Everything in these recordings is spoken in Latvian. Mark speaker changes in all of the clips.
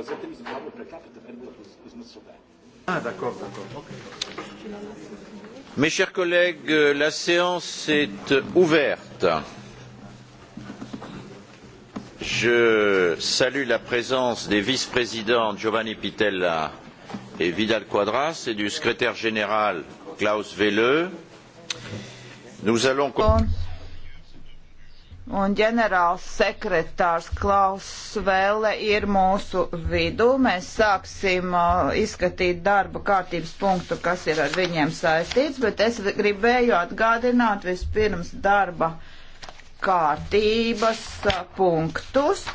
Speaker 1: Poza tym Zimbabwe per capita was not so bad. Ah, d'accord, d'accord. Okay. Mes chers collègues, la séance est ouverte. Je salue la présence des vice-présidents Giovanni Pitella et Vidal Quadras et du secrétaire général Klaus Welle. Nous allons. Bon
Speaker 2: un ģenerāls sekretārs Klaus Vele ir mūsu vidū. Mēs sāksim uh, izskatīt darba kārtības punktu, kas ir ar viņiem saistīts, bet es gribēju atgādināt vispirms darba kārtības uh, punktus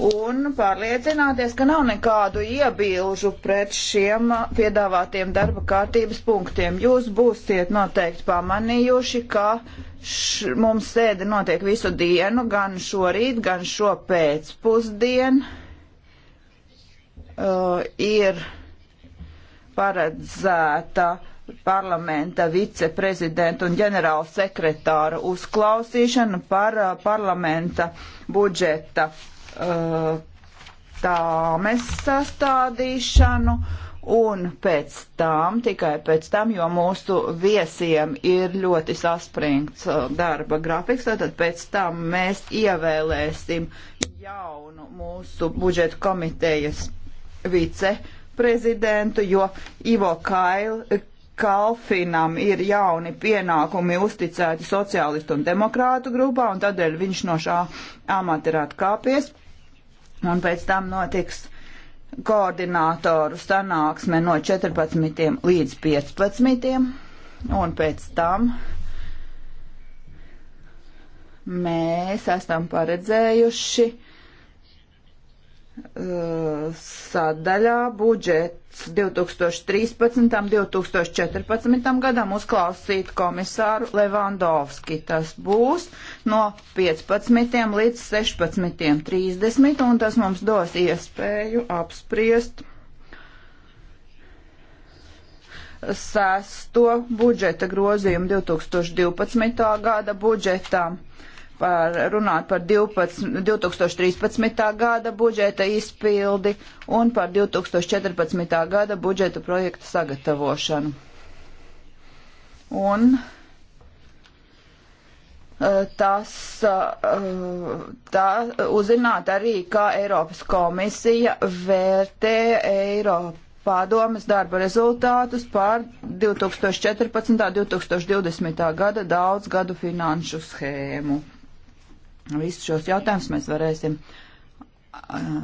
Speaker 2: un pārliecināties, ka nav nekādu iebilžu pret šiem piedāvātiem darba kārtības punktiem. Jūs būsiet noteikti pamanījuši, ka š, mums sēde notiek visu dienu, gan šorīt, gan šo pēcpusdienu. Uh, ir paredzēta parlamenta viceprezidenta un ģenerāla sekretāra uzklausīšana par uh, parlamenta budžeta Uh, tāmes sastādīšanu un pēc tam, tikai pēc tam, jo mūsu viesiem ir ļoti saspringts uh, darba grafiks, tad pēc tam mēs ievēlēsim jaunu mūsu budžeta komitejas viceprezidentu, jo Ivo Kail, Kalfinam ir jauni pienākumi uzticēti sociālistu un demokrātu grupā, un tādēļ viņš no šā amata ir atkāpies un pēc tam notiks koordinātoru sanāksme no 14. līdz 15. un pēc tam mēs esam paredzējuši uh, sadaļā budžeta 2013. un 2014. gadam uzklausīt komisāru Levandovski. Tas būs no 15. līdz 16.30 un tas mums dos iespēju apspriest sesto budžeta grozījumu 2012. gada budžetā par, runāt par 12, 2013. gada budžeta izpildi un par 2014. gada budžeta projekta sagatavošanu. Un eh, tas eh, tā, uzzināt arī, kā Eiropas komisija vērtē Eiropu pārdomas darba rezultātus pār 2014. un 2020. gada daudzgadu finanšu schēmu. Visus šos jautājumus mēs varēsim uh,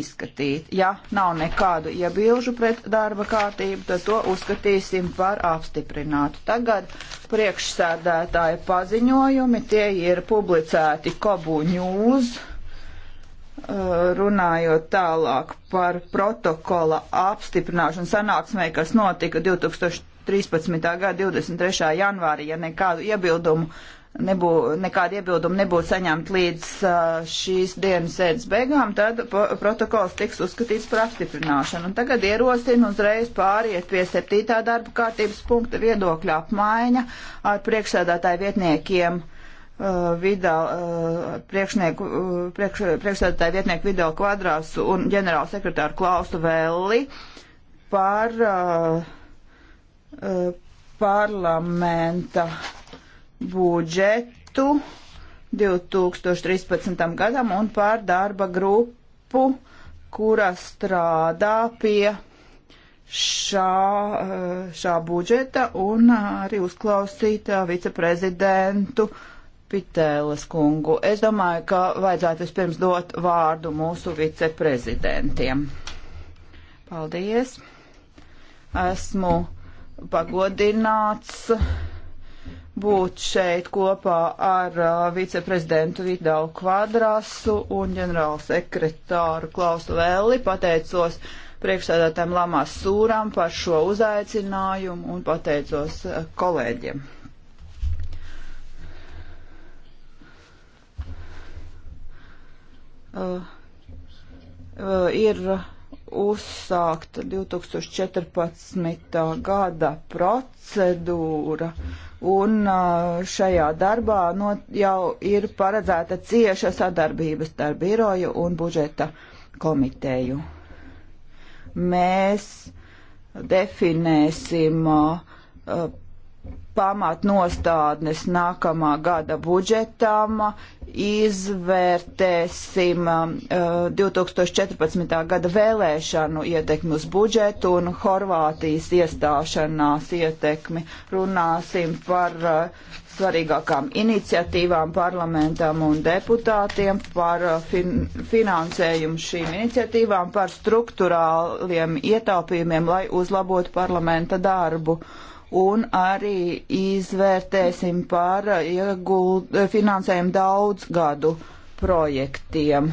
Speaker 2: izskatīt. Ja nav nekādu iebilžu pret darba kārtību, tad to uzskatīsim par apstiprinātu. Tagad priekšsēdētāja paziņojumi, tie ir publicēti Kobu News, uh, runājot tālāk par protokola apstiprināšanu sanāksmē, kas notika 2013. gada 23. janvārī, ja nekādu iebildumu nebū, nekāda iebilduma nebūtu saņemta līdz šīs dienas sēdes beigām, tad protokols tiks uzskatīts par apstiprināšanu. Un tagad ierosinu uzreiz pāriet pie septītā darba kārtības punkta viedokļa apmaiņa ar priekšsēdētāju vietniekiem. Uh, Vidal, uh, priekšnieku, uh, priekš, priekšsēdētāja vietnieku Vidal Kvadrāsu un ģenerāla sekretāru Klausu Velli par uh, uh, parlamenta uh, budžetu 2013. gadam un par darba grupu, kura strādā pie šā, šā budžeta un arī uzklausīt viceprezidentu Pitēles kungu. Es domāju, ka vajadzētu vispirms dot vārdu mūsu viceprezidentiem. Paldies! Esmu pagodināts būt šeit kopā ar uh, viceprezidentu Vidalu Kvadrasu un ģenerālsekretāru Klausu Vēli. Pateicos priekšsēdētājiem Lamās Sūram par šo uzaicinājumu un pateicos uh, kolēģiem. Uh, uh, ir uh, uzsākta 2014. gada procedūra, un šajā darbā no, jau ir paredzēta cieša sadarbības starp biroju un budžeta komiteju. Mēs definēsim uh, pamatnostādnes nākamā gada budžetam, izvērtēsim um, uh, 2014. gada vēlēšanu ietekmi uz budžetu un Horvātijas iestāšanās ietekmi. Runāsim par uh, svarīgākām iniciatīvām parlamentam un deputātiem, par uh, fin finansējumu šīm iniciatīvām, par struktūrāliem ietaupījumiem, lai uzlabotu parlamenta darbu. Uh, un arī izvērtēsim par ieguld, finansējumu daudz gadu projektiem.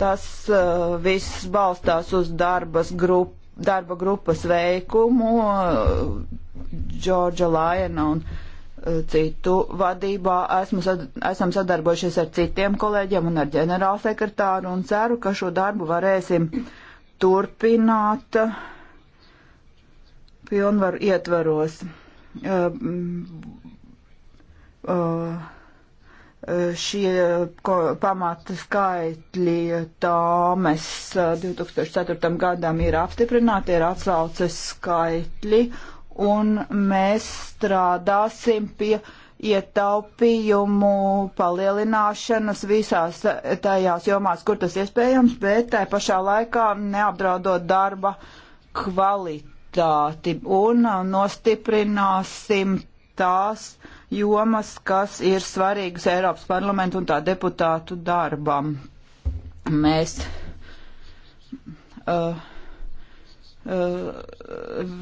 Speaker 2: Tas uh, viss balstās uz darbas grup, darba grupas veikumu uh, Džordža Lajena un uh, citu vadībā. Esmu, sad, esam sadarbojušies ar citiem kolēģiem un ar ģenerālsekretāru un ceru, ka šo darbu varēsim turpināt. Uh, pilnvaru ietvaros. Uh, mm, uh, šie pamata skaitļi tāmes 2004. Uh, gadam ir apstiprināti, ir atsauces skaitļi, un mēs strādāsim pie ietaupījumu palielināšanas visās tajās jomās, kur tas iespējams, bet tai pašā laikā neapdraudot darba kvalitāti prioritāti un uh, nostiprināsim tās jomas, kas ir svarīgas Eiropas parlamentu un tā deputātu darbam. Mēs uh, uh,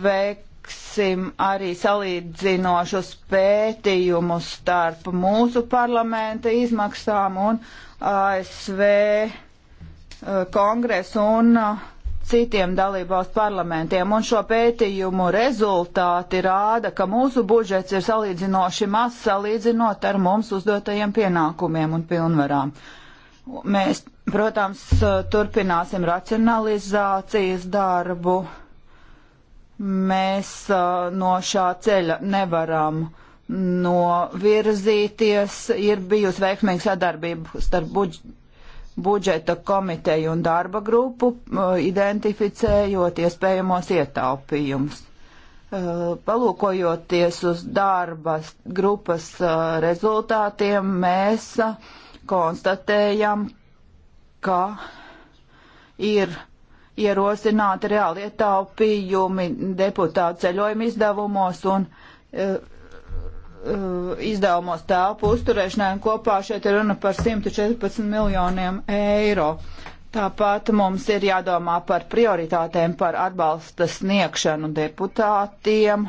Speaker 2: veik veiksim arī salīdzinošus pētījumus starp mūsu parlamenta izmaksām un ASV uh, kongresu un uh, citiem dalībvalstu parlamentiem, un šo pētījumu rezultāti rāda, ka mūsu budžets ir salīdzinoši mazs salīdzinot ar mums uzdotajiem pienākumiem un pilnvarām. Mēs, protams, turpināsim racionalizācijas darbu. Mēs no šā ceļa nevaram novirzīties. Ir bijusi veiksmīga sadarbība starp budžetu budžeta komiteju un darba grupu, identificējot iespējamos ietaupījumus. Palūkojoties uz darba grupas rezultātiem, mēs konstatējam, ka ir ierosināti reāli ietaupījumi deputātu ceļojuma izdevumos un uh, Uh, izdevumos telpu uzturēšanai, un kopā šeit ir runa par 114 miljoniem eiro. Tāpat mums ir jādomā par prioritātēm, par atbalsta sniegšanu deputātiem,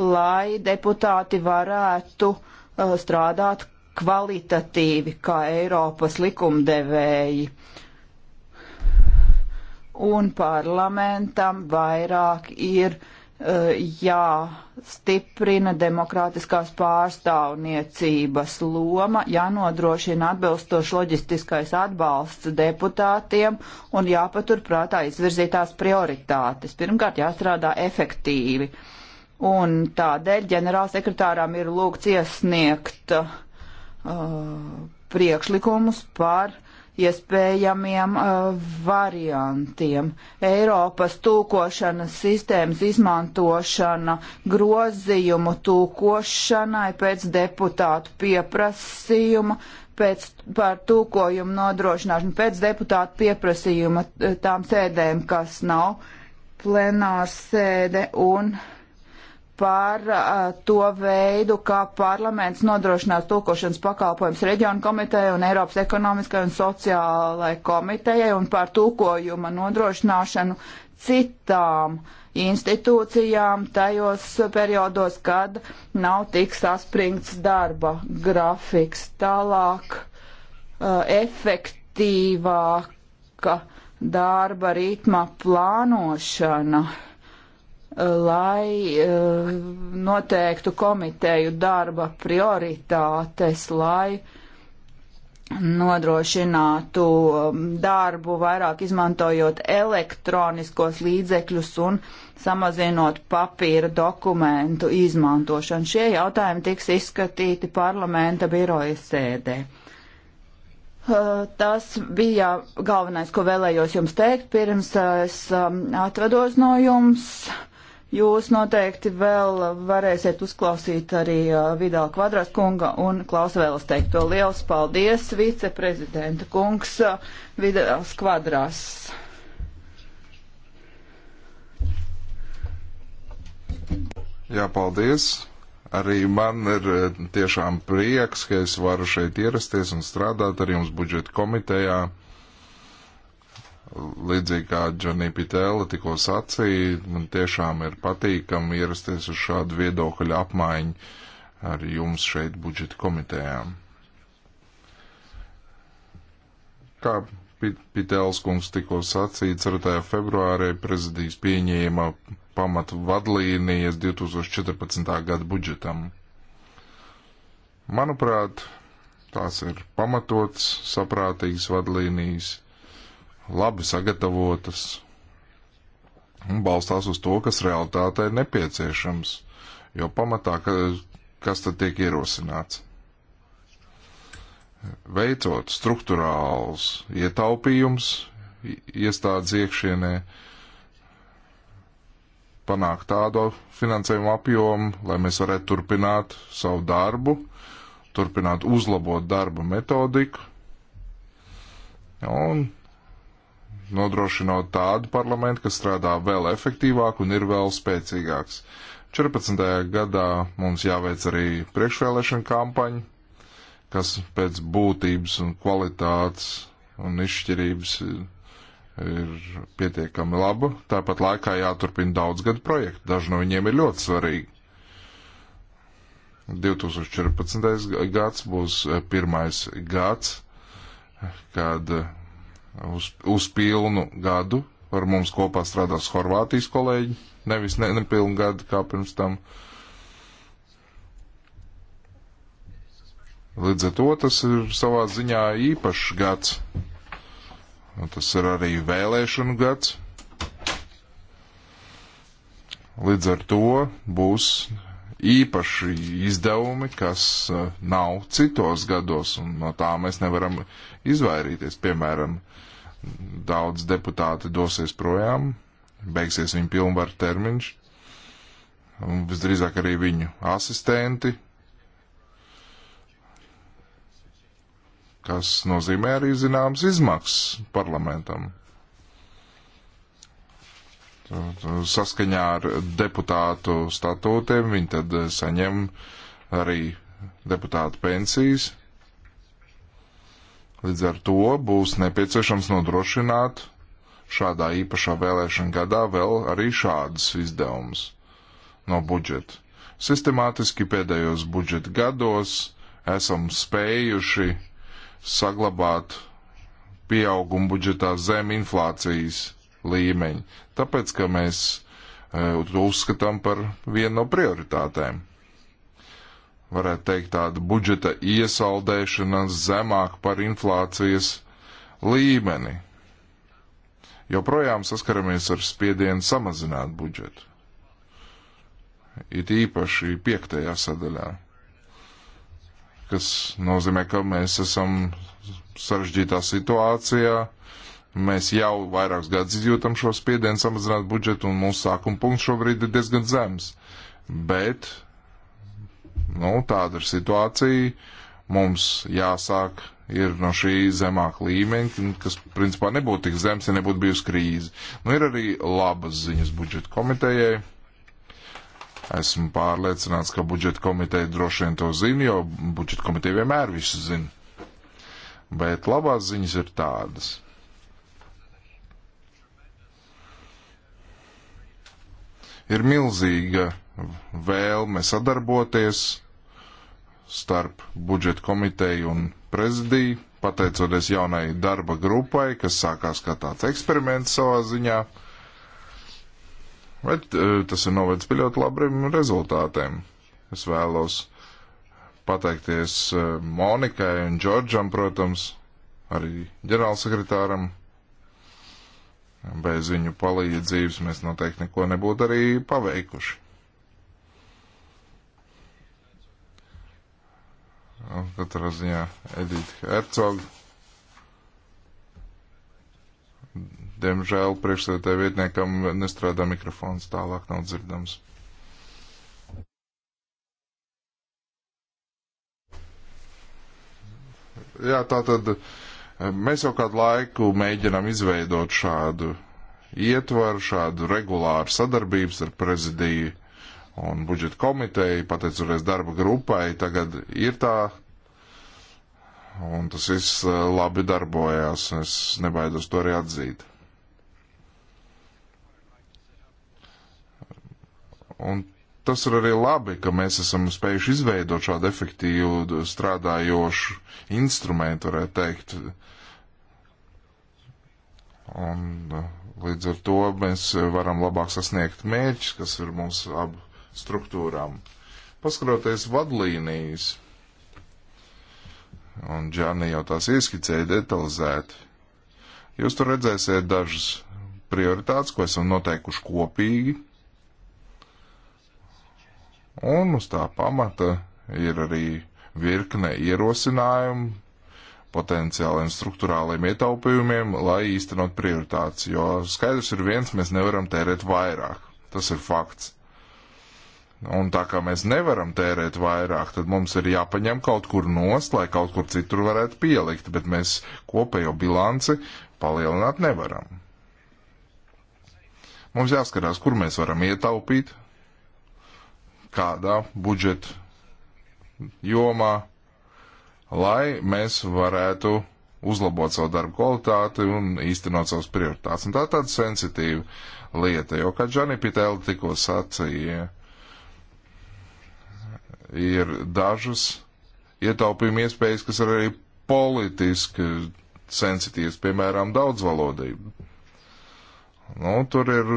Speaker 2: lai deputāti varētu uh, strādāt kvalitatīvi kā Eiropas likumdevēji. Un parlamentam vairāk ir uh, jāstiprina demokrātiskās pārstāvniecības loma, jānodrošina atbilstoši loģistiskais atbalsts deputātiem un jāpaturprātā izvirzītās prioritātes. Pirmkārt, jāstrādā efektīvi. Un tādēļ ģenerālsekretāram ir lūgts iesniegt uh, priekšlikumus par iespējamiem uh, variantiem. Eiropas tūkošanas sistēmas izmantošana grozījumu tūkošanai pēc deputātu pieprasījuma, pēc par tūkojumu nodrošināšanu pēc deputātu pieprasījuma uh, tām sēdēm, kas nav plenārsēde un uh, par to veidu, kā parlaments nodrošinās tulkošanas pakalpojums reģionu komiteja un Eiropas ekonomiskai un sociālai komitejai un par tulkojuma nodrošināšanu citām institūcijām tajos periodos, kad nav tik saspringts darba grafiks. Tālāk uh, efektīvāka darba ritma plānošana lai uh, noteiktu komiteju darba prioritātes, lai nodrošinātu um, darbu vairāk izmantojot elektroniskos līdzekļus un samazinot papīra dokumentu izmantošanu. Šie jautājumi tiks izskatīti parlamenta biroja sēdē. Uh, tas bija galvenais, ko vēlējos jums teikt, pirms es um, atvados no jums. Jūs noteikti vēl varēsiet uzklausīt arī Vidāla Kvadraskunga un Klausa Vēlas teikto. Liels paldies, viceprezidenta kungs Vidāls Kvadras.
Speaker 1: Jā, paldies. Arī man ir tiešām prieks, ka es varu šeit ierasties un strādāt ar jums budžeta komitejā. Līdzīgi kā Džanī Pitēla tikko sacīja, man tiešām ir patīkami ierasties uz šādu viedokļu apmaiņu ar jums šeit budžeta komitejām. Kā Pitēls kungs tikko sacīja, 4. februārī prezidijas pieņēma pamatu vadlīnijas 2014. gada budžetam. Manuprāt, tās ir pamatots, saprātīgas vadlīnijas, labi sagatavotas un balstās uz to, kas realitātei nepieciešams, jo pamatā, ka, kas tad tiek ierosināts. Veicot struktūrāls ietaupījums iestādes iekšienē, panākt tādu finansējumu apjomu, lai mēs varētu turpināt savu darbu, turpināt uzlabot darba metodiku un nodrošinot tādu parlamentu, kas strādā vēl efektīvāk un ir vēl spēcīgāks. 14. gadā mums jāveic arī priekšvēlēšana kampaņa, kas pēc būtības un kvalitātes un izšķirības ir pietiekami laba. Tāpat laikā jāturpina daudz gadu projektu, daži no viņiem ir ļoti svarīgi. 2014. gads būs eh, pirmais gads, kad uz, uz pilnu gadu. Ar mums kopā strādās Horvātijas kolēģi, nevis ne, nepilnu gadu kā pirms tam. Līdz ar to tas ir savā ziņā īpašs gads. Un tas ir arī vēlēšanu gads. Līdz ar to būs īpaši izdevumi, kas uh, nav citos gados, un no tā mēs nevaram izvairīties. Piemēram, daudz deputāti dosies projām, beigsies viņu pilnvaru termiņš, un visdrīzāk arī viņu asistenti, kas nozīmē arī zināmas izmaksas parlamentam saskaņā ar deputātu statūtiem viņi tad eh, saņem arī deputātu pensijas. Līdz ar to būs nepieciešams nodrošināt šādā īpašā vēlēšana gadā vēl arī šādas izdevumus no budžeta. Sistemātiski pēdējos budžeta gados esam spējuši saglabāt pieaugumu budžetā zem inflācijas līmeņa, tāpēc, ka mēs e, to uzskatām par vienu no prioritātēm. Varētu teikt tāda budžeta iesaldēšana zemāk par inflācijas līmeni. Joprojām saskaramies ar spiedienu samazināt budžetu. It īpaši piektajā sadaļā kas nozīmē, ka mēs esam sarežģītā situācijā, Mēs jau vairākus gadus izjūtam šo spiedienu samazināt budžetu, un mūsu sākuma punkts šobrīd ir diezgan zems. Bet nu, tāda ir situācija. Mums jāsāk ir no šī zemāk līmeņa, kas principā nebūtu tik zems, ja nebūtu bijusi krīze. Nu, ir arī labas ziņas budžeta komitejai. Esmu pārliecināts, ka budžeta komiteja droši vien to zina, jo budžeta komiteja vienmēr visu zina. Bet labās ziņas ir tādas Ir milzīga vēlme sadarboties starp budžeta komiteju un prezidiju, pateicoties jaunai darba grupai, kas sākās kā tāds eksperiments savā ziņā. Bet e, tas ir novedis pie ļoti labiem rezultātiem. Es vēlos pateikties e, Monikai un Džordžam, protams, arī ģenerālsekretāram Bez viņu palīdzības mēs noteikti neko nebūtu arī paveikuši. Katrā ziņā Edita Hercoga. Diemžēl priekšsēdētāja vietniekam nestrādā mikrofons, tālāk nav dzirdams. Jā, tā tad. Uh, Mēs jau kādu laiku mēģinām izveidot šādu ietvaru, šādu regulāru sadarbības ar prezidiju un budžeta komiteju, pateicoties darba grupai, tagad ir tā, un tas viss eh, labi darbojās, es nebaidos to arī atzīt. Un tas ir arī labi, ka mēs esam spējuši izveidot šādu efektīvu strādājošu instrumentu, varētu teikt. Un uh, līdz ar to mēs varam labāk sasniegt mērķus, kas ir mums abu struktūrām. Paskaroties vadlīnijas, un Džani jau tās ieskicēja detalizēti, jūs tur redzēsiet dažas prioritātes, ko esam noteikuši kopīgi Un uz tā pamata ir arī virkne ierosinājumu potenciāliem struktūrāliem ietaupījumiem, lai īstenot prioritātes, jo skaidrs ir viens, mēs nevaram tērēt vairāk. Tas ir fakts. Un tā kā mēs nevaram tērēt vairāk, tad mums ir jāpaņem kaut kur nost, lai kaut kur citur varētu pielikt, bet mēs kopējo bilanci palielināt nevaram. Mums jāskatās, kur mēs varam ietaupīt, kādā budžeta jomā, lai mēs varētu uzlabot savu darbu kvalitāti un īstenot savas prioritātes. Un tā tāda sensitīva lieta, jo, kā Džani Pitēli tikko sacīja, ir dažas ietaupījuma iespējas, kas ir arī politiski sensitīvas, piemēram, daudzvalodība. Nu, tur ir,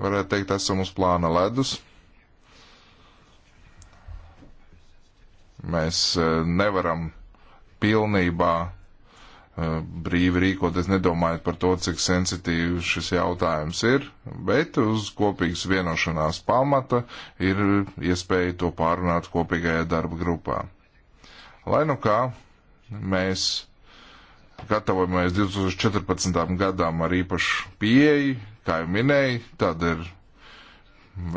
Speaker 1: varētu teikt, esam uz plāna ledus Mēs e, nevaram pilnībā e, brīvi rīkoties, nedomājot par to, cik sensitīvs šis jautājums ir, bet uz kopīgas vienošanās pamata ir iespēja to pārunāt kopīgajā darba grupā. Lai nu kā, mēs gatavojamies 2014. gadām ar īpašu pieeju, kā jau minēju, tad ir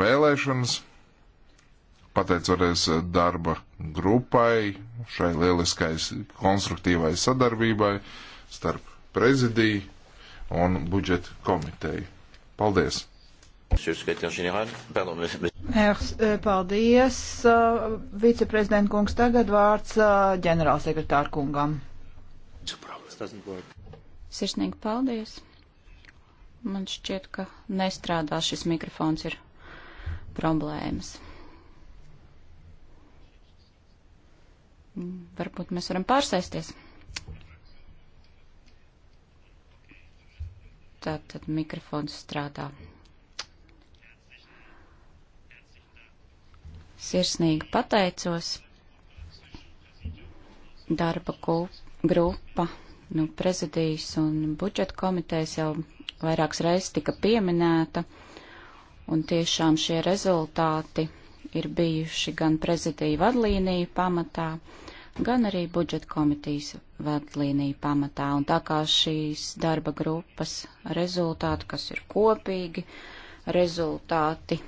Speaker 1: vēlēšanas, pateicoties darba grupai, šai lieliskais konstruktīvai sadarbībai starp prezidiju un budžeta komiteju. Paldies!
Speaker 2: Euh, paldies, euh, viceprezidenta kungs. Tagad vārds euh,
Speaker 3: ģenerālsekretāra kungam. Sirsnīgi paldies. Man šķiet, ka nestrādā šis mikrofons ir problēmas. Varbūt mēs varam pārsēsties. Tātad mikrofons strādā. Sirsnīgi pateicos. Darba grupa, nu, prezidijas un budžeta komitejas jau vairākas reizes tika pieminēta, un tiešām šie rezultāti ir bijuši gan prezidiju vadlīniju pamatā, uh, gan arī budžeta komitejas vadlīniju pamatā. Un tā kā šīs darba grupas rezultāti, kas ir kopīgi, rezultāti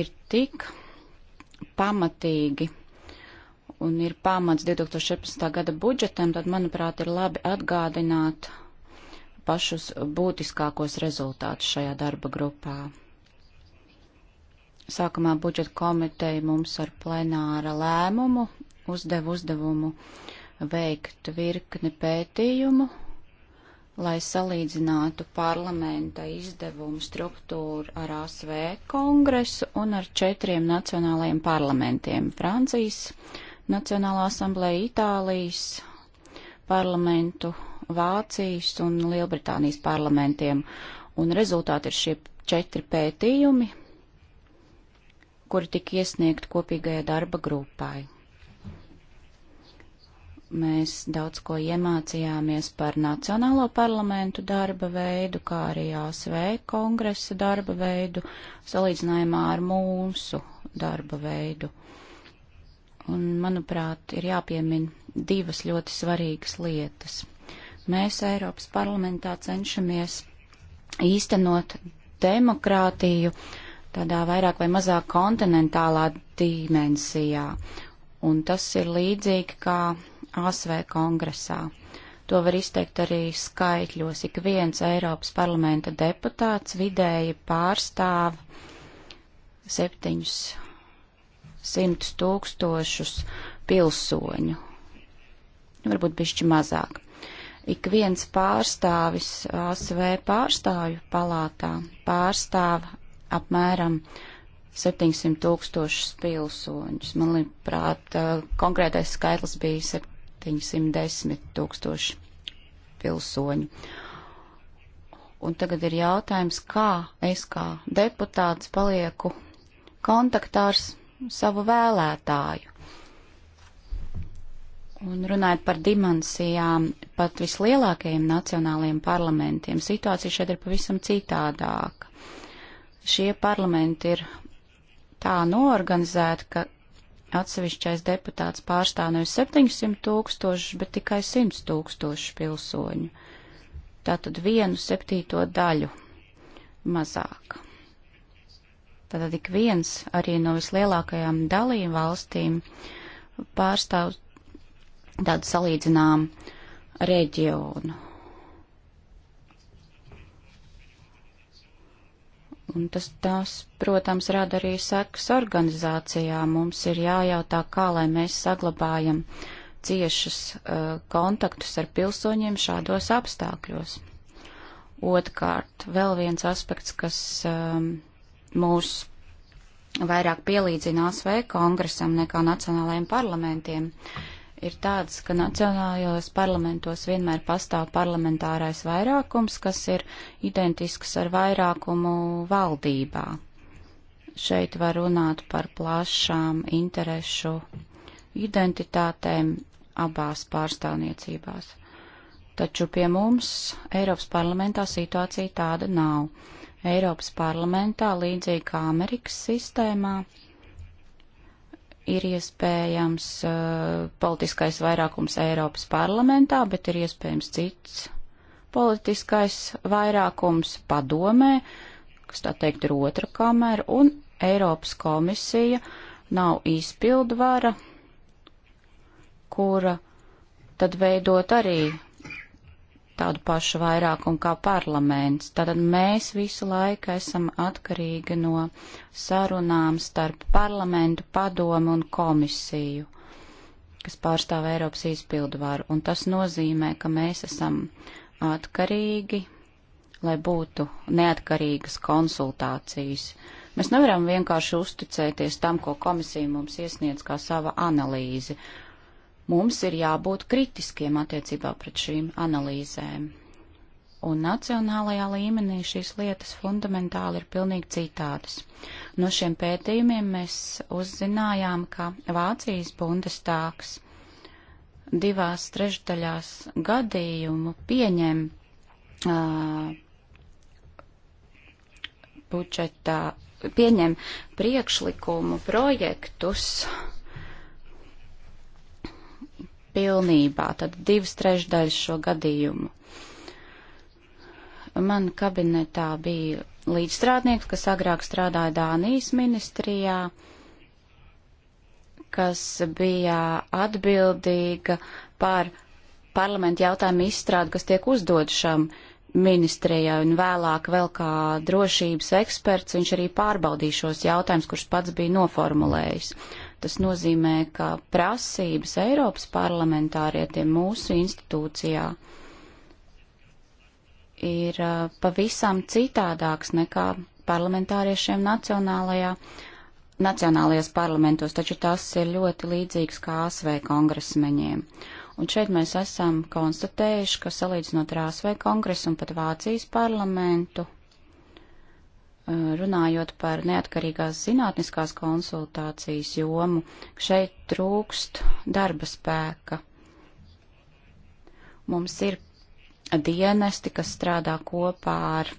Speaker 3: ir tik pamatīgi un ir pamats 2017. gada budžetam, tad, manuprāt, ir labi atgādināt pašus būtiskākos rezultātus šajā darba grupā. Sākumā budžeta komiteja mums ar plenāra lēmumu uzdevu uzdevumu veikt virkni pētījumu, lai salīdzinātu parlamenta izdevumu struktūru ar ASV kongresu un ar četriem nacionālajiem parlamentiem - Francijas Nacionālā asamblēja, Itālijas parlamentu, Vācijas un Lielbritānijas parlamentiem. Un rezultāti ir šie četri pētījumi, kuri tika iesniegti kopīgajai darba grupai mēs daudz ko iemācījāmies par Nacionālo parlamentu darba veidu, kā arī ASV kongresa darba veidu, salīdzinājumā ar mūsu darba veidu. Un, manuprāt, ir jāpiemin divas ļoti svarīgas lietas. Mēs Eiropas parlamentā cenšamies īstenot demokrātiju tādā vairāk vai mazāk kontinentālā dimensijā. Un tas ir līdzīgi kā ASV kongresā. To var izteikt arī skaitļos. Ik viens Eiropas parlamenta deputāts vidēji pārstāv 700 tūkstošus pilsoņu. Varbūt bišķi mazāk. Ik viens pārstāvis ASV pārstāvju palātā pārstāv apmēram 700 tūkstošus pilsoņus. Man liekas, eh, konkrētais skaitlis bija 710 tūkstoši pilsoņu. Un tagad ir jautājums, kā es kā deputāts palieku kontaktā ar savu vēlētāju. Un runājot par dimensijām, pat vislielākajiem nacionālajiem parlamentiem, situācija šeit ir pavisam citādāka. Šie parlamenti ir tā noorganizēti, ka atsevišķais deputāts pārstāv nevis 700 tūkstošus, bet tikai 100 tūkstošus pilsoņu. Tātad vienu septīto daļu mazāk. Tātad ik viens arī no vislielākajām dalību valstīm pārstāv tādu salīdzinām reģionu. Un tas, tas, protams, rada arī sekas organizācijā. Mums ir jājautā, kā lai mēs saglabājam ciešus uh, kontaktus ar pilsoņiem šādos apstākļos. Otkārt, vēl viens aspekts, kas um, mūs vairāk pielīdzina ASV kongresam nekā nacionālajiem parlamentiem, ir tādas, ka nacionālajos parlamentos vienmēr pastāv parlamentārais vairākums, kas ir identisks ar vairākumu valdībā. Šeit var runāt par plašām interešu identitātēm abās pārstāvniecībās. Taču pie mums Eiropas parlamentā situācija tāda nav. Eiropas parlamentā, līdzīgi kā Amerikas sistēmā, ir iespējams uh, politiskais vairākums Eiropas parlamentā, bet ir iespējams cits politiskais vairākums padomē, kas tā teikt ir otra kamera, un Eiropas komisija nav izpildvara, kura tad veidot arī tādu pašu vairākumu kā parlaments. Tātad mēs visu laiku esam atkarīgi no sarunām starp parlamentu, padomu un komisiju, kas pārstāv Eiropas izpildu varu. Un tas nozīmē, ka mēs esam atkarīgi, lai būtu neatkarīgas konsultācijas. Mēs nevaram vienkārši uzticēties tam, ko komisija mums iesniedz kā sava analīze. Mums ir jābūt kritiskiem attiecībā pret šīm analīzēm. Un nacionālajā līmenī šīs lietas fundamentāli ir pilnīgi citādas. No šiem pētījumiem mēs uzzinājām, ka Vācijas bundestāks divās trešdaļās gadījumu pieņem uh, budžetā pieņem priekšlikumu projektus, pilnībā, tad divas trešdaļas šo gadījumu. Man kabinetā bija līdzstrādnieks, kas agrāk strādāja Dānijas ministrijā, kas bija atbildīga par parlamentu jautājumu izstrādi, kas tiek uzdod šam ministrijai, un vēlāk vēl kā drošības eksperts viņš arī pārbaudīja šos jautājumus, kurus pats bija noformulējis. Tas nozīmē, ka prasības Eiropas parlamentārietiem mūsu institūcijā ir uh, pavisam citādāks nekā parlamentāriešiem nacionālajā, nacionālajās parlamentos, taču tas ir ļoti līdzīgs kā ASV kongresmeņiem. Un šeit mēs esam konstatējuši, ka salīdzinot ar ASV kongresu un pat Vācijas parlamentu, runājot par neatkarīgās zinātniskās konsultācijas jomu, šeit trūkst darba spēka. Mums ir dienesti, kas strādā kopā ar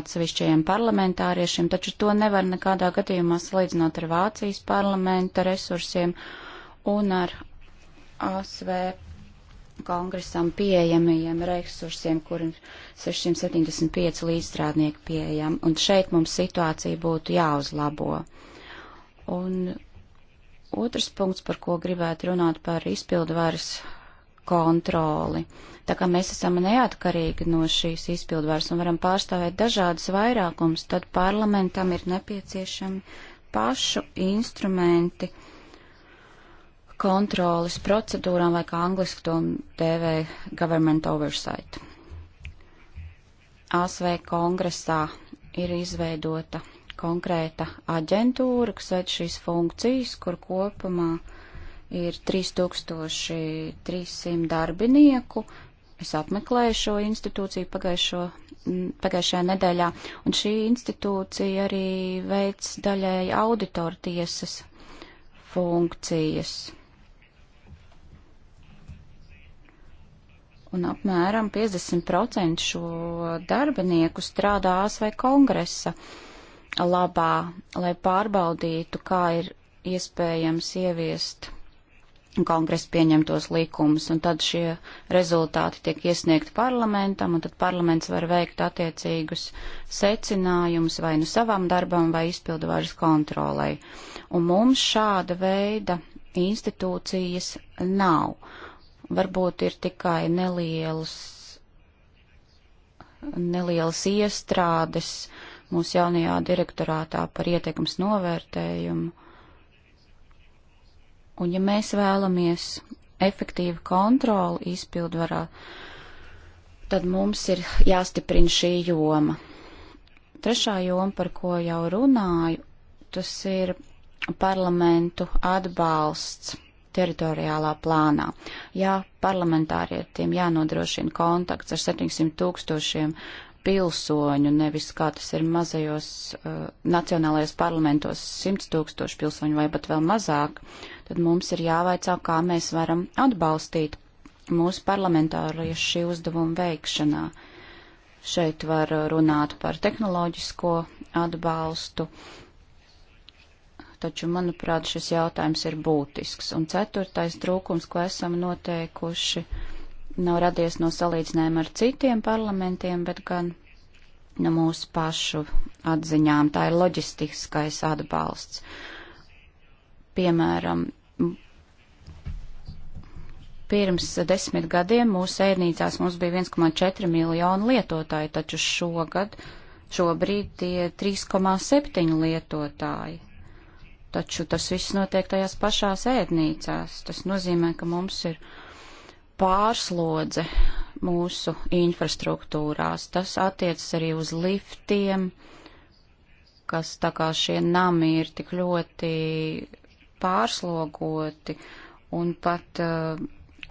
Speaker 3: atsevišķajiem parlamentāriešiem, taču to nevar nekādā gadījumā salīdzināt ar Vācijas parlamenta resursiem un ar ASV kongresam pieejamajiem resursiem, kur ir 675 līdzstrādnieki pieejami. Un šeit mums situācija būtu jāuzlabo. Un otrs punkts, par ko gribētu runāt, par izpildvaras kontroli. Tā kā mēs esam neatkarīgi no šīs izpildvaras un varam pārstāvēt dažādas vairākums, tad parlamentam ir nepieciešami pašu instrumenti, kontrolas procedūrām vai kā angliski to dēvē government oversight. ASV kongresā ir izveidota konkrēta aģentūra, kas veic šīs funkcijas, kur kopumā ir 3300 darbinieku. Es apmeklēju šo institūciju pagājušo, pagājušajā nedēļā, un šī institūcija arī veic daļēji auditoru tiesas funkcijas. un apmēram 50% šo darbinieku strādā ASV kongresa labā, lai pārbaudītu, kā ir iespējams ieviest kongresa pieņemtos likumus, un tad šie rezultāti tiek iesniegti parlamentam, un tad parlaments var veikt attiecīgus secinājumus vai nu savam darbam, vai izpildu varas kontrolai. Un mums šāda veida institūcijas nav. Uh, varbūt ir tikai nelielas, nelielas iestrādes mūsu jaunajā direktorātā par ietekmes novērtējumu. Un ja mēs vēlamies efektīvu kontroli izpildvarā, tad mums ir jāstiprina šī joma. Trešā joma, par ko jau runāju, tas ir parlamentu atbalsts teritoriālā plānā. Jā, parlamentārietiem jānodrošina kontakts ar 700 tūkstošiem pilsoņu, nevis kā tas ir mazajos uh, nacionālajos parlamentos 100 tūkstoši pilsoņu vai pat vēl mazāk, tad mums ir jāvaicā, kā mēs varam atbalstīt mūsu parlamentāriešu šī uzdevuma veikšanā. Šeit var runāt par tehnoloģisko atbalstu, uh, taču, manuprāt, šis jautājums ir būtisks. Un ceturtais trūkums, ko esam noteikuši, nav radies no salīdzinājuma ar citiem parlamentiem, bet gan no mūsu pašu atziņām. Tā ir loģistiskais atbalsts. Piemēram, pirms desmit gadiem mūsu ēdnīcās mums bija 1,4 miljonu lietotāju, taču šogad, šobrīd tie 3,7 lietotāji taču tas viss notiek tajās pašās ēdnīcās. Tas nozīmē, ka mums ir pārslodze mūsu infrastruktūrās. Tas attiecas arī uz liftiem, kas tā kā šie nami ir tik ļoti pārslogoti un pat uh,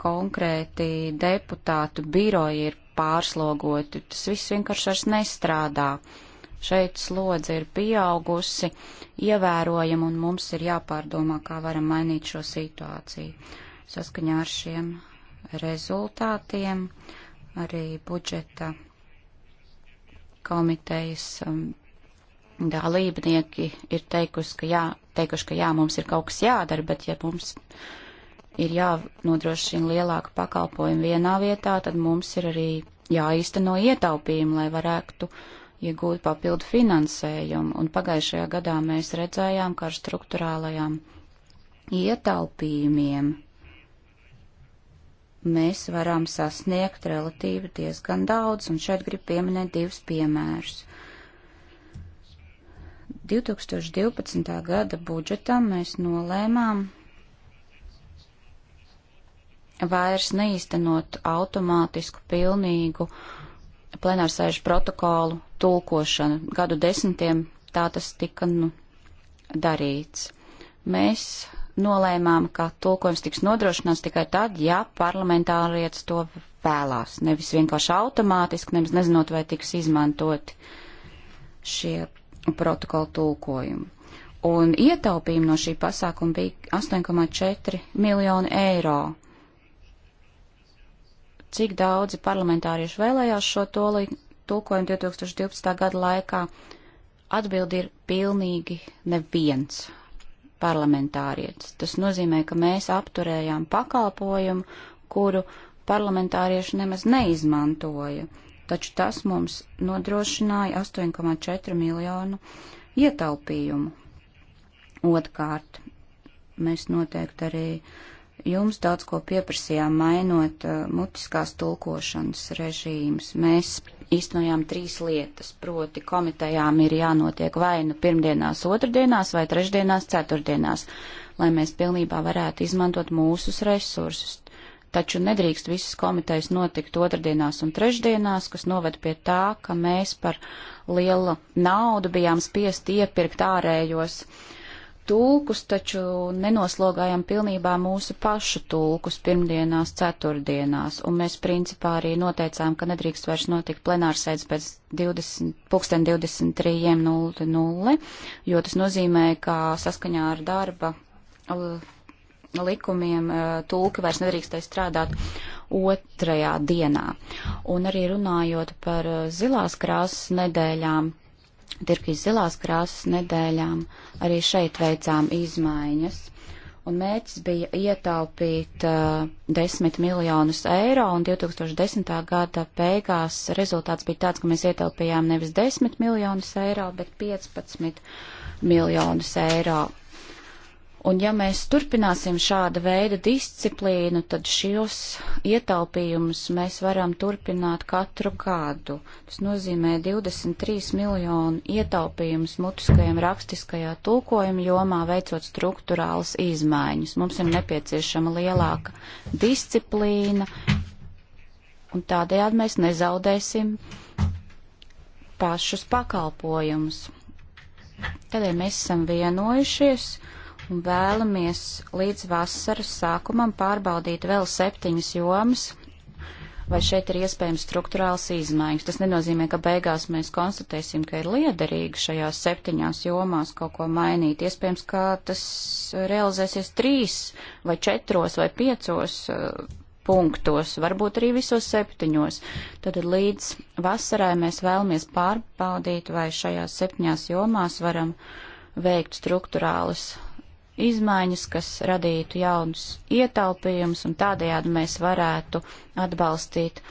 Speaker 3: konkrēti deputātu biroji ir pārslogoti. Tas viss vienkārši vairs nestrādā. Uh, Šeit slodze ir pieaugusi ievērojami, un mums ir jāpārdomā, kā varam mainīt šo situāciju. Saskaņā ar šiem rezultātiem arī budžeta komitejas um, dalībnieki ir teikuši, ka jā, teikuši, ka jā, mums ir kaut kas jādara, bet ja mums ir jānodrošina lielāka pakalpojuma vienā vietā, tad mums ir arī jāīsteno ietaupījumi, lai varētu uh, iegūt papildu finansējumu, un pagājušajā gadā mēs redzējām, ka ar struktūrālajām ietaupījumiem mēs varam sasniegt relatīvi diezgan daudz, un šeit gribu pieminēt divus piemērus. 2012. gada budžetam mēs nolēmām vairs neiztenot automātisku pilnīgu uh, plenārsēžu protokolu tulkošanu. Gadu desmitiem tā tas tika nu, darīts. Mēs nolēmām, ka tulkojums tiks nodrošināts tikai tad, ja parlamentārietis to vēlās. Nevis vienkārši automātiski, nevis nezinot, vai tiks izmantot šie protokola tulkojumi. Un ietaupījumi no šī pasākuma bija 8,4 miljoni eiro cik daudzi parlamentārieši vēlējās šo tulkojumu 2012. gada laikā. Atbildi ir pilnīgi neviens parlamentārietis. Tas nozīmē, ka mēs apturējām pakalpojumu, kuru parlamentārieši nemaz neizmantoja, taču tas mums nodrošināja 8,4 miljonu ietaupījumu. Otkārt, mēs noteikti arī uh, jums daudz ko pieprasījām, mainot uh, mutiskās tulkošanas režīmus. Mēs īstenojām trīs lietas, proti komitejām ir jānotiek vai nu pirmdienās, otrdienās, vai trešdienās, ceturtdienās, lai mēs pilnībā varētu izmantot mūsus resursus. Taču nedrīkst visas komitejas notikt otrdienās un trešdienās, kas noved pie tā, ka mēs par lielu naudu bijām spiesti iepirkt ārējos uh, tulkus, taču nenoslogājam pilnībā mūsu pašu tulkus pirmdienās, ceturtdienās, un mēs principā arī noteicām, ka nedrīkst vairs notikt plenārsēdz pēc 20, pulksten 23.00, jo tas nozīmē, ka saskaņā ar darba uh, likumiem uh, tulki vairs nedrīkstēja strādāt otrajā dienā. Un arī runājot par uh, zilās krāsas nedēļām, Tirkijas zilās krāsas nedēļām arī šeit veicām izmaiņas. Un mērķis bija ietaupīt uh, 10 miljonus eiro, un 2010. gada beigās rezultāts bija tāds, ka mēs ietaupījām nevis 10 miljonus eiro, bet 15 miljonus eiro Un ja mēs turpināsim šāda veida disciplīnu, tad šos ietaupījumus mēs varam turpināt katru gadu. Tas nozīmē 23 miljonu ietaupījumus mutiskajam rakstiskajā tulkojuma jomā veicot struktūrālas izmaiņas. Mums ir nepieciešama lielāka disciplīna, un tādējādi mēs nezaudēsim pašus pakalpojumus. Tādēļ mēs esam vienojušies un vēlamies līdz vasaras sākumam pārbaudīt vēl septiņas jomas, vai šeit ir iespējams struktūrāls izmaiņas. Tas nenozīmē, ka beigās mēs konstatēsim, ka ir liederīgi šajās septiņās jomās kaut ko mainīt. Iespējams, ka tas realizēsies trīs vai četros vai piecos eh, punktos, varbūt arī visos septiņos. Tad līdz vasarai mēs vēlamies pārbaudīt, vai šajās septiņās jomās varam veikt struktūrālus izmaiņas, kas radītu jaunus ietaupījumus, un tādējādi mēs varētu atbalstīt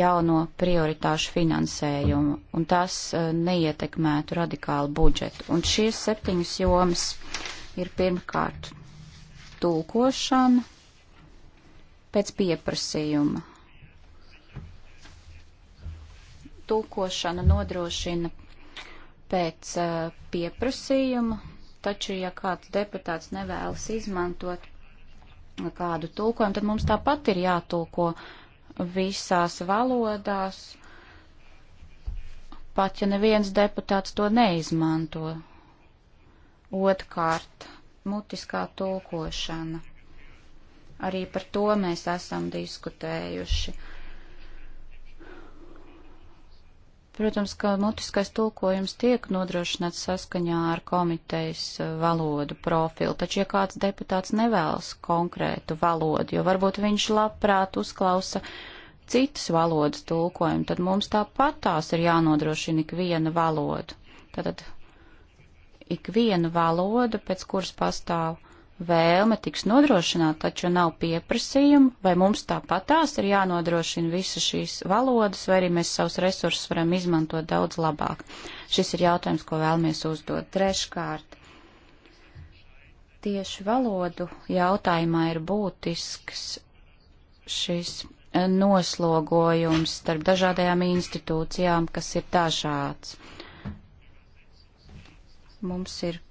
Speaker 3: jauno prioritāšu finansējumu, un tas eh, neietekmētu radikāli budžetu. Un šīs septiņas jomas ir pirmkārt tulkošana pēc pieprasījuma. Tulkošana nodrošina pēc eh, pieprasījuma Taču, ja kāds deputāts nevēlas izmantot kādu tulkojumu, tad mums tāpat ir jātulko visās valodās, pat ja neviens deputāts to neizmanto. Otkārt, mutiskā tulkošana. Arī par to mēs esam diskutējuši. Protams, ka mutiskais tulkojums tiek nodrošināts saskaņā ar komitejas eh, valodu profilu, taču ja kāds deputāts nevēlas konkrētu valodu, jo varbūt viņš labprāt uzklausa citas valodas tulkojumu, tad mums tāpat tās ir jānodrošina ikviena valoda. Tātad ikviena valoda, pēc kuras pastāv vēlme tiks nodrošināta, taču nav pieprasījumu, vai mums tāpatās ir jānodrošina visas šīs valodas, vai arī mēs savus resursus varam izmantot daudz labāk. Šis ir jautājums, ko vēlamies uzdot. Treškārt, tieši valodu jautājumā ir būtisks šis eh, noslogojums starp dažādajām institūcijām, kas ir dažāds. Mums ir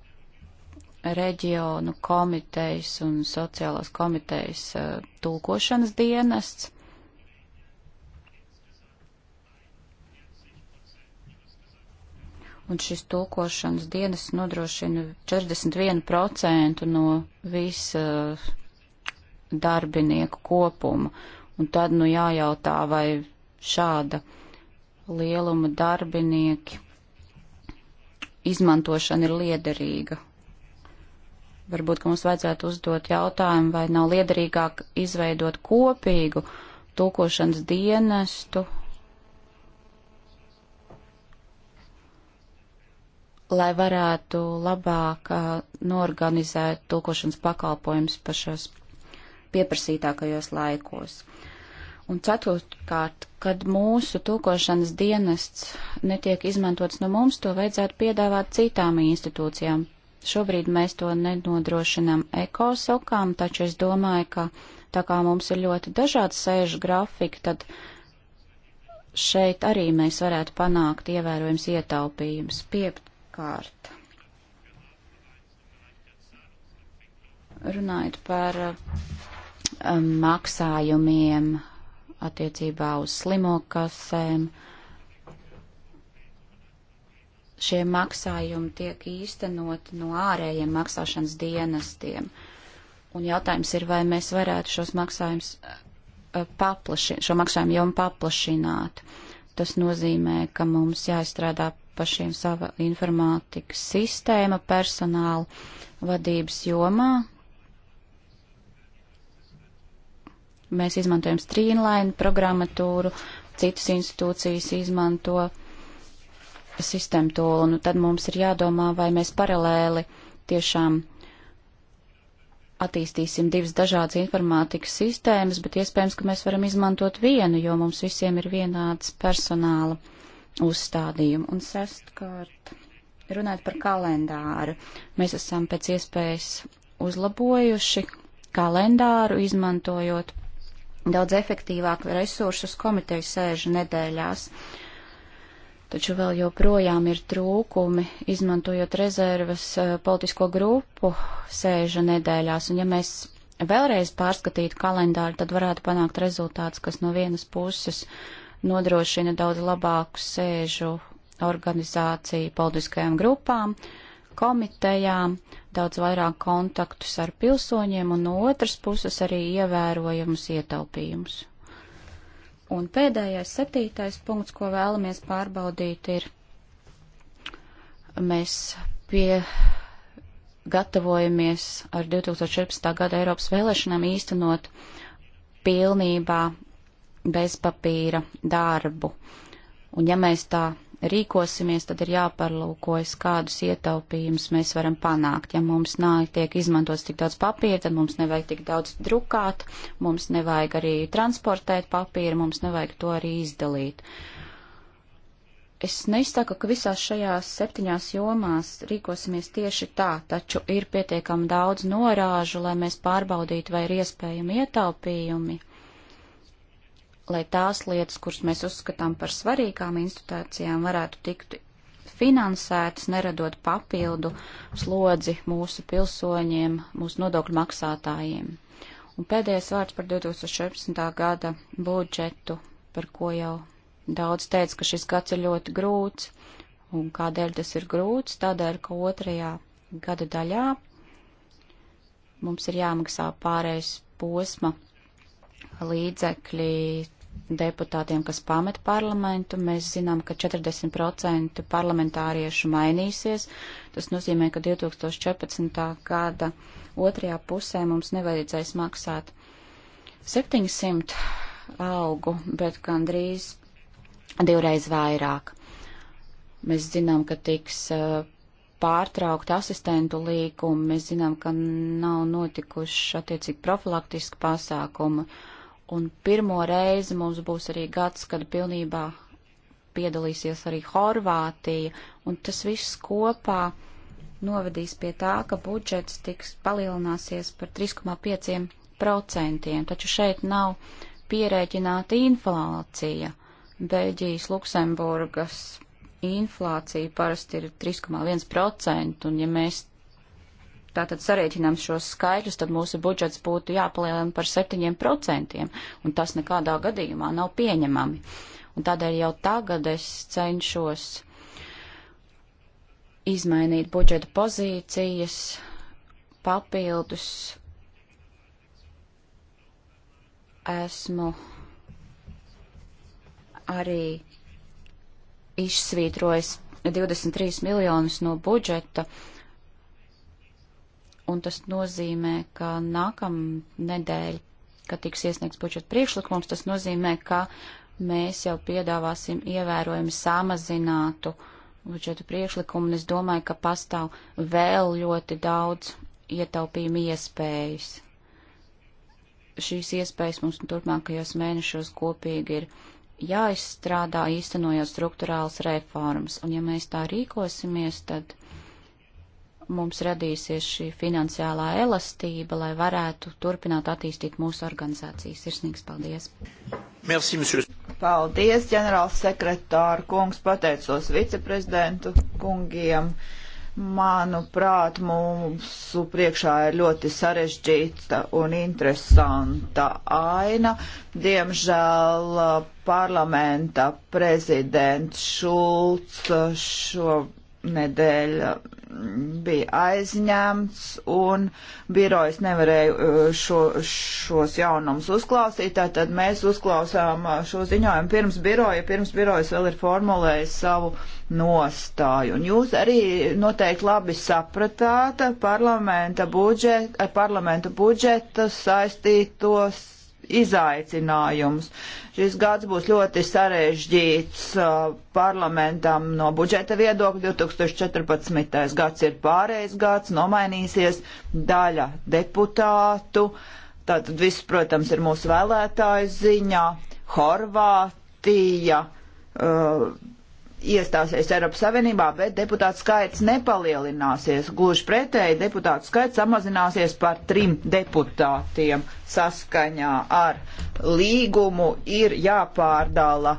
Speaker 3: reģionu komitejas un sociālās komitejas uh, tulkošanas dienests. Un šis tulkošanas dienas nodrošina 41% no visa eh, darbinieku kopuma. Un tad nu jājautā, vai šāda lieluma darbinieki izmantošana ir liederīga varbūt, ka mums vajadzētu uzdot jautājumu, vai nav liederīgāk izveidot kopīgu tūkošanas dienestu, lai varētu labāk uh, norganizēt tulkošanas pakalpojumus pašos pieprasītākajos laikos. Un ceturtkārt, kad mūsu tulkošanas dienests netiek izmantots no mums, to vajadzētu piedāvāt citām institūcijām, Šobrīd mēs to nenodrošinām ekosokām, taču es domāju, ka tā kā mums ir ļoti dažādi sēžu grafiki, tad šeit arī mēs varētu panākt ievērojams ietaupījums. Piekārt. Runājot par eh, maksājumiem attiecībā uz slimo kasēm. Uh, šie maksājumi tiek īstenot no ārējiem maksāšanas dienestiem. Un jautājums ir, vai mēs varētu šos maksājumus eh, paplašināt, šo maksājumu jomu paplašināt. Tas nozīmē, ka mums jāizstrādā pašiem sava informātikas sistēma personāla vadības jomā. Mēs izmantojam Streamline programmatūru, citas institūcijas izmanto sistemtūlu, nu tad mums ir jādomā, vai mēs paralēli tiešām attīstīsim divas dažādas informātikas sistēmas, bet iespējams, ka mēs varam izmantot vienu, jo mums visiem ir vienāds personāla uzstādījumi. Un sestkārt, runājot par kalendāru, mēs esam pēc iespējas uzlabojuši kalendāru, izmantojot daudz efektīvāk resursus komiteju sēžu nedēļās. Uh, taču vēl joprojām ir trūkumi, izmantojot rezervas eh, politisko grupu sēžu nedēļās, un ja mēs vēlreiz pārskatītu kalendāru, tad varētu panākt rezultāts, kas no vienas puses nodrošina daudz labāku sēžu organizāciju politiskajām grupām, komitejām, daudz vairāk kontaktus ar pilsoņiem un no otras puses arī ievērojumus ietaupījumus. Un pēdējais, septītais punkts, ko vēlamies pārbaudīt, ir mēs pie gatavojamies ar 2014. gada Eiropas vēlēšanām īstenot pilnībā bezpapīra darbu. Un ja mēs tā rīkosimies, tad ir jāparlūkojas, kādus ietaupījumus mēs varam panākt. Ja mums nav tiek izmantots tik daudz papīra, tad mums nevajag tik daudz drukāt, mums nevajag arī transportēt papīru, mums nevajag to arī izdalīt. Es neizsaku, ka visās šajās septiņās jomās rīkosimies tieši tā, taču ir pietiekami daudz norāžu, lai mēs pārbaudītu, vai ir iespējami ietaupījumi lai tās lietas, kuras mēs uzskatām par svarīgām institūcijām, varētu tikt finansētas, neradot papildu slodzi mūsu pilsoņiem, mūsu nodokļu maksātājiem. Un pēdējais vārds par 2014. gada budžetu, par ko jau daudz teica, ka šis gads ir ļoti grūts. Un kādēļ tas ir grūts? Tādēļ, ka otrajā gada daļā mums ir jāmaksā pārējais posma līdzekļi deputātiem, kas pamet parlamentu. Mēs zinām, ka 40% parlamentāriešu mainīsies. Tas nozīmē, ka 2014. gada otrajā pusē mums nevajadzēs maksāt 700 algu, bet gandrīz divreiz vairāk. Mēs zinām, ka tiks uh, pārtraukt asistentu līgumu, mēs zinām, ka nav notikuši attiecīgi profilaktiski pasākumi. Uh, Un pirmo reizi mums būs arī gads, kad pilnībā piedalīsies arī Horvātija, un tas viss kopā novedīs pie tā, ka budžets tiks palielināsies par 3,5%, taču šeit nav pierēķināta inflācija. Beļģijas, Luksemburgas inflācija parasti ir 3,1%, un ja mēs tātad sarēķinām šos skaidrus, tad mūsu budžets būtu jāpalielina par 7%, un tas nekādā gadījumā nav pieņemami. Un tādēļ jau tagad es cenšos izmainīt budžeta pozīcijas, papildus esmu arī izsvītrojis 23 miljonus no budžeta, uh, un tas nozīmē, ka nākamnedēļ, kad tiks iesniegts budžeta priekšlikums, tas nozīmē, ka mēs jau piedāvāsim ievērojami samazinātu budžetu priekšlikumu, un es domāju, ka pastāv vēl ļoti daudz ietaupījumu iespējas. Šīs iespējas mums turpmākajos mēnešos kopīgi ir jāizstrādā īstenojot struktūrāls reformas, un ja mēs tā rīkosimies, tad mums radīsies šī finansiālā elastība, lai varētu turpināt attīstīt mūsu organizācijas. Sirsnīgs paldies! Merci, monsieur. paldies, ģenerāls sekretāra
Speaker 2: kungs, pateicos viceprezidentu kungiem. Manuprāt, mūsu priekšā ir ļoti sarežģīta un interesanta aina. Diemžēl uh, parlamenta prezidents Šulcs uh, šonedēļ uh, bija aizņemts un birojas nevarēja uh, šo, šos jaunumus uzklausīt. Tātad mēs uzklausām uh, šo ziņojumu pirms biroja, pirms birojas vēl ir formulējis savu nostāju. Un jūs arī noteikti labi sapratāt parlamenta budžeta, ar eh, parlamenta budžeta saistītos izaicinājumus. Šis gads būs ļoti sarežģīts uh, parlamentam no budžeta viedokļa. 2014. gads ir pārējais gads, nomainīsies daļa deputātu. Tātad viss, protams, ir mūsu vēlētāju ziņā. Horvātija. Uh, iestāsies Eiropas Savienībā, bet deputātu skaits nepalielināsies. Gluži pretēji, deputātu skaits samazināsies par trim deputātiem. Saskaņā ar līgumu ir jāpārdala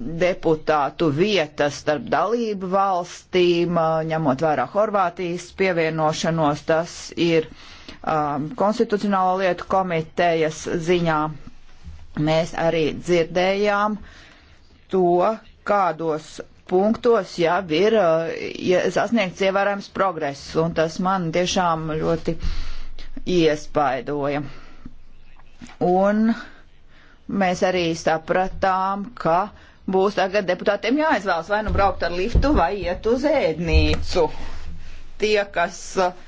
Speaker 2: deputātu vietas starp dalību valstīm, ņemot vērā Horvātijas pievienošanos, tas ir um, konstitucionālo lietu komitejas ziņā. Mēs arī dzirdējām to, kādos punktos jau ir eh, ja, sasniegts ievērojams progress, un tas man tiešām ļoti iespaidoja. Un mēs arī sapratām, ka būs tagad deputātiem jāizvēlas vai nu braukt ar liftu vai iet uz ēdnīcu. Tie, kas eh,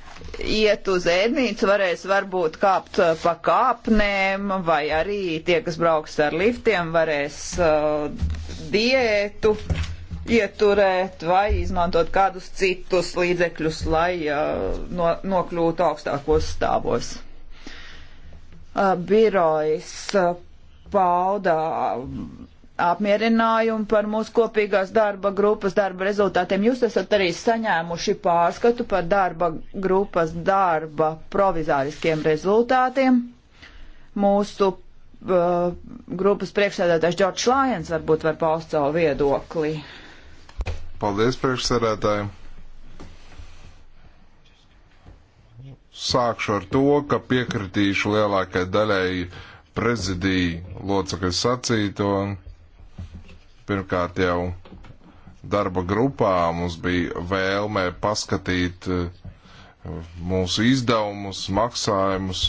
Speaker 2: iet uz ēdnīcu, varēs varbūt kāpt eh, pa kāpnēm, vai arī tie, kas brauks ar liftiem, varēs uh, diētu ieturēt vai izmantot kādus citus līdzekļus, lai uh, no, nokļūtu augstākos stāvos. Uh, birojas uh, pauda um, apmierinājumu par mūsu kopīgās darba grupas darba rezultātiem. Jūs esat arī saņēmuši pārskatu par darba grupas darba provizāriskiem rezultātiem. Mūsu uh, grupas priekšsēdētājs Džordžs Lājens varbūt var paust savu viedokli. Uh,
Speaker 1: Paldies priekšsarētājiem. Sākšu ar to, ka piekritīšu lielākai daļai prezidiju locekļu sacīto. Pirmkārt jau darba grupā mums bija vēlme paskatīt eh, mūsu izdevumus, maksājumus,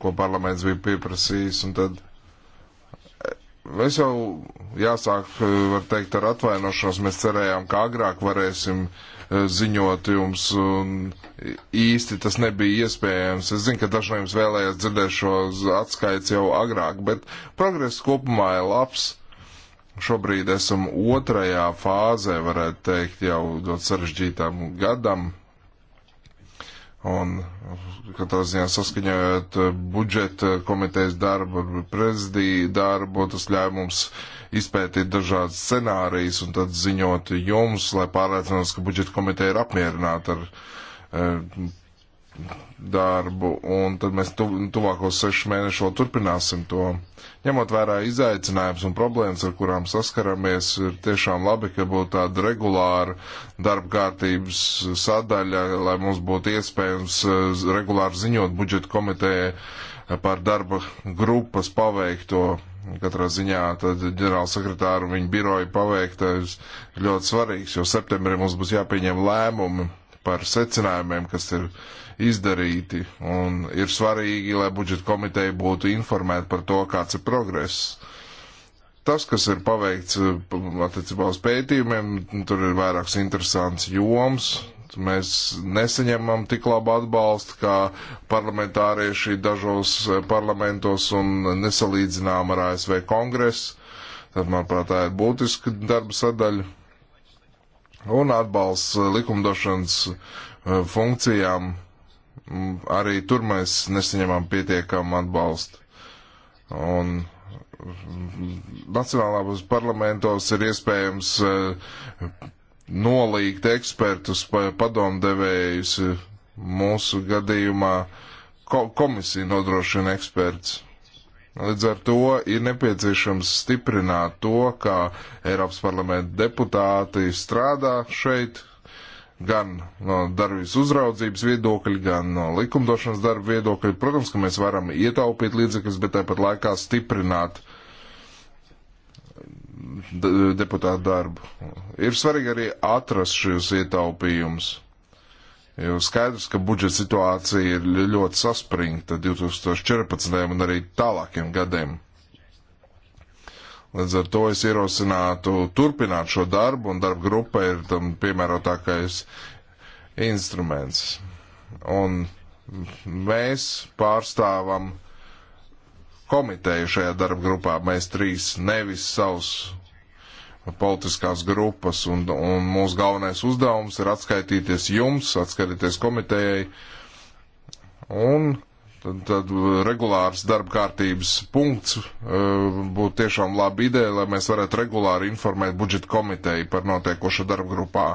Speaker 1: ko parlaments bija pieprasījis, un tad Es jau jāsāk, eh, var teikt, ar atvainošanos. Mēs cerējām, ka agrāk varēsim eh, ziņot jums, un īsti tas nebija iespējams. Es zinu, ka daži no jums vēlējās dzirdēt šo atskaits jau agrāk, bet progress kopumā ir labs. Šobrīd esam otrajā fāzē, varētu teikt, jau ļoti sarežģītām gadam, Un, katrā ziņā saskaņojot budžeta komitejas darbu ar prezidiju darbu, tas ļāva mums izpētīt dažādas scenārijas un tad ziņot jums, lai pārliecinātos, ka budžeta komiteja ir apmierināta ar eh, darbu, un tad mēs tu, tuvākos sešu mēnešu vēl turpināsim to. Ņemot vērā izaicinājumus un problēmas, ar kurām saskaramies, ir tiešām labi, ka būtu tāda regulāra darba kārtības sadaļa, lai mums būtu iespējams eh, regulāri ziņot budžeta komitejai par darba grupas paveikto. Katrā ziņā tad ģenerāla sekretāra un viņa biroja paveiktais ļoti svarīgs, jo septembrī mums būs jāpieņem lēmumi par secinājumiem, kas ir uh, izdarīti. Un ir svarīgi, lai budžeta komiteja būtu informēta par to, kāds ir progress. Tas, kas ir paveikts eh, attiecībā uz pētījumiem, nu, tur ir vairākas interesants joms. Mēs nesaņemam tik labu atbalstu kā parlamentārieši dažos eh, parlamentos un nesalīdzinām ar ASV kongresu. Tad, manuprāt, tā ir būtiska darba sadaļa. Un atbalsts eh, likumdošanas funkcijām Arī tur mēs nesaņemam pietiekamu atbalstu. Un mm, Nacionālās parlamentos ir iespējams eh, nolīgt ekspertus, padomdevējus. Mūsu gadījumā komisija nodrošina eksperts. Līdz ar to ir nepieciešams stiprināt to, kā Eiropas parlamenta deputāti strādā šeit, gan no darbības uzraudzības viedokļa, gan no likumdošanas darba viedokļa. Protams, ka mēs varam ietaupīt līdzekļus, bet tāpat laikā stiprināt deputātu darbu. Ir svarīgi arī atrast šos ietaupījumus. Jo skaidrs, ka budžeta situācija ir ļoti saspringta 2014. un arī tālākiem gadiem. Līdz ar to es ierosinātu turpināt šo darbu, un darba grupa ir tam piemērotākais instruments. Un mēs pārstāvam komiteju šajā darba grupā, mēs trīs, nevis savus politiskās grupas, un, un mūsu galvenais uzdevums ir atskaitīties jums, atskaitīties komitejai, un Tad, tad regulārs darba kārtības punkts eh, būtu tiešām laba ideja, lai mēs varētu regulāri informēt budžeta komiteju par notiekošo darba grupā.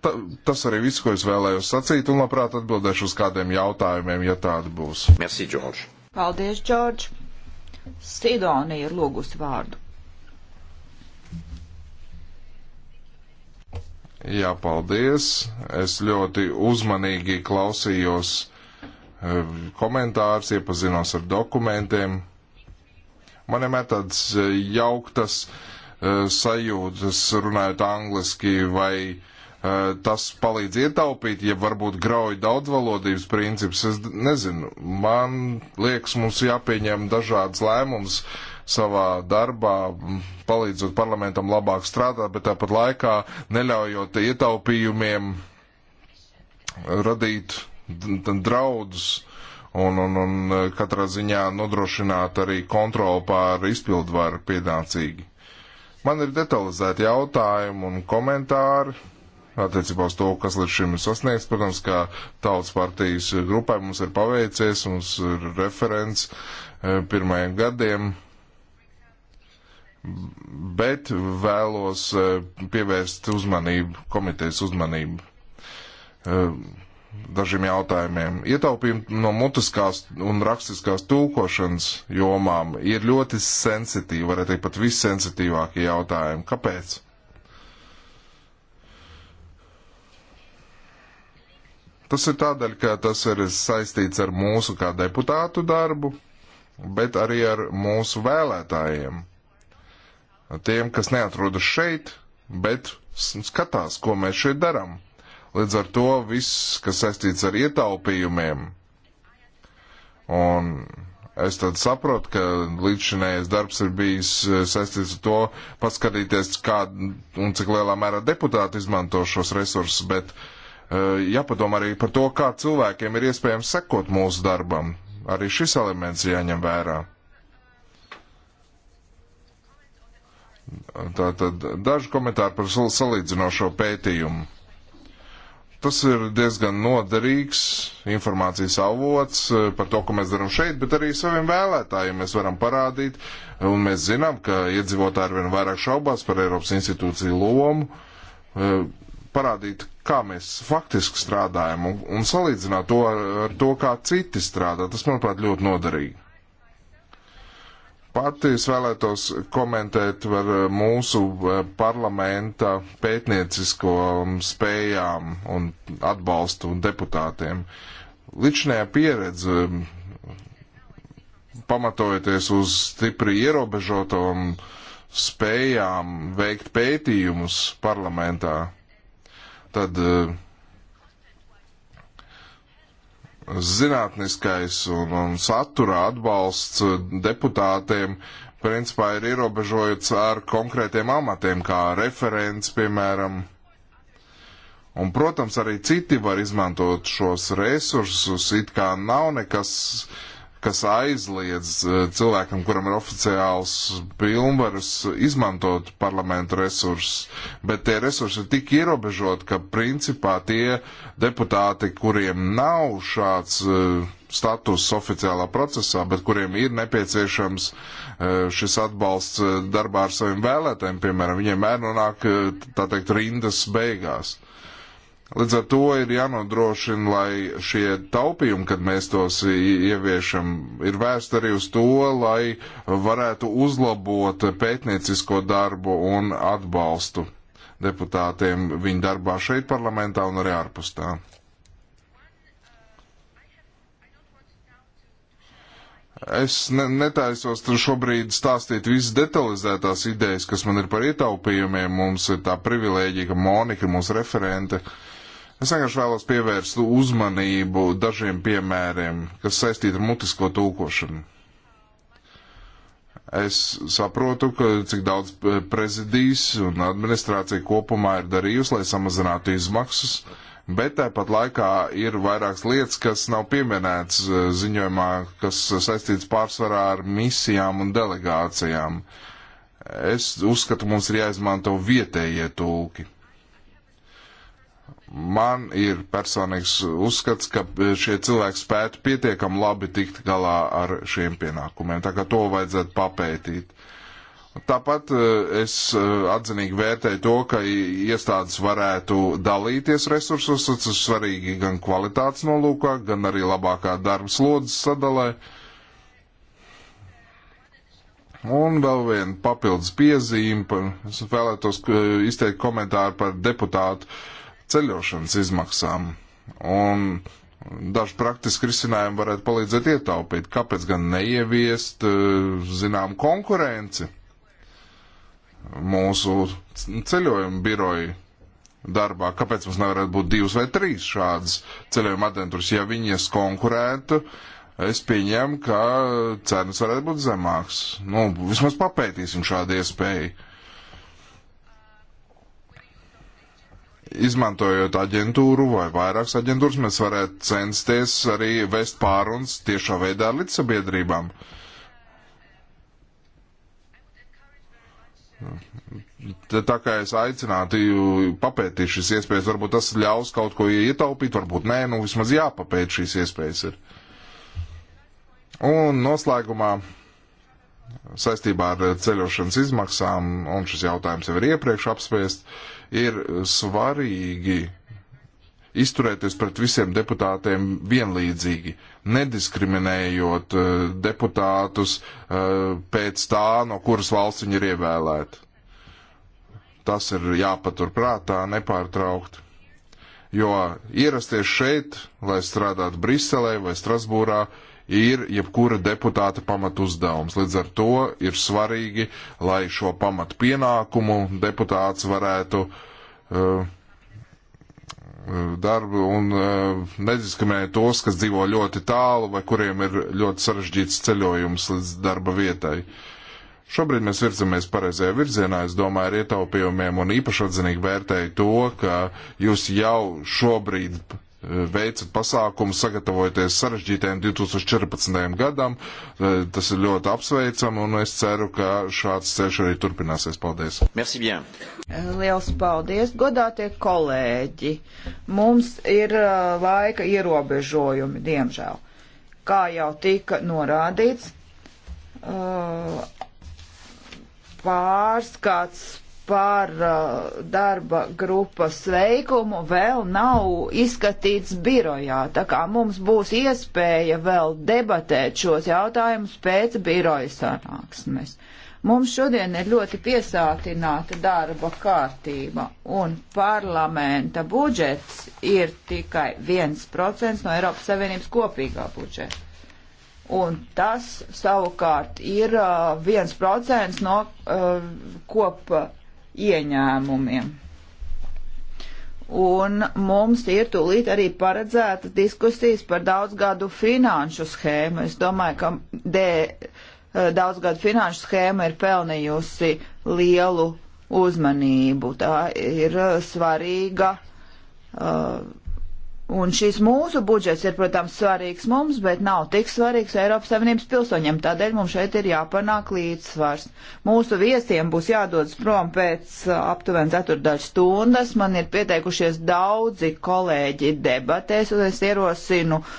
Speaker 1: Ta, tas arī viss, ko es vēlējos sacīt, un labprāt atbildēšu uz kādiem jautājumiem, ja tādi būs. Merci, George.
Speaker 2: Paldies, George. Sidonija ir lūgusi vārdu.
Speaker 1: Jā, paldies. Es ļoti uzmanīgi klausījos Eh, komentārus, iepazinos ar dokumentiem. Man vienmēr tāds eh, jauktas eh, sajūtas, runājot angliski, vai tas palīdz ietaupīt, ja varbūt grauj daudzvalodības princips. Es nezinu, man liekas, mums jāpieņem dažādas lēmumus savā darbā, palīdzot parlamentam labāk strādāt, bet tāpat laikā neļaujot ietaupījumiem radīt draudus un, un, un katrā ziņā nodrošināt arī kontroli pār izpildvaru pienācīgi. Man ir detalizēti jautājumi un komentāri attiecībā uz to, kas līdz šim ir sasniegts. Protams, kā tautas partijas grupai mums ir paveicies, mums ir referents eh, pirmajiem gadiem. Bet vēlos eh, pievērst uzmanību, komitejas uzmanību eh, dažiem jautājumiem. Ietaupījumi no mutiskās un rakstiskās tulkošanas jomām ir ļoti sensitīvi, varētu teikt pat vissensitīvākie jautājumi. Kāpēc? Tas ir tādēļ, ka tas ir saistīts ar mūsu kā deputātu darbu, bet arī ar mūsu vēlētājiem. Tiem, kas neatrodas šeit, bet skatās, ko mēs šeit darām. Līdz ar to viss, kas saistīts ar ietaupījumiem, un es tad saprotu, ka līdzšinējais darbs ir bijis eh, saistīts ar to paskatīties, kā un cik lielā mērā deputāti izmanto šos resursus, bet uh, jāpadomā arī par to, kā cilvēkiem ir iespējams sekot mūsu darbam. Arī šis elements jāņem vērā. Tātad daži komentāri par salīdzinošo pētījumu. Tas ir diezgan noderīgs informācijas avots eh, par to, ko mēs darām šeit, bet arī saviem vēlētājiem mēs varam parādīt, un mēs zinām, ka iedzīvotāji arvien vairāk šaubās par Eiropas institūciju lomu, eh, parādīt, kā mēs faktiski strādājam un, un salīdzināt to ar, ar to, kā citi strādā. Tas, manuprāt, ļoti noderīgi. Pati es vēlētos komentēt par eh, mūsu eh, parlamenta pētniecisko mm, spējām un atbalstu deputātiem. Ličnējā pieredze, mm, pamatojoties uz stipri ierobežotām spējām veikt pētījumus parlamentā, tad uh, zinātniskais un, un satura atbalsts deputātiem principā ir ierobežojots ar konkrētiem amatiem, kā referents, piemēram. Un, protams, arī citi var izmantot šos resursus, it kā nav nekas uh, kas aizliedz eh, cilvēkam, kuram ir oficiāls pilnvaras, izmantot parlamentu resursus. Bet tie resursi ir tik ierobežoti, ka principā tie deputāti, kuriem nav šāds eh, status oficiālā procesā, bet kuriem ir nepieciešams eh, šis atbalsts darbā ar saviem vēlētājiem, piemēram, viņiem mēr nonāk, tā teikt, rindas beigās. Līdz ar to ir jānodrošina, lai šie taupījumi, kad mēs tos ieviešam, ir vērsti arī uz to, lai varētu uzlabot pētniecisko darbu un atbalstu deputātiem viņu darbā šeit parlamentā un arī ārpus tā. Es ne, netaisos šobrīd stāstīt visas detalizētās idejas, kas man ir par ietaupījumiem. Mums ir tā privilēģija, ka Monika ir mūsu referente. Uh, Es vienkārši vēlos pievērst uzmanību dažiem piemēriem, kas saistīti ar mutisko tūkošanu. Es saprotu, ka cik daudz prezidijas un administrācija kopumā ir darījusi, lai samazinātu izmaksas, bet tāpat laikā ir vairākas lietas, kas nav pieminētas e, ziņojumā, kas saistīts pārsvarā ar misijām un delegācijām. Es uzskatu, mums ir jāizmanto vietējie tulki. Man ir personīgs uzskats, ka šie cilvēki spētu pietiekam labi tikt galā ar šiem pienākumiem, tā kā to vajadzētu papētīt. Tāpat e, es e, atzinīgi vērtēju to, ka iestādes varētu dalīties resursos, tas ir svarīgi gan kvalitātes nolūkā, gan arī labākā darba slodzes sadalē. Un vēl viena papildus piezīme, es vēlētos e, izteikt komentāru par deputātu ceļošanas izmaksām. Un daži praktiski risinājumi varētu palīdzēt ietaupīt. Kāpēc gan neieviest, eh, zinām, konkurenci mūsu ceļojumu biroju darbā? Kāpēc mums nevarētu būt divas vai trīs šādas ceļojuma aģentūras? Ja viņas konkurētu, es pieņemu, ka cenas varētu būt zemākas. Nu, vismaz papētīsim šādu iespēju. izmantojot aģentūru vai vairākas aģentūras, mēs varētu censties arī vest pārunas tiešā veidā ar līdzsabiedrībām. Te tā kā es aicinātu, papētīt šīs iespējas, varbūt tas ļaus kaut ko ietaupīt, varbūt nē, nu vismaz jāpapēt šīs iespējas ir. Un noslēgumā saistībā ar ceļošanas izmaksām, un šis jautājums jau ir iepriekš apspriests ir svarīgi izturēties pret visiem deputātiem vienlīdzīgi, nediskriminējot eh, deputātus eh, pēc tā, no kuras valsts viņi ir ievēlēti. Tas ir jāpatur prātā nepārtraukti. Jo ierasties šeit, lai strādātu Briselē vai Strasbūrā, uh, ir jebkura deputāta pamatuzdevums. Līdz ar to ir svarīgi, lai šo pamatu pienākumu deputāts varētu uh, darbu un uh, nediskriminēt tos, kas dzīvo ļoti tālu vai kuriem ir ļoti sarežģīts ceļojums līdz darba vietai. Šobrīd mēs virzamies pareizajā virzienā, es domāju, ar ietaupījumiem un īpaši atzinīgi vērtēju to, ka jūs jau šobrīd veicat pasākumu, sagatavojoties sarežģītajam 2014. gadam. Eh, tas ir ļoti apsveicam, un es ceru, ka šāds ceļš arī turpināsies. Paldies! Merci bien!
Speaker 2: Eh, liels paldies, godātie kolēģi! Mums ir eh, laika ierobežojumi, diemžēl. Kā jau tika norādīts, pārskats par uh, darba grupas veikumu vēl nav izskatīts birojā, tā kā mums būs iespēja vēl debatēt šos jautājumus pēc biroja sanāksmes. Mums šodien ir ļoti piesātināta darba kārtība, un parlamenta budžets ir tikai 1% no Eiropas Savienības kopīgā budžeta. Un tas savukārt ir 1% uh, no uh, kopa ieņēmumiem. Un mums ir tūlīt arī paredzēta diskusijas par daudzgadu finanšu schēmu. Es domāju, ka dē, eh, daudzgadu finanšu schēma ir pelnījusi lielu uzmanību. Tā ir eh, svarīga uh, Un šis mūsu budžets ir, protams, svarīgs mums, bet nav tik svarīgs Eiropas Savienības pilsoņiem. Tādēļ mums šeit ir jāpanāk līdzsvars. Mūsu viesiem būs jādodas prom pēc uh, aptuveni ceturdaļas stundas. Man ir pieteikušies daudzi kolēģi debatēs, un es ierosinu uh,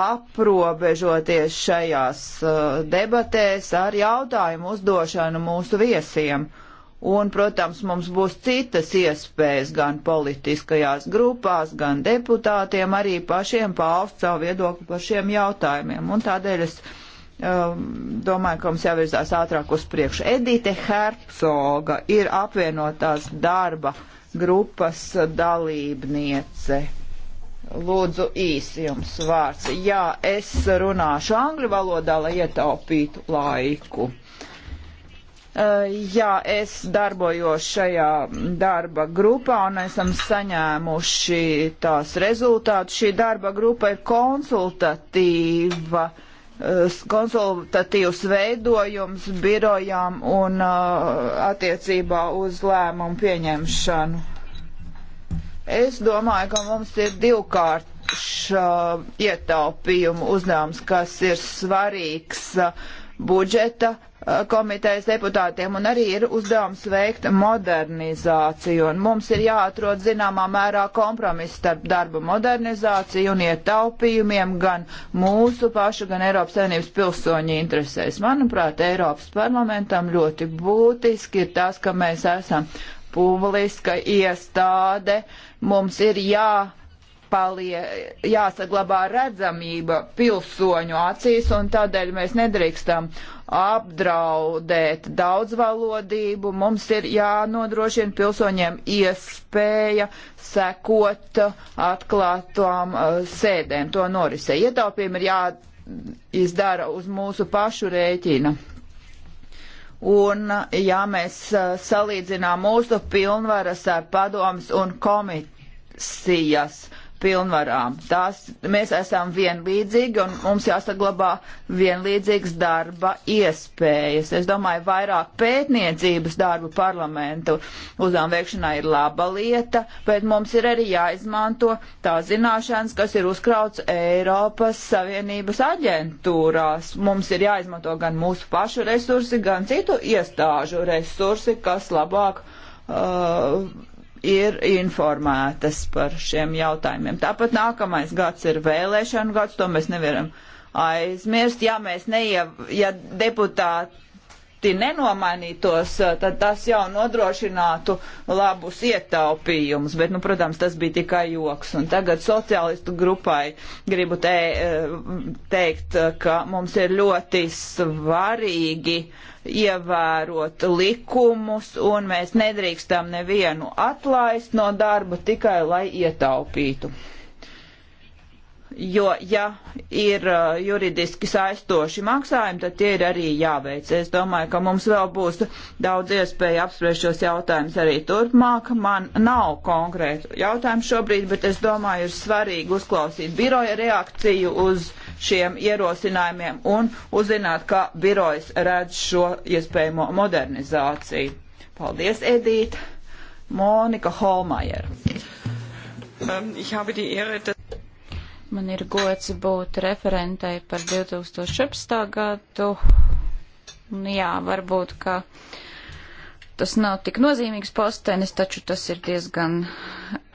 Speaker 2: aprobežoties šajās uh, debatēs ar jautājumu uzdošanu mūsu viesiem. Uh, Un, protams, mums būs citas iespējas gan politiskajās grupās, gan deputātiem arī pašiem paust savu viedokli par šiem jautājumiem. Un tādēļ es um, domāju, ka mums jāvirzās ātrāk uz priekšu. Edite Hercoga ir apvienotās darba grupas dalībniece. Lūdzu, īsi jums vārds. Jā, es runāšu angļu valodā, lai ietaupītu laiku. Uh, Eh, jā, es darbojos šajā darba grupā un esam saņēmuši tās rezultātus. Šī darba grupa ir konsultatīva, eh, konsultatīvs veidojums birojām un eh, attiecībā uz lēmumu pieņemšanu. Es domāju, ka mums ir divkārt ietaupījumu uzdevums, kas ir svarīgs uh, budžeta eh, komitejas deputātiem un arī ir uzdevums veikt modernizāciju. Un mums ir jāatrod zināmā mērā kompromiss starp darba modernizāciju un ietaupījumiem gan mūsu pašu, gan Eiropas Savienības pilsoņu interesēs. Manuprāt, Eiropas parlamentam ļoti būtiski ir tas, ka mēs esam publiska iestāde. Mums ir jā jāpalie, jāsaglabā redzamība pilsoņu acīs, un tādēļ mēs nedrīkstam apdraudēt daudzvalodību. Mums ir jānodrošina pilsoņiem iespēja sekot atklātām uh, sēdēm, to norise. Ietaupījumi ir jāizdara uz mūsu pašu rēķina. Un, uh, ja mēs uh, salīdzinām mūsu pilnvaras ar padomus un komisijas pilnvarām. Tās, mēs esam vienlīdzīgi un mums jāsaglabā vienlīdzīgas darba iespējas. Es domāju, vairāk pētniecības darbu parlamentu uzdevuma veikšanā ir laba lieta, bet mums ir arī jāizmanto tās zināšanas, kas ir uzkrauts Eiropas Savienības aģentūrās. Mums ir jāizmanto gan mūsu pašu resursi, gan citu iestāžu resursi, kas labāk. Uh, ir informētas par šiem jautājumiem. Tāpat nākamais gads ir vēlēšanu gads, to mēs nevaram aizmirst. Ja mēs neiev, ja deputāti citi nenomainītos, eh, tad tas jau nodrošinātu labus ietaupījumus. Bet, nu, protams, tas bija tikai joks. Un tagad sociālistu grupai gribu te, eh, teikt, eh, ka mums ir ļoti svarīgi ievērot likumus, un mēs nedrīkstam nevienu atlaist no darba tikai, lai ietaupītu jo, ja ir uh, juridiski saistoši maksājumi, tad tie ir arī jāveic. Es domāju, ka mums vēl būs daudz iespēju apspriest šos jautājumus arī turpmāk. Man nav konkrētu jautājumu šobrīd, bet es domāju, ir svarīgi uzklausīt biroja reakciju uz šiem ierosinājumiem un uzzināt, kā birojas redz šo iespējamo modernizāciju. Paldies, Edīte!
Speaker 3: Monika Holmajer.
Speaker 2: Um, ich habe die Ehre, dass
Speaker 3: Man ir gods būt referentei par 2014. gadu. Un jā, varbūt, ka tas nav tik nozīmīgs postenis, taču tas ir diezgan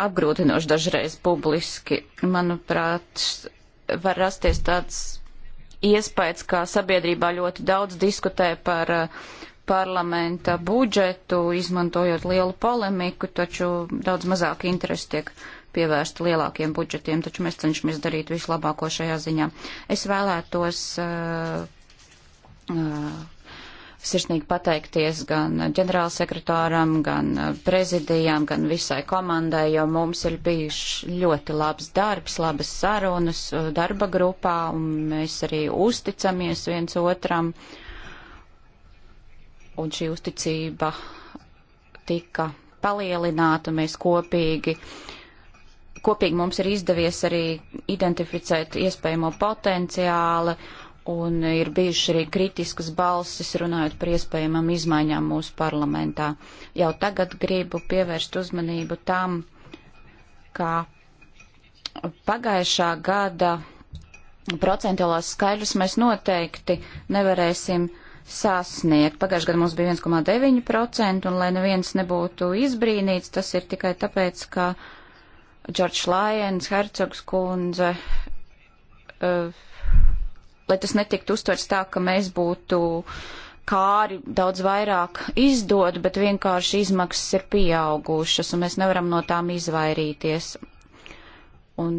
Speaker 3: apgrūtinoši dažreiz publiski. Manuprāt, var rasties tāds iespējas, ka sabiedrībā ļoti daudz diskutē par uh, parlamenta budžetu, izmantojot lielu polemiku, taču daudz mazāk interesi tiek pievērsta lielākiem budžetiem, taču mēs cenšamies darīt vislabāko šajā ziņā. Es vēlētos uh, uh, sirsnīgi pateikties gan ģenerālsekretāram, gan uh, prezidijām, gan visai komandai, jo mums ir bijis ļoti labs darbs, labas sarunas uh, darba grupā, un mēs arī uzticamies viens otram. Un šī uzticība tika palielināta, mēs kopīgi uh, kopīgi mums ir izdevies arī identificēt iespējamo potenciālu un ir bijuši arī kritiskas balsis runājot par iespējamām izmaiņām mūsu parlamentā. Jau tagad gribu pievērst uzmanību tam, kā pagājušā gada procentuālās skaidrs mēs noteikti nevarēsim sasniegt. Pagājušajā gadā mums bija 1,9% un lai neviens nebūtu izbrīnīts, tas ir tikai tāpēc, ka Džordžs Lajens, Hercogs kundze, uh, lai tas netiktu uztverts tā, ka mēs būtu kāri daudz vairāk izdod, bet vienkārši izmaksas ir pieaugušas un mēs nevaram no tām izvairīties. Un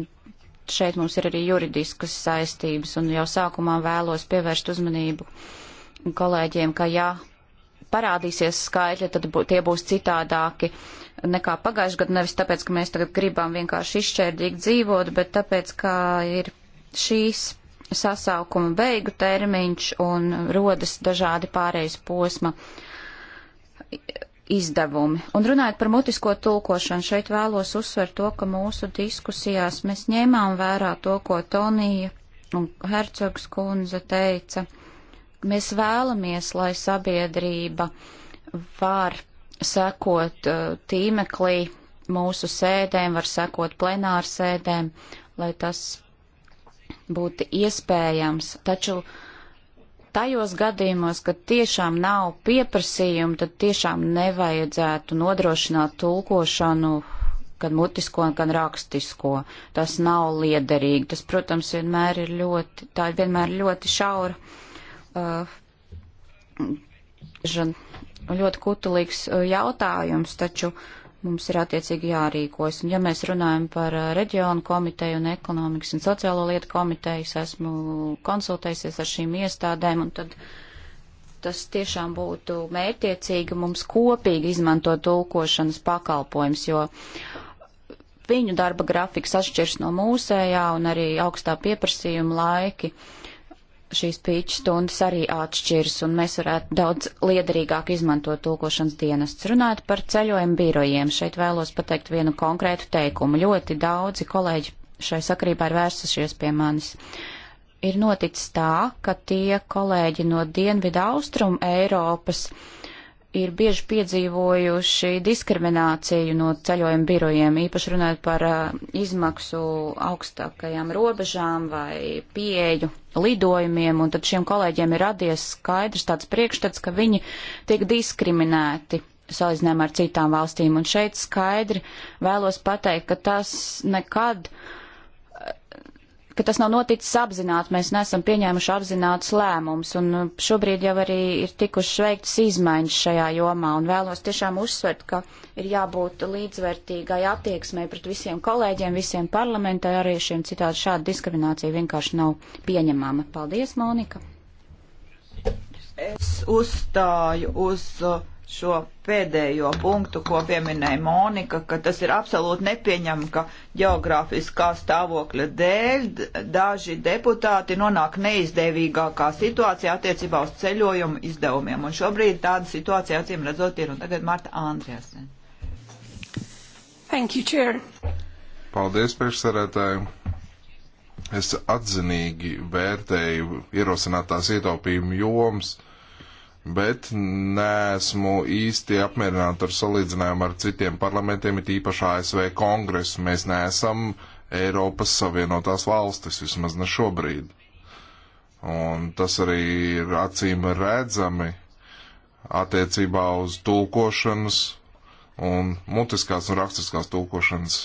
Speaker 3: šeit mums ir arī juridiskas saistības un jau sākumā vēlos pievērst uzmanību kolēģiem, ka ja parādīsies skaitļi, tad bū, tie būs citādāki. Uh, nekā pagājušajā gadā, nevis tāpēc, ka mēs tagad gribam vienkārši izšķērdīgi dzīvot, bet tāpēc, ka ir šīs sasaukuma beigu termiņš un rodas dažādi pārējais posma izdevumi. Un runājot par mutisko tulkošanu, šeit vēlos uzsvert to, ka mūsu diskusijās mēs ņēmām vērā to, ko Tonija un Hercogs kundze teica. Mēs vēlamies, lai sabiedrība var sekot uh, tīmeklī mūsu sēdēm, var sekot plenāru sēdēm, lai tas būtu iespējams. Taču tajos gadījumos, kad tiešām nav pieprasījuma, tad tiešām nevajadzētu nodrošināt tulkošanu gan mutisko, gan rakstisko. Tas nav liederīgi. Tas, protams, vienmēr ir ļoti, tā ir vienmēr ļoti šaura. Uh, žan, ļoti kutulīgs uh, jautājums, taču mums ir attiecīgi jārīkojas. Un ja mēs runājam par uh, reģionu komiteju un ekonomikas un sociālo lietu komitejas, esmu konsultējusies ar šīm iestādēm, un tad tas tiešām būtu mērķiecīgi mums kopīgi izmantot tulkošanas pakalpojums, jo viņu darba grafiks atšķirs no mūsējā un arī augstā pieprasījuma laiki. Uh, šīs pīķa stundas arī atšķiras, un mēs varētu daudz liederīgāk izmantot tulkošanas dienas. Runājot par ceļojumu birojiem, šeit vēlos pateikt vienu konkrētu teikumu. Ļoti daudzi kolēģi šai sakarībā ir vērsušies pie manis. Ir noticis tā, ka tie kolēģi no Dienvidu Austrum Eiropas, uh, ir bieži piedzīvojuši diskrimināciju no ceļojuma birojiem, īpaši runājot par uh, izmaksu augstākajām robežām vai pieeju lidojumiem, un tad šiem kolēģiem ir radies skaidrs tāds priekšstats, ka viņi tiek diskriminēti salīdzinājumā ar citām valstīm. Un šeit skaidri vēlos pateikt, ka tas nekad ka tas nav noticis apzināti, mēs neesam pieņēmuši apzināts lēmums, un uh, šobrīd jau arī ir tikušas veiktas izmaiņas šajā jomā, un vēlos tiešām uzsvert, ka ir jābūt līdzvērtīgai attieksmē pret visiem kolēģiem, visiem parlamentāriešiem, citādi šāda diskriminācija vienkārši nav pieņemama. Paldies, Monika!
Speaker 2: Es uzstāju uz. Uh šo pēdējo punktu, ko pieminēja Monika, ka tas ir absolūti nepieņem, ka geogrāfiskā stāvokļa dēļ daži deputāti nonāk neizdevīgākā situācijā attiecībā uz ceļojumu izdevumiem. Un šobrīd tāda situācija acīm redzot ir. Un tagad Marta Andriasen.
Speaker 3: Thank you, Chair.
Speaker 1: Paldies, priekšsarētāji. Es atzinīgi vērtēju ierosinātās ietaupījumu jomas bet neesmu īsti apmierināta ar salīdzinājumu ar citiem parlamentiem, it īpaši ASV kongresu. Mēs neesam Eiropas Savienotās valstis, vismaz ne šobrīd. Un tas arī ir acīm redzami attiecībā uz tulkošanas un mutiskās un rakstiskās tulkošanas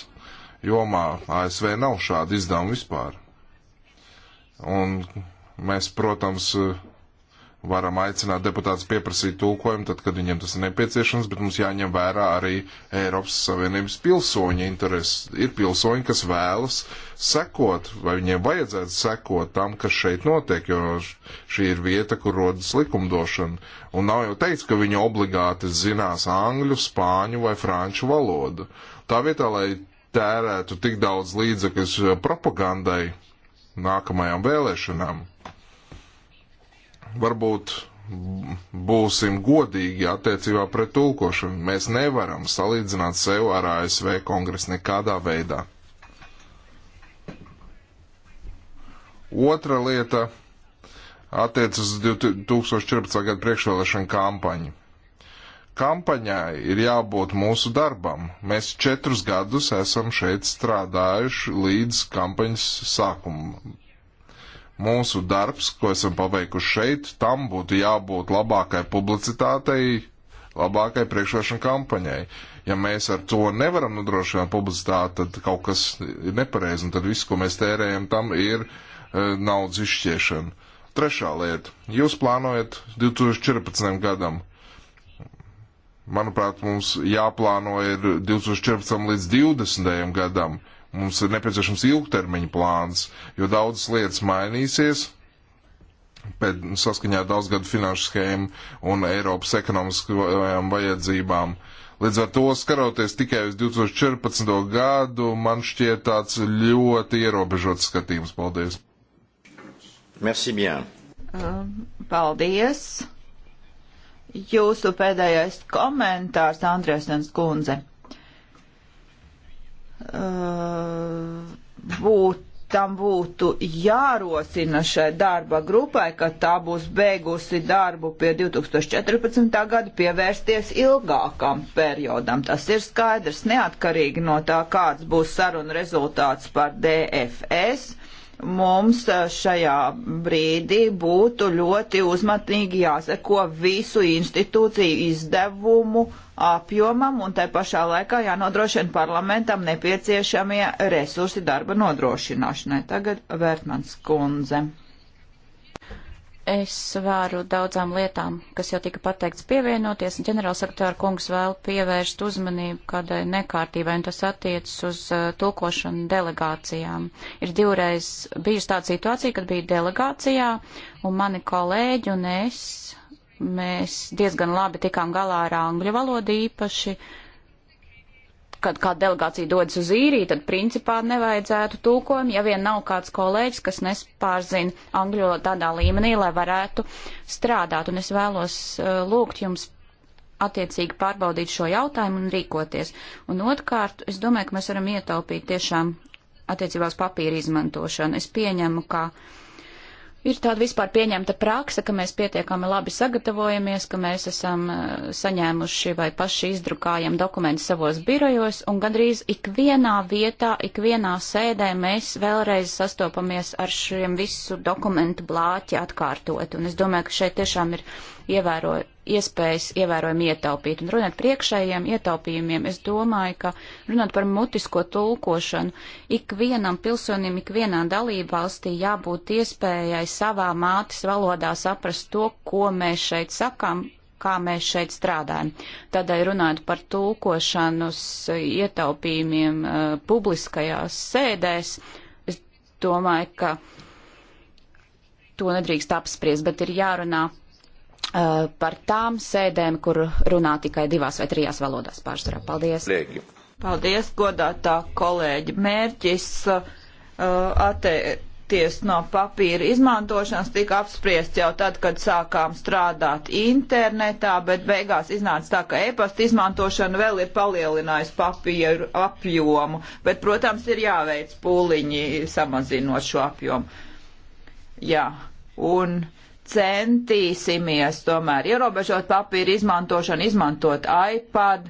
Speaker 1: jomā. ASV nav šāda izdevuma vispār. Un mēs, protams, varam aicināt deputātus pieprasīt tulkojumu, tad, kad viņiem tas ir nepieciešams, bet mums jāņem vērā arī Eiropas Savienības pilsoņa intereses. Ir pilsoņi, kas vēlas sekot, vai viņiem vajadzētu sekot tam, kas šeit notiek, jo šī ir vieta, kur rodas likumdošana. Un nav jau teicis, ka viņi obligāti zinās angļu, spāņu vai franču valodu. Tā vietā, lai tērētu tik daudz līdzekļus propagandai nākamajām vēlēšanām varbūt būsim godīgi attiecībā pret tulkošanu. Mēs nevaram salīdzināt sev ar ASV kongresu nekādā veidā. Otra lieta attiecas uz 2014. gada priekšvēlēšanu kampaņu. Kampaņai ir jābūt mūsu darbam. Mēs četrus gadus esam šeit strādājuši līdz kampaņas sākumam Mūsu darbs, ko esam paveikuši šeit, tam būtu jābūt labākai publicitātei, labākai priekšvēlēšana kampaņai. Ja mēs ar to nevaram nodrošināt publicitāti, tad kaut kas ir nepareizi, un tad viss, ko mēs tērējam, tam ir e, naudas izšķiešana. Trešā lieta. Jūs plānojat 2014. gadam Manuprāt, mums jāplāno ir 2014 līdz 2020 gadam. Mums ir nepieciešams ilgtermiņa plāns, jo daudzas lietas mainīsies pēc saskaņā ar daudzgadu finanšu schēmu un Eiropas ekonomiskajām vajadzībām. Līdz ar to skaroties tikai uz 2014. gadu, man šķiet tāds ļoti ierobežots skatījums. Paldies! Merci bien!
Speaker 2: Um, paldies! jūsu pēdējais komentārs, Andriesens kundze, uh, būt, tam būtu jārosina šai darba grupai, ka tā būs beigusi darbu pie 2014. gada pievērsties ilgākam periodam. Tas ir skaidrs, neatkarīgi no tā, kāds būs saruna rezultāts par DFS mums eh, šajā brīdī būtu ļoti uzmatīgi jāseko visu institūciju izdevumu apjomam un tai pašā laikā jānodrošina parlamentam nepieciešamie resursi darba nodrošināšanai. Tagad Vērtmans kundze.
Speaker 3: Es varu daudzām lietām, kas jau tika pateikts, pievienoties. Ģenerālsekretāra kungs vēl pievērst uzmanību kādai nekārtībai, un tas attiecas uz uh, tulkošanu delegācijām. Ir divreiz bijusi tāda situācija, kad bija delegācijā, un mani kolēģi un es, mēs diezgan labi tikām galā ar angļu valodu īpaši, uh, kad kāda delegācija dodas uz īriju, tad principā nevajadzētu tūkojumu, ja vien nav kāds kolēģis, kas nespārzina angļu valodu tādā līmenī, lai varētu strādāt. Un es vēlos uh, lūgt jums attiecīgi pārbaudīt šo jautājumu un rīkoties. Un otrkārt, es domāju, ka mēs varam ietaupīt tiešām attiecībā uz papīra izmantošanu. Es pieņemu, ka. Uh, Ir tāda vispār pieņemta praksa, ka mēs pietiekami labi sagatavojamies, ka mēs esam eh, saņēmuši vai paši izdrukājam dokumentus savos birojos, un gandrīz ikvienā vietā, ikvienā sēdē mēs vēlreiz sastopamies ar šiem visu dokumentu blāķi atkārtot. Un es domāju, ka šeit tiešām ir ievēro, iespējas ievērojami ietaupīt. Un runāt priekšējiem ietaupījumiem, es domāju, ka runāt par mutisko tulkošanu, ikvienam pilsonim, ikvienā dalībvalstī jābūt iespējai savā mātes valodā saprast to, ko mēs šeit sakām, kā mēs šeit strādājam. Tādēļ runāt par tulkošanas ietaupījumiem uh, publiskajās sēdēs, es domāju, ka to nedrīkst apspriest, bet ir jārunā Eh, par tām sēdēm, kur runā tikai divās vai trijās valodās pārsvarā. Paldies! Lieki.
Speaker 2: Paldies, godātā kolēģi! Mērķis uh, atteikties no papīra izmantošanas tika apspriests jau tad, kad sākām strādāt internetā, bet beigās iznāca tā, ka e-pasta izmantošana vēl ir palielinājusi papīru apjomu, bet, protams, ir jāveic pūliņi samazinot šo apjomu. Jā, un centīsimies tomēr ierobežot papīra izmantošanu, izmantot iPad,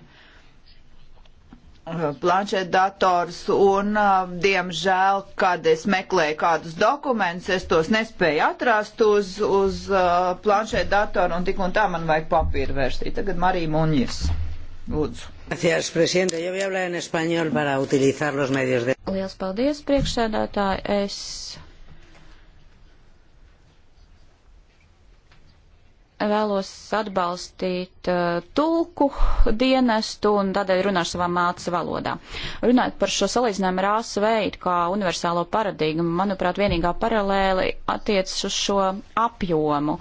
Speaker 2: planšetdators un, um, diemžēl, kad es meklēju kādus dokumentus, es tos nespēju atrast uz, uz uh, planšetdatoru un tik un tā man vajag papīra versiju. Tagad Marija Muņas. Lūdzu.
Speaker 3: Gracias, presidente. Yo voy a hablar en español para utilizar los medios de. Lielas paldies, priekšsēdētāji. Es vēlos atbalstīt uh, tulku dienestu un tādēļ runāšu savā mācas valodā. Runājot par šo salīdzinājumu ar ASV kā universālo paradigmu, manuprāt, vienīgā paralēli attiecas uz šo apjomu,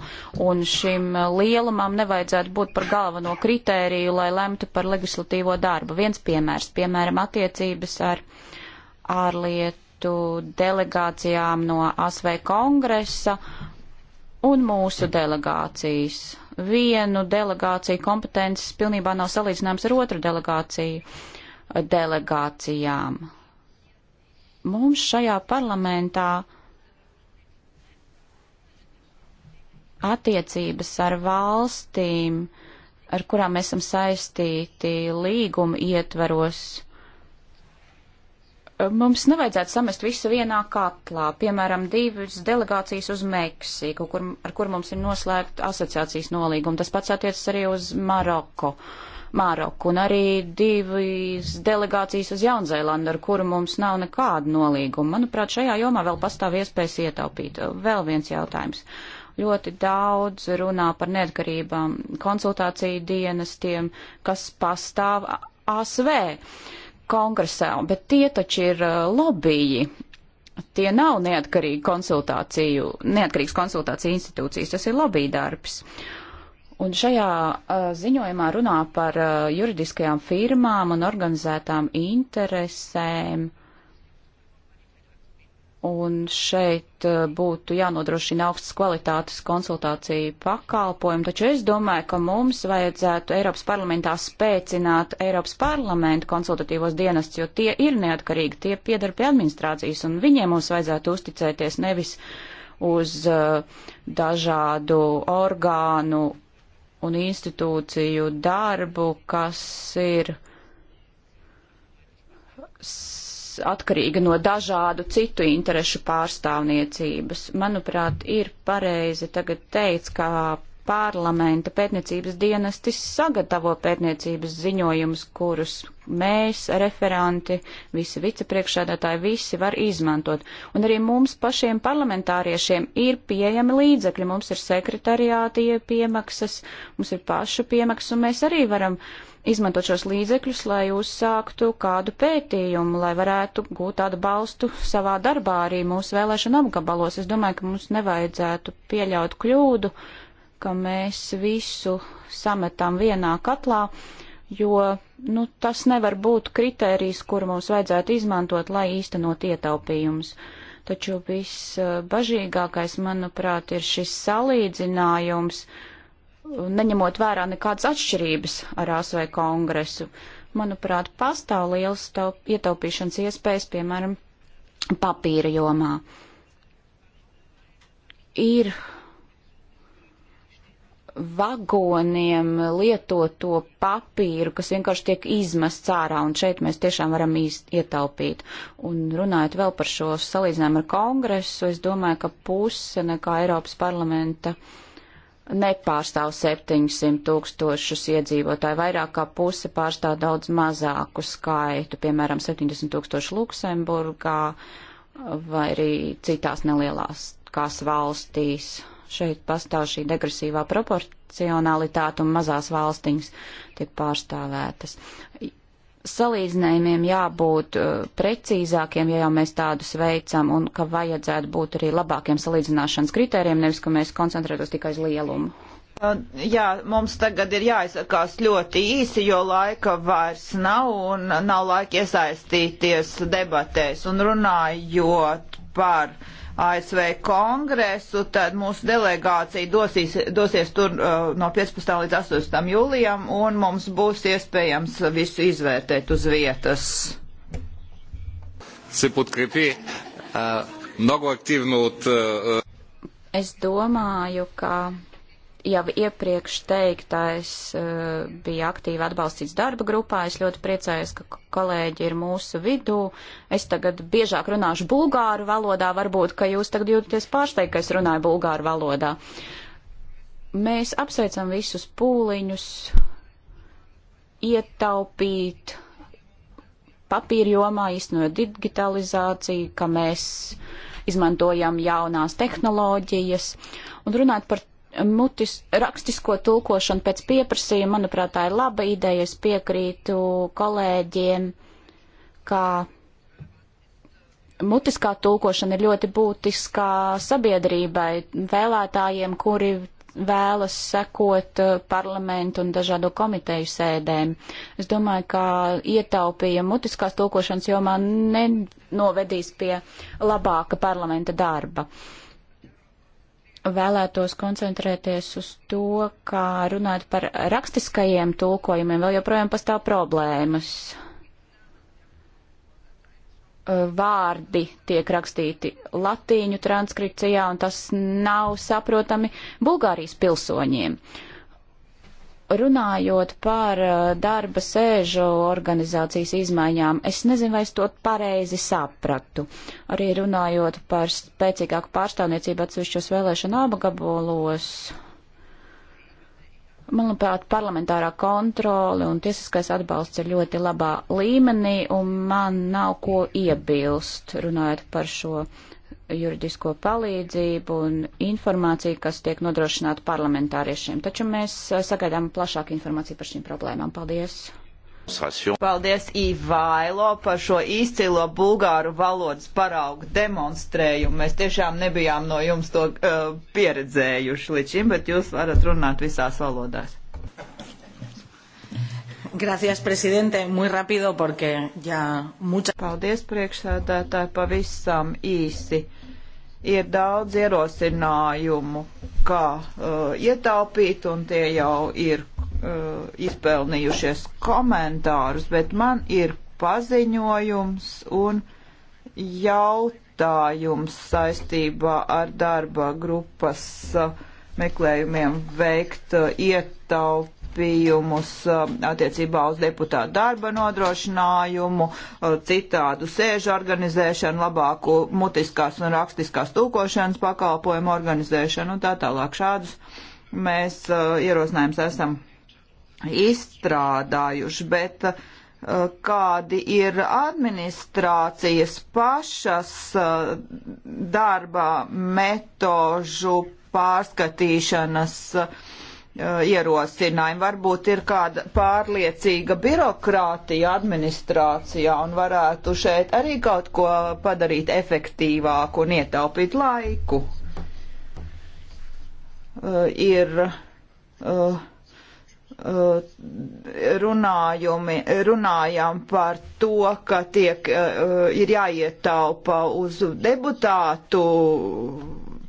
Speaker 3: un šim lielumam nevajadzētu būt par galveno kritēriju, lai lemtu par legislatīvo darbu. Viens piemērs, piemēram, attiecības ar ārlietu delegācijām no ASV kongresa un mūsu delegācijas. Vienu delegāciju kompetences pilnībā nav salīdzināms ar otru delegāciju eh, delegācijām. Mums šajā parlamentā attiecības ar valstīm, ar kurām esam saistīti līguma ietvaros, mums nevajadzētu samest visu vienā katlā, piemēram, divas delegācijas uz Meksiku, kur, ar kur mums ir noslēgta asociācijas nolīguma. Tas pats attiecas arī uz Maroku. Maroku un arī divas delegācijas uz Jaunzēlandu, ar kuru mums nav nekāda nolīguma. Manuprāt, šajā jomā vēl pastāv iespējas ietaupīt. Vēl viens jautājums. Ļoti daudz runā par neatkarībām, konsultāciju dienestiem, kas pastāv ASV. Uh, kongresā, bet tie taču ir uh, lobbyji. Tie nav neatkarīgi konsultāciju, neatkarīgs konsultāciju institūcijas, tas ir lobby darbs. Un šajā uh, ziņojumā runā par uh, juridiskajām firmām un organizētām interesēm. Uh, Un šeit uh, būtu jānodrošina augstas kvalitātes konsultāciju pakalpojumu, taču es domāju, ka mums vajadzētu Eiropas parlamentā spēcināt Eiropas parlamentu konsultatīvos dienestus, jo tie ir neatkarīgi, tie piedar pie administrācijas, un viņiem mums vajadzētu uzticēties nevis uz uh, dažādu orgānu un institūciju darbu, kas ir atkarīga no dažādu citu interešu pārstāvniecības. Manuprāt, ir pareizi tagad teikt, ka parlamenta pētniecības dienestis sagatavo pētniecības ziņojumus, kurus mēs, referanti, visi vicepriekšādātāji, visi var izmantot. Un arī mums pašiem parlamentāriešiem ir pieejami līdzekļi, mums ir sekretariāti piemaksas, mums ir pašu piemaksas, un mēs arī varam uh, izmantot šos līdzekļus, lai uzsāktu kādu pētījumu, lai varētu gūt tādu balstu savā darbā arī mūsu vēlēšana apgabalos. Es domāju, ka mums nevajadzētu pieļaut kļūdu, ka mēs visu sametam vienā katlā, jo nu, tas nevar būt kritērijs, kuru mums vajadzētu izmantot, lai īstenot ietaupījumus. Taču visbažīgākais, manuprāt, ir šis salīdzinājums. Uh, neņemot vērā nekādas atšķirības ar ASV kongresu. Manuprāt, pastāv liels ietaupīšanas iespējas, piemēram, papīra jomā. Ir vagoniem lietoto papīru, kas vienkārši tiek izmests ārā, un šeit mēs tiešām varam ietaupīt. Un runājot vēl par šo salīdzinājumu ar kongresu, es domāju, ka puse nekā Eiropas parlamenta uh, nepārstāv 700 tūkstošus iedzīvotāju, vairāk kā puse pārstāv daudz mazāku skaitu, piemēram, 70 tūkstoši Luksemburgā vai arī citās nelielās kās valstīs. Šeit pastāv šī degresīvā proporcionalitāte un mazās valstiņas tiek pārstāvētas salīdzinājumiem jābūt uh, precīzākiem, ja jau mēs tādus veicam, un ka vajadzētu būt arī labākiem salīdzināšanas kritērijiem, nevis ka mēs koncentrētos tikai uz lielumu.
Speaker 2: Uh, jā, mums tagad ir jāizsakās ļoti īsi, jo laika vairs nav un nav laika iesaistīties debatēs un runājot par uh, ASV kongresu, tad mūsu delegācija dosīs, dosies tur uh, no 15. līdz 18. jūlijam, un mums būs iespējams visu izvērtēt uz vietas. Uh, uh,
Speaker 3: es domāju, ka jau iepriekš teiktais eh, bija aktīvi atbalstīts darba grupā. Es ļoti priecājos, ka kolēģi ir mūsu vidū. Es tagad biežāk runāšu bulgāru valodā, varbūt, ka jūs tagad jūtaties pārsteigti, ka es runāju bulgāru valodā. Mēs apsveicam visus pūliņus, ietaupīt papīra jomā, īstenojot digitalizāciju, ka mēs izmantojam jaunās tehnoloģijas un runāt par mutis, rakstisko tulkošanu pēc pieprasījuma, manuprāt, tā ir laba ideja. Es piekrītu kolēģiem, ka mutiskā tulkošana ir ļoti būtiskā sabiedrībai, vēlētājiem, kuri vēlas sekot uh, parlamentu un dažādo komiteju sēdēm. Es domāju, ka ietaupījumi mutiskās tulkošanas jomā nenovedīs pie labāka parlamenta darba. Uh, vēlētos koncentrēties uz to, kā runāt par rakstiskajiem tulkojumiem, vēl joprojām pastāv problēmas. Vārdi tiek rakstīti latīņu transkripcijā, un tas nav saprotami Bulgārijas pilsoņiem. Uh, runājot par uh, darba sēžu organizācijas izmaiņām, es nezinu, vai es to pareizi sapratu. Arī runājot par spēcīgāku pārstāvniecību atsevišķos vēlēšanu apgabalos, manuprāt, parlamentārā kontrole un tiesiskais atbalsts ir ļoti labā līmenī, un man nav ko iebilst runājot par šo juridisko palīdzību un informāciju, kas tiek nodrošināta parlamentāriešiem. Taču mēs eh, sagaidām plašāku informāciju par šīm problēmām. Paldies! Paldies
Speaker 2: Ivailo par šo izcilo bulgāru valodas paraugu demonstrējumu. Mēs tiešām nebijām no jums to uh, pieredzējuši līdz šim, bet jūs varat runāt visās valodās.
Speaker 3: Gracias, presidente. Muy rápido
Speaker 2: porque ya muchas. Paldies, priekšsēdētāji, pavisam īsi. Uh, ir daudz ierosinājumu, kā uh, ietaupīt, un tie jau ir uh, izpelnījušies komentārus, bet man ir paziņojums un jautājums saistībā ar darba grupas uh, meklējumiem veikt uh, ietaupīt ietaupījumus uh, attiecībā uz deputātu darba nodrošinājumu, uh, citādu sēžu organizēšanu, labāku mutiskās un rakstiskās tūkošanas pakalpojumu organizēšanu un tā tālāk. Šādus mēs uh, ierosinājums esam izstrādājuši, bet uh, kādi ir administrācijas pašas darba metožu pārskatīšanas uh, ierosinājumi. Varbūt ir kāda pārliecīga birokrātija administrācijā un varētu šeit arī kaut ko padarīt efektīvāku un ietaupīt laiku. Uh, ir uh, uh, runājumi, runājam par to, ka tiek, ir jāietaupa uz deputātu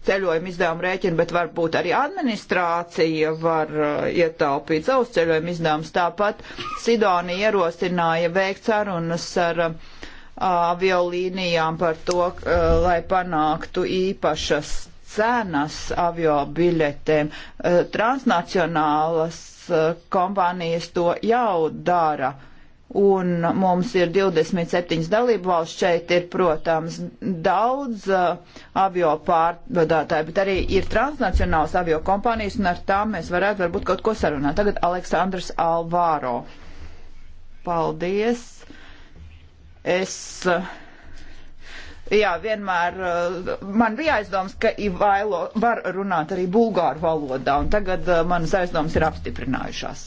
Speaker 2: ceļojuma izdevumu rēķinu, bet varbūt arī administrācija var uh, ietaupīt savus ceļojuma izdevumus. Tāpat Sidonija ierosināja veikt sarunas ar uh, aviolīnijām par to, uh, lai panāktu īpašas cenas avio biļetēm. Uh, transnacionālas uh, kompānijas to jau dara. Uh, un mums ir 27 dalību valsts. Šeit ir, protams, daudz uh, avio pārvadātāju, bet arī ir transnacionāls avio kompānijas, un ar tām mēs varētu varbūt kaut ko sarunāt. Tagad Aleksandrs Alvāro. Paldies! Es. Uh, jā, vienmēr uh, man bija aizdoms, ka Ivailo var runāt arī bulgāru valodā, un tagad uh, manas aizdomas ir apstiprinājušās.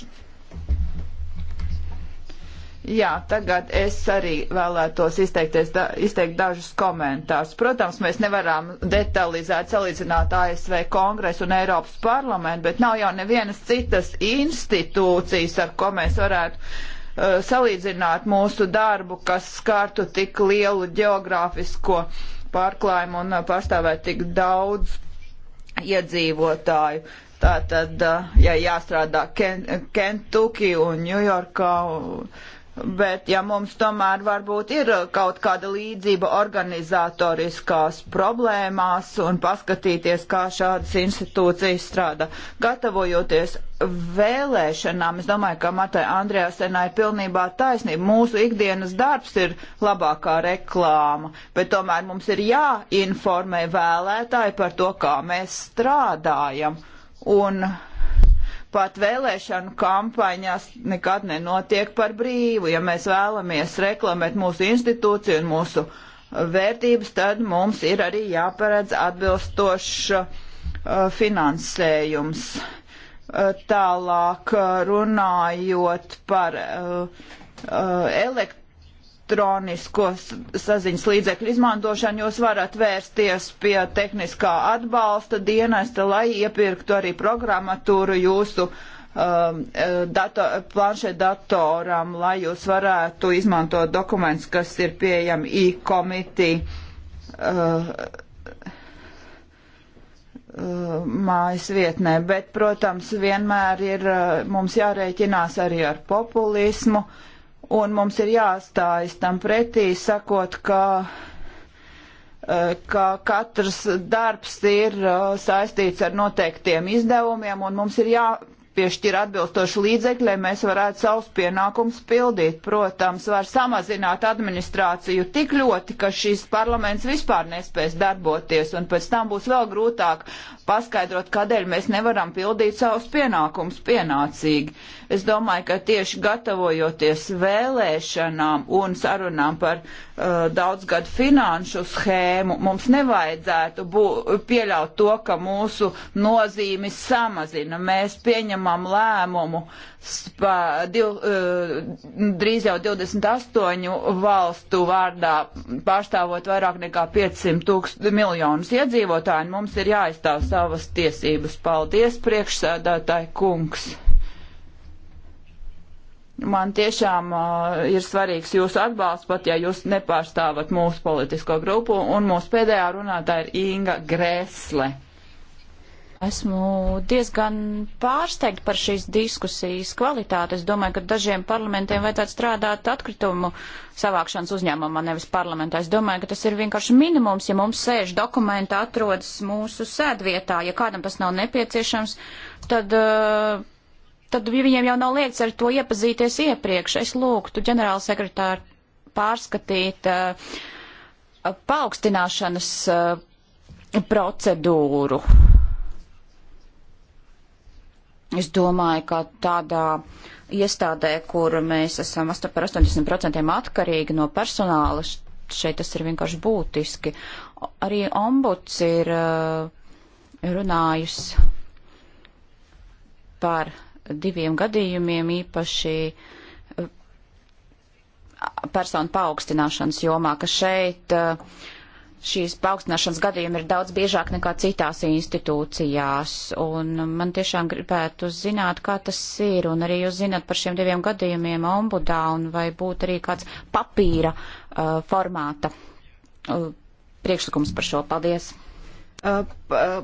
Speaker 2: Jā, tagad es arī vēlētos izteikties, da, izteikt dažus komentārus. Protams, mēs nevaram detalizēt salīdzināt ASV kongresu un Eiropas parlamentu, bet nav jau nevienas citas institūcijas, ar ko mēs varētu uh, salīdzināt mūsu darbu, kas skartu tik lielu geogrāfisko pārklājumu un uh, pārstāvēt tik daudz iedzīvotāju. Tātad, uh, ja jāstrādā Kentucky un Ņujorkā. Uh, bet ja mums tomēr varbūt ir uh, kaut kāda līdzība organizatoriskās problēmās un paskatīties, kā šādas institūcijas strādā. Gatavojoties vēlēšanām, es domāju, ka Matai Andrēsenai ir pilnībā taisnība. Mūsu ikdienas darbs ir labākā reklāma, bet tomēr mums ir jāinformē vēlētāji par to, kā mēs strādājam. Un uh, Pat vēlēšanu kampaņās nekad nenotiek par brīvu. Ja mēs vēlamies reklamēt mūsu institūciju un mūsu vērtības, tad mums ir arī jāparedz atbilstošs uh, finansējums. Uh, tālāk uh, runājot par uh, uh elekt elektronisko saziņas līdzekļu izmantošanu, jūs varat vērsties pie tehniskā atbalsta dienesta, lai iepirktu arī programmatūru jūsu um, dato, planšetdatoram, lai jūs varētu izmantot dokumentus, kas ir pieejami e-komitī uh, uh, mājas vietnē. Bet, protams, vienmēr ir uh, mums jārēķinās arī ar populismu. Uh, un mums ir jāstājas tam pretī, sakot, ka eh, ka katrs darbs ir eh, saistīts ar noteiktiem izdevumiem, un mums ir jā, piešķir atbilstoši līdzekļi, lai mēs varētu savus pienākumus pildīt. Protams, var samazināt administrāciju tik ļoti, ka šis parlaments vispār nespēs darboties, un pēc tam būs vēl grūtāk paskaidrot, kādēļ mēs nevaram pildīt savus pienākumus pienācīgi. Es domāju, ka tieši gatavojoties vēlēšanām un sarunām par uh, daudzgadu finanšu schēmu, mums nevajadzētu bū, pieļaut to, ka mūsu nozīmi samazina. Mēs pieņemam lēmumu spa, div, uh, drīz jau 28 valstu vārdā pārstāvot vairāk nekā 500 tūkst, miljonus iedzīvotāju. Mums ir jāizstāv savas tiesības. Paldies, priekšsēdētāji kungs! Man tiešām uh, ir svarīgs jūsu atbalsts, pat ja jūs nepārstāvat mūsu politisko grupu, un mūsu pēdējā runātāja ir Inga Grēsle.
Speaker 3: Esmu diezgan pārsteigta par šīs diskusijas kvalitāti. Es domāju, ka dažiem parlamentiem vajadzētu strādāt atkritumu savākšanas uzņēmumā, nevis parlamentā. Es domāju, ka tas ir vienkārši minimums, ja mums sēž dokumenti atrodas mūsu sēdvietā. Ja kādam tas nav nepieciešams, tad. Uh, tad viņiem jau nav liekas ar to iepazīties iepriekš. Es lūgtu ģenerāla sekretāru pārskatīt uh, paaugstināšanas uh, procedūru. Es domāju, ka tādā iestādē, kur mēs esam par 80% atkarīgi no personāla, šeit tas ir vienkārši būtiski. Arī ombuds ir uh, runājus par diviem gadījumiem īpaši uh, personu paaugstināšanas jomā, ka šeit uh, šīs paaugstināšanas gadījumi ir daudz biežāk nekā citās institūcijās. Un man tiešām gribētu zināt, kā tas ir. Un arī jūs zināt par šiem diviem gadījumiem ombudā un vai būtu arī kāds papīra uh, formāta uh, priekšlikums par šo. Paldies! Uh, uh,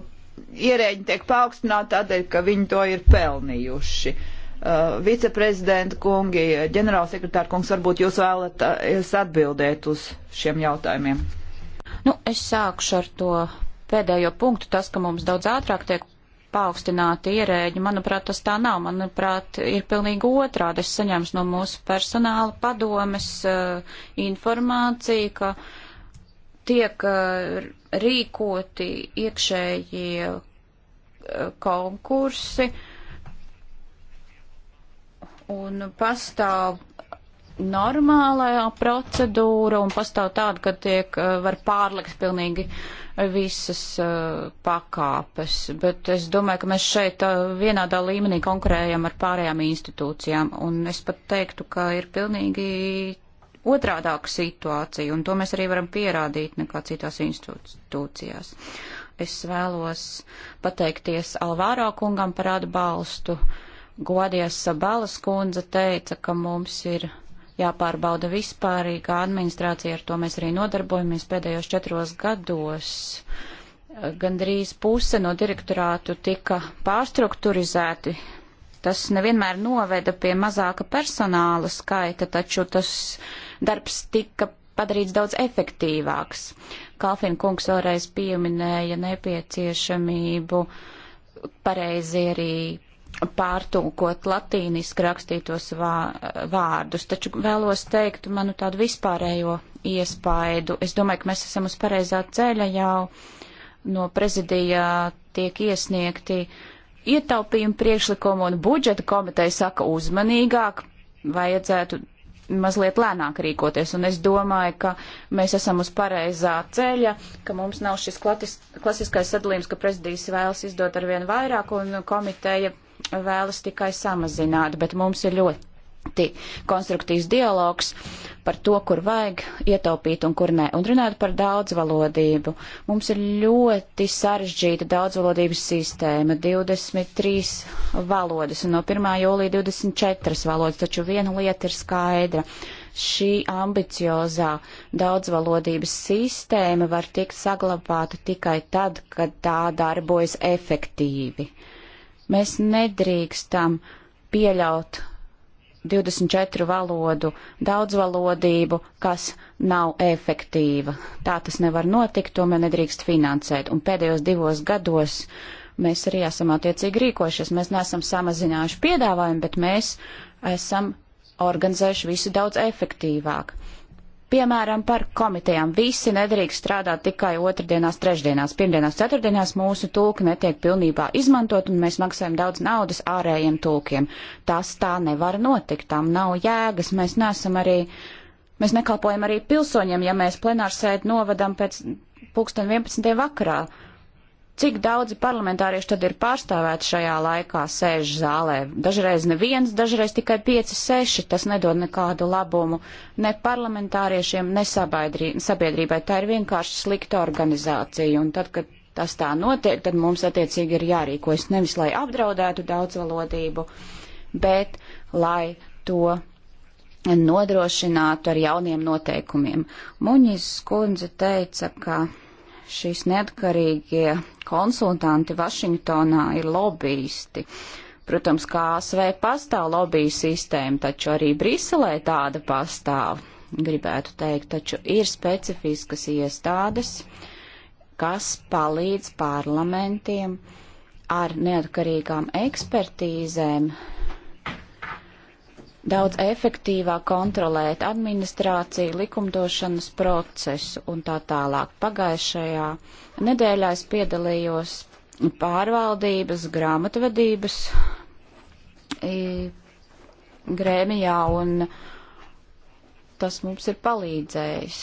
Speaker 2: ierēģi tiek paaugstināti
Speaker 3: tādēļ, ka viņi to ir
Speaker 2: pelnījuši. Uh, Uh, viceprezidenta kungi, ģenerālsekretāra kungs, varbūt jūs vēlaties atbildēt uz šiem jautājumiem.
Speaker 3: Nu, es sākušu ar to pēdējo punktu, tas, ka mums daudz ātrāk tiek paaugstināti ierēģi. Manuprāt, tas tā nav. Manuprāt, ir pilnīgi otrādi. Es saņēmu no mūsu personāla padomes uh, informāciju, ka tiek uh, rīkoti iekšēji uh, konkursi un pastāv normālā procedūra un pastāv tāda, ka tiek, eh, var pārlikt pilnīgi eh, visas uh, pakāpes, bet es domāju, ka mēs šeit uh, vienādā līmenī konkurējam ar pārējām institūcijām, un es pat teiktu, ka ir pilnīgi otrādāka situācija, un to mēs arī varam pierādīt nekā citās institūcijās. Es vēlos pateikties Alvāro kungam par atbalstu. Godies Sabalas kundze teica, ka mums ir jāpārbauda vispārīga administrācija, ar to mēs arī nodarbojamies pēdējos četros gados. Gandrīz puse no direktorātu tika pārstrukturizēti. Tas nevienmēr noveda pie mazāka personāla skaita, taču tas darbs tika padarīts daudz efektīvāks. Kalfin kungs vēlreiz pieminēja nepieciešamību pareizi arī pārtūkot latīniski rakstītos vārdus, taču vēlos teikt manu tādu vispārējo iespaidu. Es domāju, ka mēs esam uz pareizā ceļa jau no prezidijā tiek iesniegti ietaupījumu priekšlikumu un budžeta komiteja saka uzmanīgāk, vajadzētu mazliet lēnāk rīkoties, un es domāju, ka mēs esam uz pareizā ceļa, ka mums nav šis klatis, klasiskais sadalījums, ka prezidijas vēlas izdot ar vien vairāk, un komiteja vēlas tikai samazināt, bet mums ir ļoti konstruktīvs dialogs par to, kur vajag ietaupīt un kur nē. Un runājot par daudzvalodību, mums ir ļoti sarežģīta daudzvalodības sistēma - 23 valodas un no 1. jūlija 24 valodas, taču viena lieta ir skaidra šī ambiciozā daudzvalodības sistēma var tikt saglabāta tikai tad, kad tā darbojas efektīvi. Mēs nedrīkstam pieļaut 24 valodu daudzvalodību, kas nav efektīva. Tā tas nevar notikt, to man nedrīkst finansēt. Un pēdējos divos gados mēs arī esam attiecīgi rīkojušies. Mēs neesam samazinājuši piedāvājumu, bet mēs esam organizējuši visu daudz efektīvāk. Piemēram, par komitejām. Visi nedrīkst strādāt tikai otrdienās, trešdienās, pirmdienās, ceturtdienās. Mūsu tulki netiek pilnībā izmantot, un mēs maksājam daudz naudas ārējiem tulkiem. Tas tā nevar notikt, tam nav jēgas. Mēs neesam arī, mēs nekalpojam arī pilsoņiem, ja mēs plenārsēdi novadam pēc pulksten 11. vakarā. Uh, cik daudzi parlamentārieši tad ir pārstāvēti šajā laikā sēž zālē. Dažreiz neviens, dažreiz tikai 5-6. Tas nedod nekādu labumu ne parlamentāriešiem, ne sabiedrībai. Tā ir vienkārši slikta organizācija. Un tad, kad tas tā notiek, tad mums attiecīgi ir jārīkojas nevis, lai apdraudētu daudzvalodību, bet lai to nodrošinātu ar jauniem noteikumiem. Muņis skundze teica, ka šīs neatkarīgie konsultanti Vašingtonā ir lobbyisti. Protams, kā ASV pastāv lobby sistēma, taču arī Briselē tāda pastāv, gribētu teikt, taču ir specifiskas iestādes, kas palīdz parlamentiem ar neatkarīgām ekspertīzēm daudz efektīvāk kontrolēt administrāciju, likumdošanas procesu un tā tālāk. Pagājušajā nedēļā es piedalījos pārvaldības, grāmatvedības grēmijā un tas mums ir palīdzējis.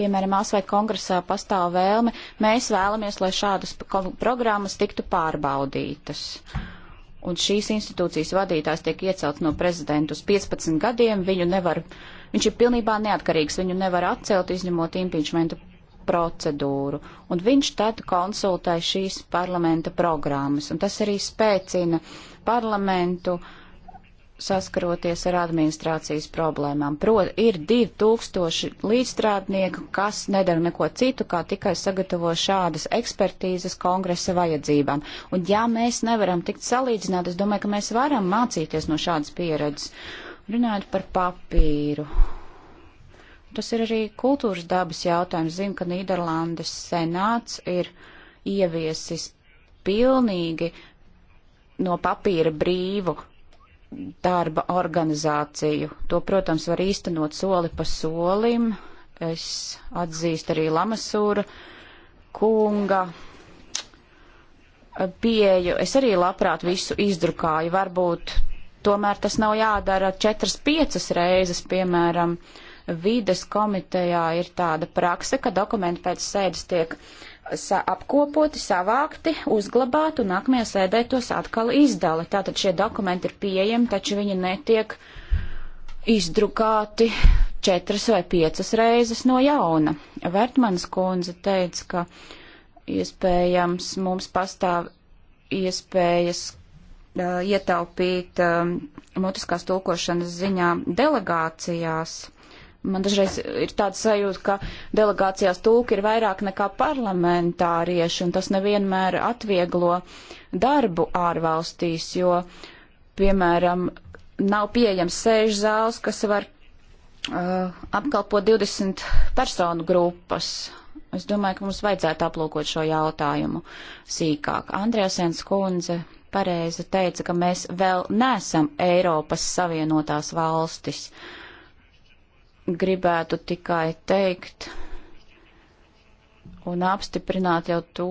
Speaker 3: Piemēram, ASV kongresā pastāv vēlme, mēs vēlamies, lai šādas programmas tiktu pārbaudītas. Uh, un šīs institūcijas vadītājs tiek iecelts no prezidenta uz 15 gadiem, viņu nevar, viņš ir pilnībā neatkarīgs, viņu nevar atcelt, izņemot impeachmenta procedūru, un viņš tad konsultē šīs parlamenta programmas, un tas arī spēcina parlamentu uh, saskaroties ar administrācijas problēmām. Proti, ir 2000 līdzstrādnieku, kas nedara neko citu, kā tikai sagatavo šādas ekspertīzes kongresa vajadzībām. Un ja mēs nevaram tikt salīdzināt, es domāju, ka mēs varam mācīties no šādas pieredzes. Runājot par papīru. Tas ir arī kultūras dabas jautājums. Zinu, ka Nīderlandes senāts ir ieviesis pilnīgi no papīra brīvu darba organizāciju. To, protams, var īstenot soli pa solim. Es atzīstu arī Lamasūra kunga pieeju. Es arī labprāt visu izdrukāju. Varbūt tomēr tas nav jādara četras, piecas reizes, piemēram, vides komitejā ir tāda prakse, ka dokumenti pēc sēdes tiek uh, sa apkopoti, savākti, uzglabāti un nākamajā sēdē tos atkal izdala. Tātad šie dokumenti ir pieejami, taču viņi netiek izdrukāti četras vai piecas reizes no jauna. Vertmanas kundze teica, ka iespējams mums pastāv iespējas uh, ietaupīt uh, mutiskās tulkošanas ziņā delegācijās. Uh, Man dažreiz ir tāda sajūta, ka delegācijās tūki ir vairāk nekā parlamentārieši, un tas nevienmēr atvieglo darbu ārvalstīs, jo, piemēram, nav pieejams sēžu zāles, kas var uh, apkalpot 20 personu grupas. Es domāju, ka mums vajadzētu aplūkot šo jautājumu sīkāk. Andrēsens kundze pareizi teica, ka mēs vēl nesam Eiropas Savienotās valstis. Uh, gribētu tikai teikt un apstiprināt jau to,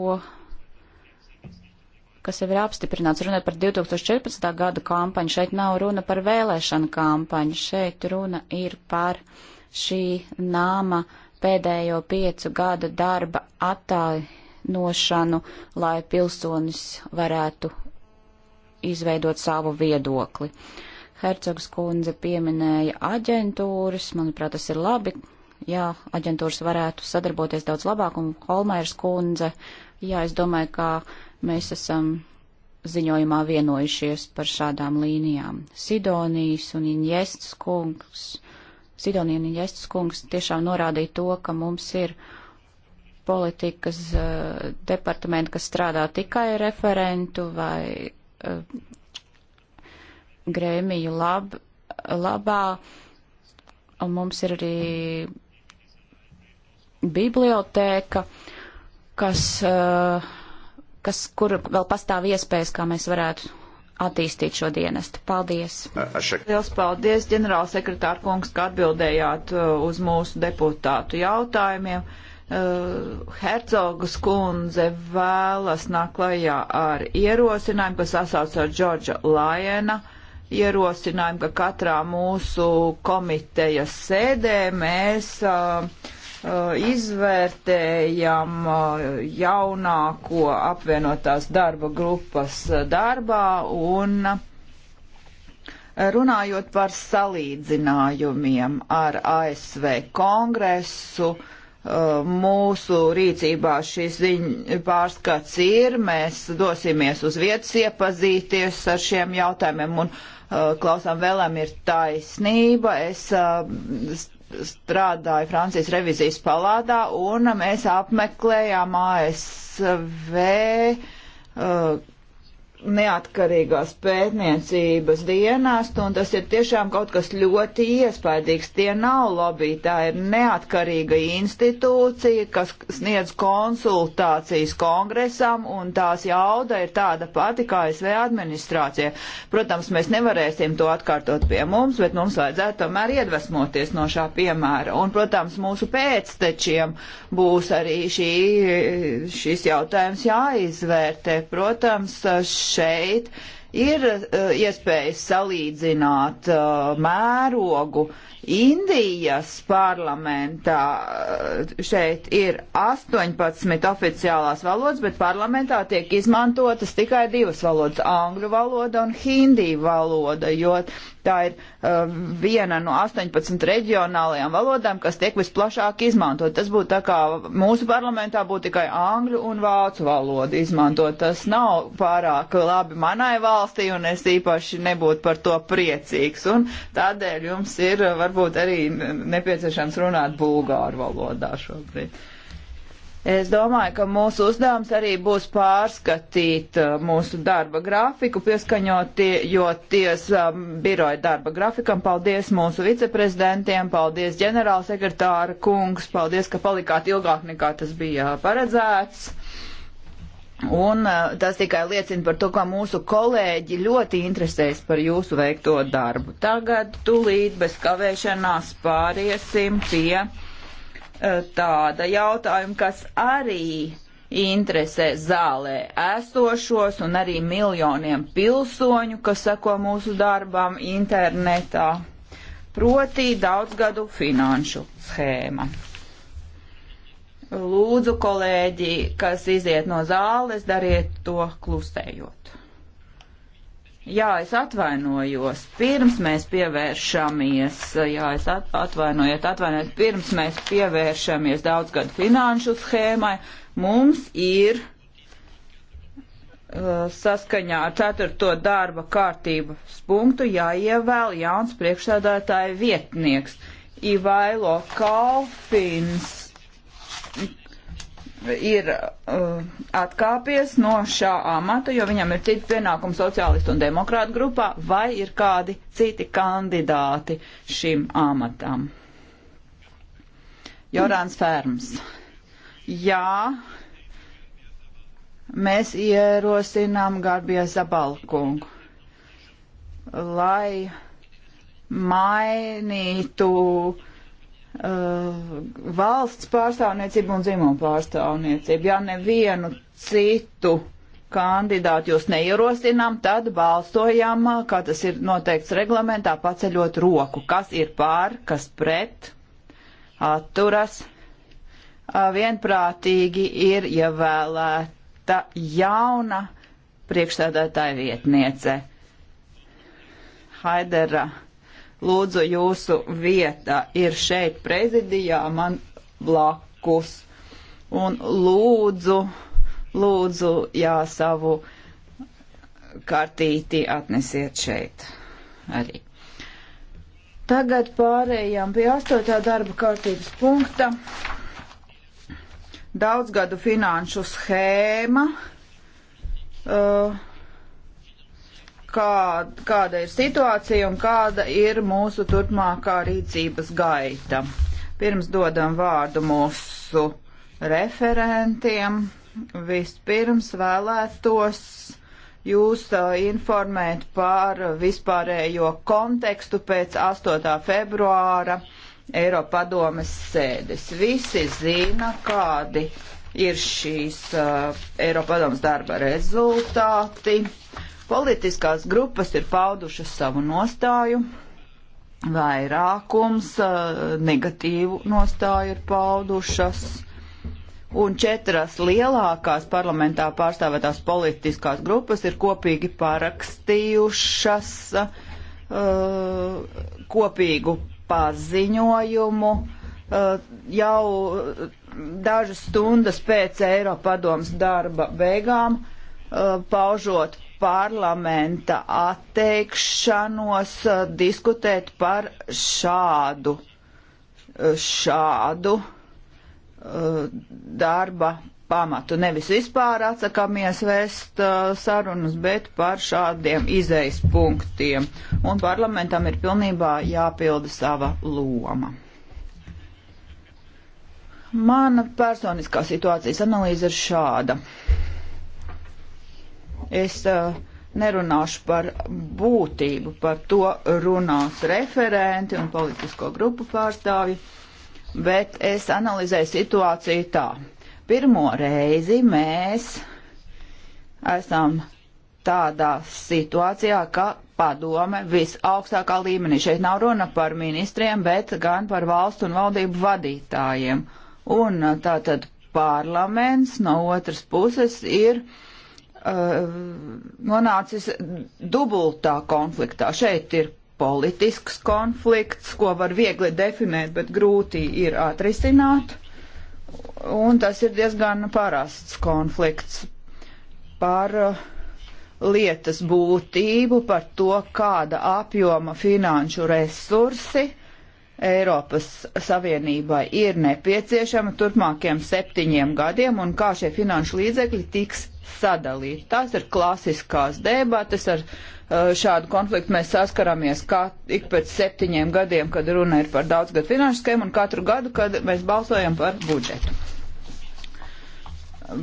Speaker 3: kas jau ir apstiprināts. Runa par 2014. gadu kampaņu. Šeit nav runa par vēlēšanu kampaņu. Šeit runa ir par šī nama pēdējo piecu gada darba attālinošanu, lai pilsonis varētu izveidot savu viedokli. Uh, Hercogs kundze pieminēja aģentūras, manuprāt, tas ir labi. Jā, aģentūras varētu sadarboties daudz labāk, un Holmērs kundze, jā, es domāju, ka mēs esam ziņojumā vienojušies par šādām līnijām. Sidonijas un Injests kungs, Sidonija un Injests kungs tiešām norādīja to, ka mums ir politikas uh, departamenti, kas strādā tikai referentu vai uh, grēmiju lab, labā, un mums ir arī bibliotēka, kas, eh, kas, kur vēl pastāv iespējas, kā mēs varētu attīstīt šo dienestu. Paldies! Liels paldies, ģenerālsekretāra kungs, ka atbildējāt
Speaker 2: eh, uz mūsu deputātu jautājumiem. Eh, Hercogas kundze vēlas nāk klajā ar ierosinājumu, kas sasauc ar Džordža Lajena ierosinājumu, ka katrā mūsu komitejas sēdē mēs uh, izvērtējam jaunāko apvienotās darba grupas darbā un runājot par salīdzinājumiem ar ASV kongresu, mūsu rīcībā šis pārskats ir, mēs dosimies uz vietas iepazīties ar šiem jautājumiem un Eh, klausām vēlēm ir taisnība. Es eh, strādāju Francijas revizijas palādā un mēs apmeklējām ASV eh, neatkarīgās pētniecības dienestu, un tas ir tiešām kaut kas ļoti iespaidīgs. Tie nav lobby, tā ir neatkarīga institūcija, kas sniedz konsultācijas kongresam, un tās jauda ir tāda pati kā SV administrācija. Protams, mēs nevarēsim to atkārtot pie mums, bet mums vajadzētu tomēr iedvesmoties no šā piemēra. Un, protams, mūsu pēctečiem būs arī šī, šis jautājums jāizvērtē. Protams, šeit ir uh, iespējas salīdzināt uh, mērogu. Indijas parlamentā eh, šeit ir 18 oficiālās valodas, bet parlamentā tiek izmantotas tikai divas valodas - angļu valoda un hindi valoda, jo tā ir uh, viena no 18 reģionālajām valodām, kas tiek visplašāk izmantot. Tas būtu tā kā mūsu parlamentā būtu tikai angļu un vācu valoda izmantot. Tas nav pārāk labi manai valodai valstī, un es īpaši nebūtu par to priecīgs. Un tādēļ jums ir eh, varbūt arī nepieciešams runāt bulgāru valodā šobrīd. Es domāju, ka mūsu uzdevums arī būs pārskatīt eh, mūsu darba grafiku, pieskaņot tie, jo ties um, biroja darba grafikam. Paldies mūsu viceprezidentiem, paldies ģenerālsekretāra kungs, paldies, ka palikāt ilgāk nekā tas bija paredzēts. Un tas tikai liecina par to, ka mūsu kolēģi ļoti interesēs par jūsu veikto darbu. Tagad tūlīt bez kavēšanās pāriesim pie tāda jautājuma, kas arī interesē zālē esošos un arī miljoniem pilsoņu, kas seko mūsu darbam internetā. Proti daudzgadu finanšu schēma. Lūdzu, kolēģi, kas iziet no zāles, dariet to klusējot. Jā, es atvainojos. Pirms mēs pievēršamies, jā, es atvainojiet, atvainojiet, pirms mēs pievēršamies daudzgadu finanšu schēmai, mums ir uh, saskaņā ar 4. darba kārtības punktu jāievēl jauns priekšsēdētāja vietnieks Ivailo Kalpins ir uh, atkāpies no šā amata, jo viņam ir citi pienākumi sociālistu un demokrātu grupā, vai ir kādi citi kandidāti šim amatam? Jorāns Ferms. Jā, mēs ierosinām Garbie Zabalkungu, lai mainītu uh, Uh, valsts pārstāvniecību un dzimumu pārstāvniecību. Ja nevienu citu kandidātu jūs neierosinām, tad balstojam, uh, kā tas ir noteikts reglamentā, paceļot roku, kas ir pār, kas pret, atturas. Uh, vienprātīgi ir ievēlēta jauna priekšstādātāja vietniece Haidera. Lūdzu, jūsu vieta ir šeit prezidijā man blakus. Un lūdzu, lūdzu, jā, savu kartīti atnesiet šeit arī. Tagad pārējām pie astotā darba kārtības punkta. Daudzgadu finanšu schēma. Uh, kā, kāda ir situācija un kāda ir mūsu turpmākā rīcības gaita. Pirms dodam vārdu mūsu referentiem, vispirms vēlētos jūs uh, informēt par vispārējo kontekstu pēc 8. februāra Eiropadomes sēdes. Visi zina, kādi ir šīs uh, Eiropadomes darba rezultāti. Politiskās grupas ir paudušas savu nostāju, vairākums negatīvu nostāju ir paudušas un četras lielākās parlamentā pārstāvētās politiskās grupas ir kopīgi parakstījušas uh, kopīgu paziņojumu uh, jau dažas stundas pēc Eiropadomas darba beigām, uh, paužot parlamenta atteikšanos eh, diskutēt par šādu, eh, šādu eh, darba pamatu. Nevis vispār atsakāmies vēst sarunas, bet par šādiem izejas punktiem. Un parlamentam ir pilnībā jāpilda sava loma. Mana personiskā situācijas analīze ir šāda. Es uh, nerunāšu par būtību, par to runās referenti un politisko grupu pārstāvji, bet es analizēju situāciju tā. Pirmo reizi mēs esam tādā situācijā, ka padome visaugstākā līmenī. Šeit nav runa par ministriem, bet gan par valstu un valdību vadītājiem. Un tātad parlaments no otras puses ir Uh, nonācis dubultā konfliktā. Šeit ir politisks konflikts, ko var viegli definēt, bet grūti ir atrisināt. Un tas ir diezgan parasts konflikts par uh, lietas būtību, par to, kāda apjoma finanšu resursi Eiropas Savienībai ir nepieciešama turpmākiem septiņiem gadiem un kā šie finanšu līdzekļi tiks sadalīt. Tās ir klasiskās debates, ar uh, šādu konfliktu mēs saskaramies kā ik pēc septiņiem gadiem, kad runa ir par daudzgad finanšu skēmu un katru gadu, kad mēs balsojam par budžetu.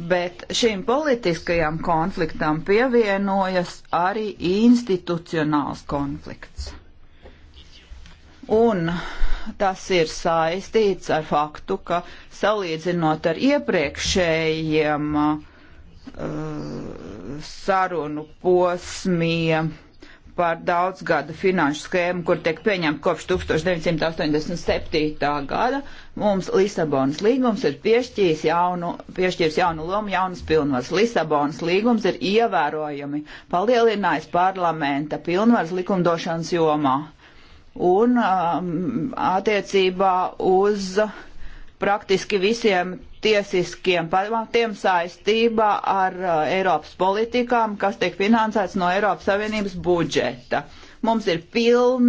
Speaker 2: Bet šīm politiskajām konfliktām pievienojas arī institucionāls konflikts. Un tas ir saistīts ar faktu, ka salīdzinot ar iepriekšējiem uh, Uh, sarunu posmiem par daudzgadu finanšu skēmu, kur tiek pieņemta kopš 1987. gada, mums Lisabonas līgums ir piešķīris jaunu, piešķīris jaunu lomu, jaunas pilnvaras. Lisabonas līgums ir ievērojami palielinājis parlamenta pilnvaras likumdošanas jomā un um, attiecībā uz uh, praktiski visiem tiesiskiem pamatiem saistībā ar uh, Eiropas politikām, kas tiek finansēts no Eiropas Savienības budžeta. Mums ir piln,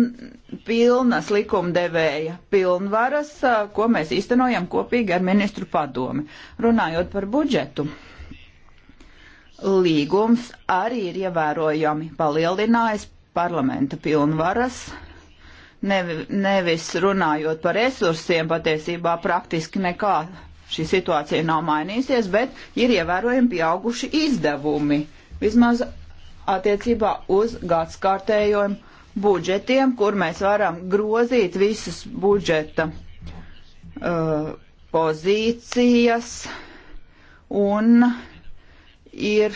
Speaker 2: pilnas likumdevēja pilnvaras, uh, ko mēs īstenojam kopīgi ar ministru padomi. Runājot par budžetu, līgums arī ir ievērojami palielinājis parlamenta pilnvaras Nevi, nevis runājot par resursiem, patiesībā praktiski nekā šī situācija nav mainīsies, bet ir ievērojami pieauguši izdevumi. Vismaz attiecībā uz gadskārtējumu budžetiem, kur mēs varam grozīt visas budžeta uh, pozīcijas un ir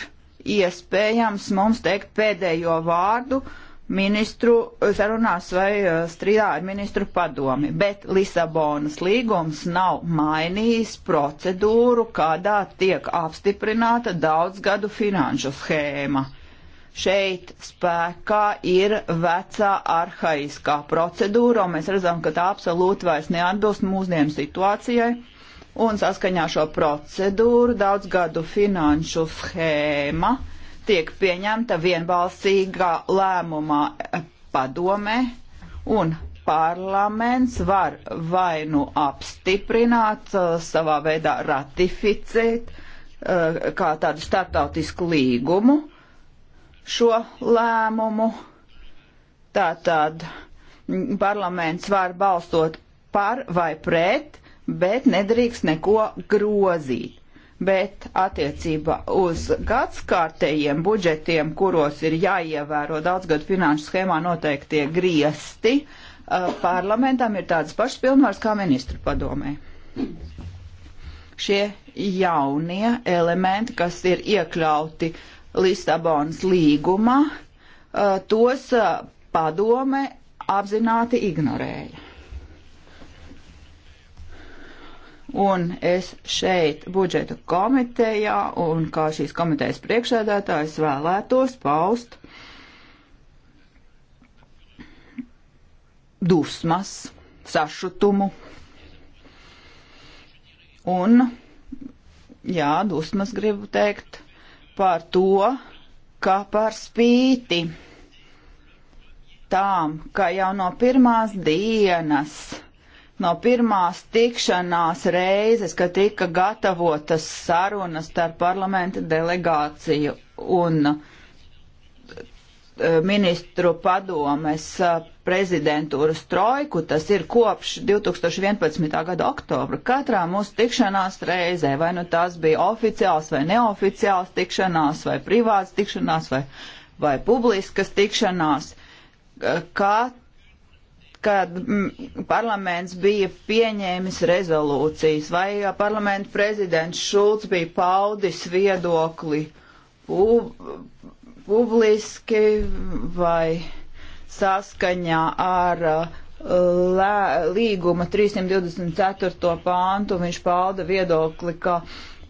Speaker 2: iespējams mums teikt pēdējo vārdu uh, ministru eh, sarunās vai eh, strīdā ar ministru padomi, bet Lisabonas līgums nav mainījis procedūru, kādā tiek apstiprināta daudzgadu finanšu schēma. Šeit spēkā ir vecā arhaiskā procedūra, un mēs redzam, ka tā absolūti vairs neatbilst mūsdienu situācijai. Un saskaņā šo procedūru daudzgadu finanšu schēma uh, tiek pieņemta vienbalsīgā lēmumā padome un parlaments var vai nu apstiprināt, uh, savā veidā ratificēt uh, kā tādu startautisku līgumu šo lēmumu. Tātad parlaments var balstot par vai pret, bet nedrīkst neko grozīt bet attiecībā uz gadskārtējiem budžetiem, kuros ir jāievēro daudzgadu finanšu schēmā noteiktie griesti, uh, parlamentam ir tādas pašas pilnvaras kā ministru padomē. Šie jaunie elementi, kas ir iekļauti Lisabonas līgumā, uh, tos uh, padome apzināti ignorēja. Un es šeit budžeta komitejā un kā šīs komitejas priekšēdētājs vēlētos paust dusmas, sašutumu un, jā, dusmas gribu teikt par to, ka par spīti tām, ka jau no pirmās dienas no pirmās tikšanās reizes, kad tika gatavotas sarunas starp parlamenta delegāciju un e, ministru padomes e, prezidentūras trojku, tas ir kopš 2011. gada oktobra. Katrā mūsu tikšanās reizē, vai nu tās bija oficiāls vai neoficiāls tikšanās, vai privāts tikšanās, vai, vai publiskas tikšanās, e, kat kad mm, parlaments bija pieņēmis rezolūcijas, vai parlamenta prezidents Šulcs bija paudis viedokli pub publiski vai saskaņā ar lē, līguma 324. pāntu, viņš pauda viedokli, ka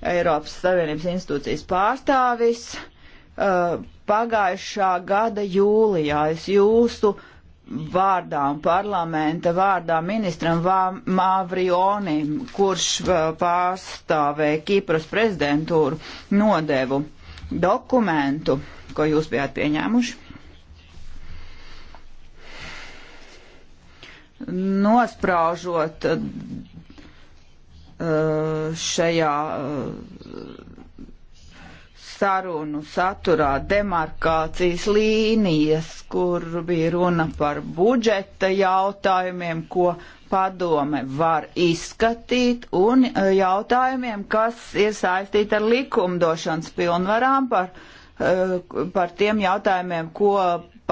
Speaker 2: Eiropas Savienības institūcijas pārstāvis pagājušā gada jūlijā. Es jūsu uh, vārdā un parlamenta vārdā ministram Mavrionim, kurš uh, pārstāvēja Kīpras prezidentūru, nodevu dokumentu, ko jūs bijāt pieņēmuši. Nospraužot uh, šajā uh, sarunu saturā demarkācijas līnijas, kur bija runa par budžeta jautājumiem, ko padome var izskatīt, un e, jautājumiem, kas ir saistīti ar likumdošanas pilnvarām, par, e, par tiem jautājumiem, ko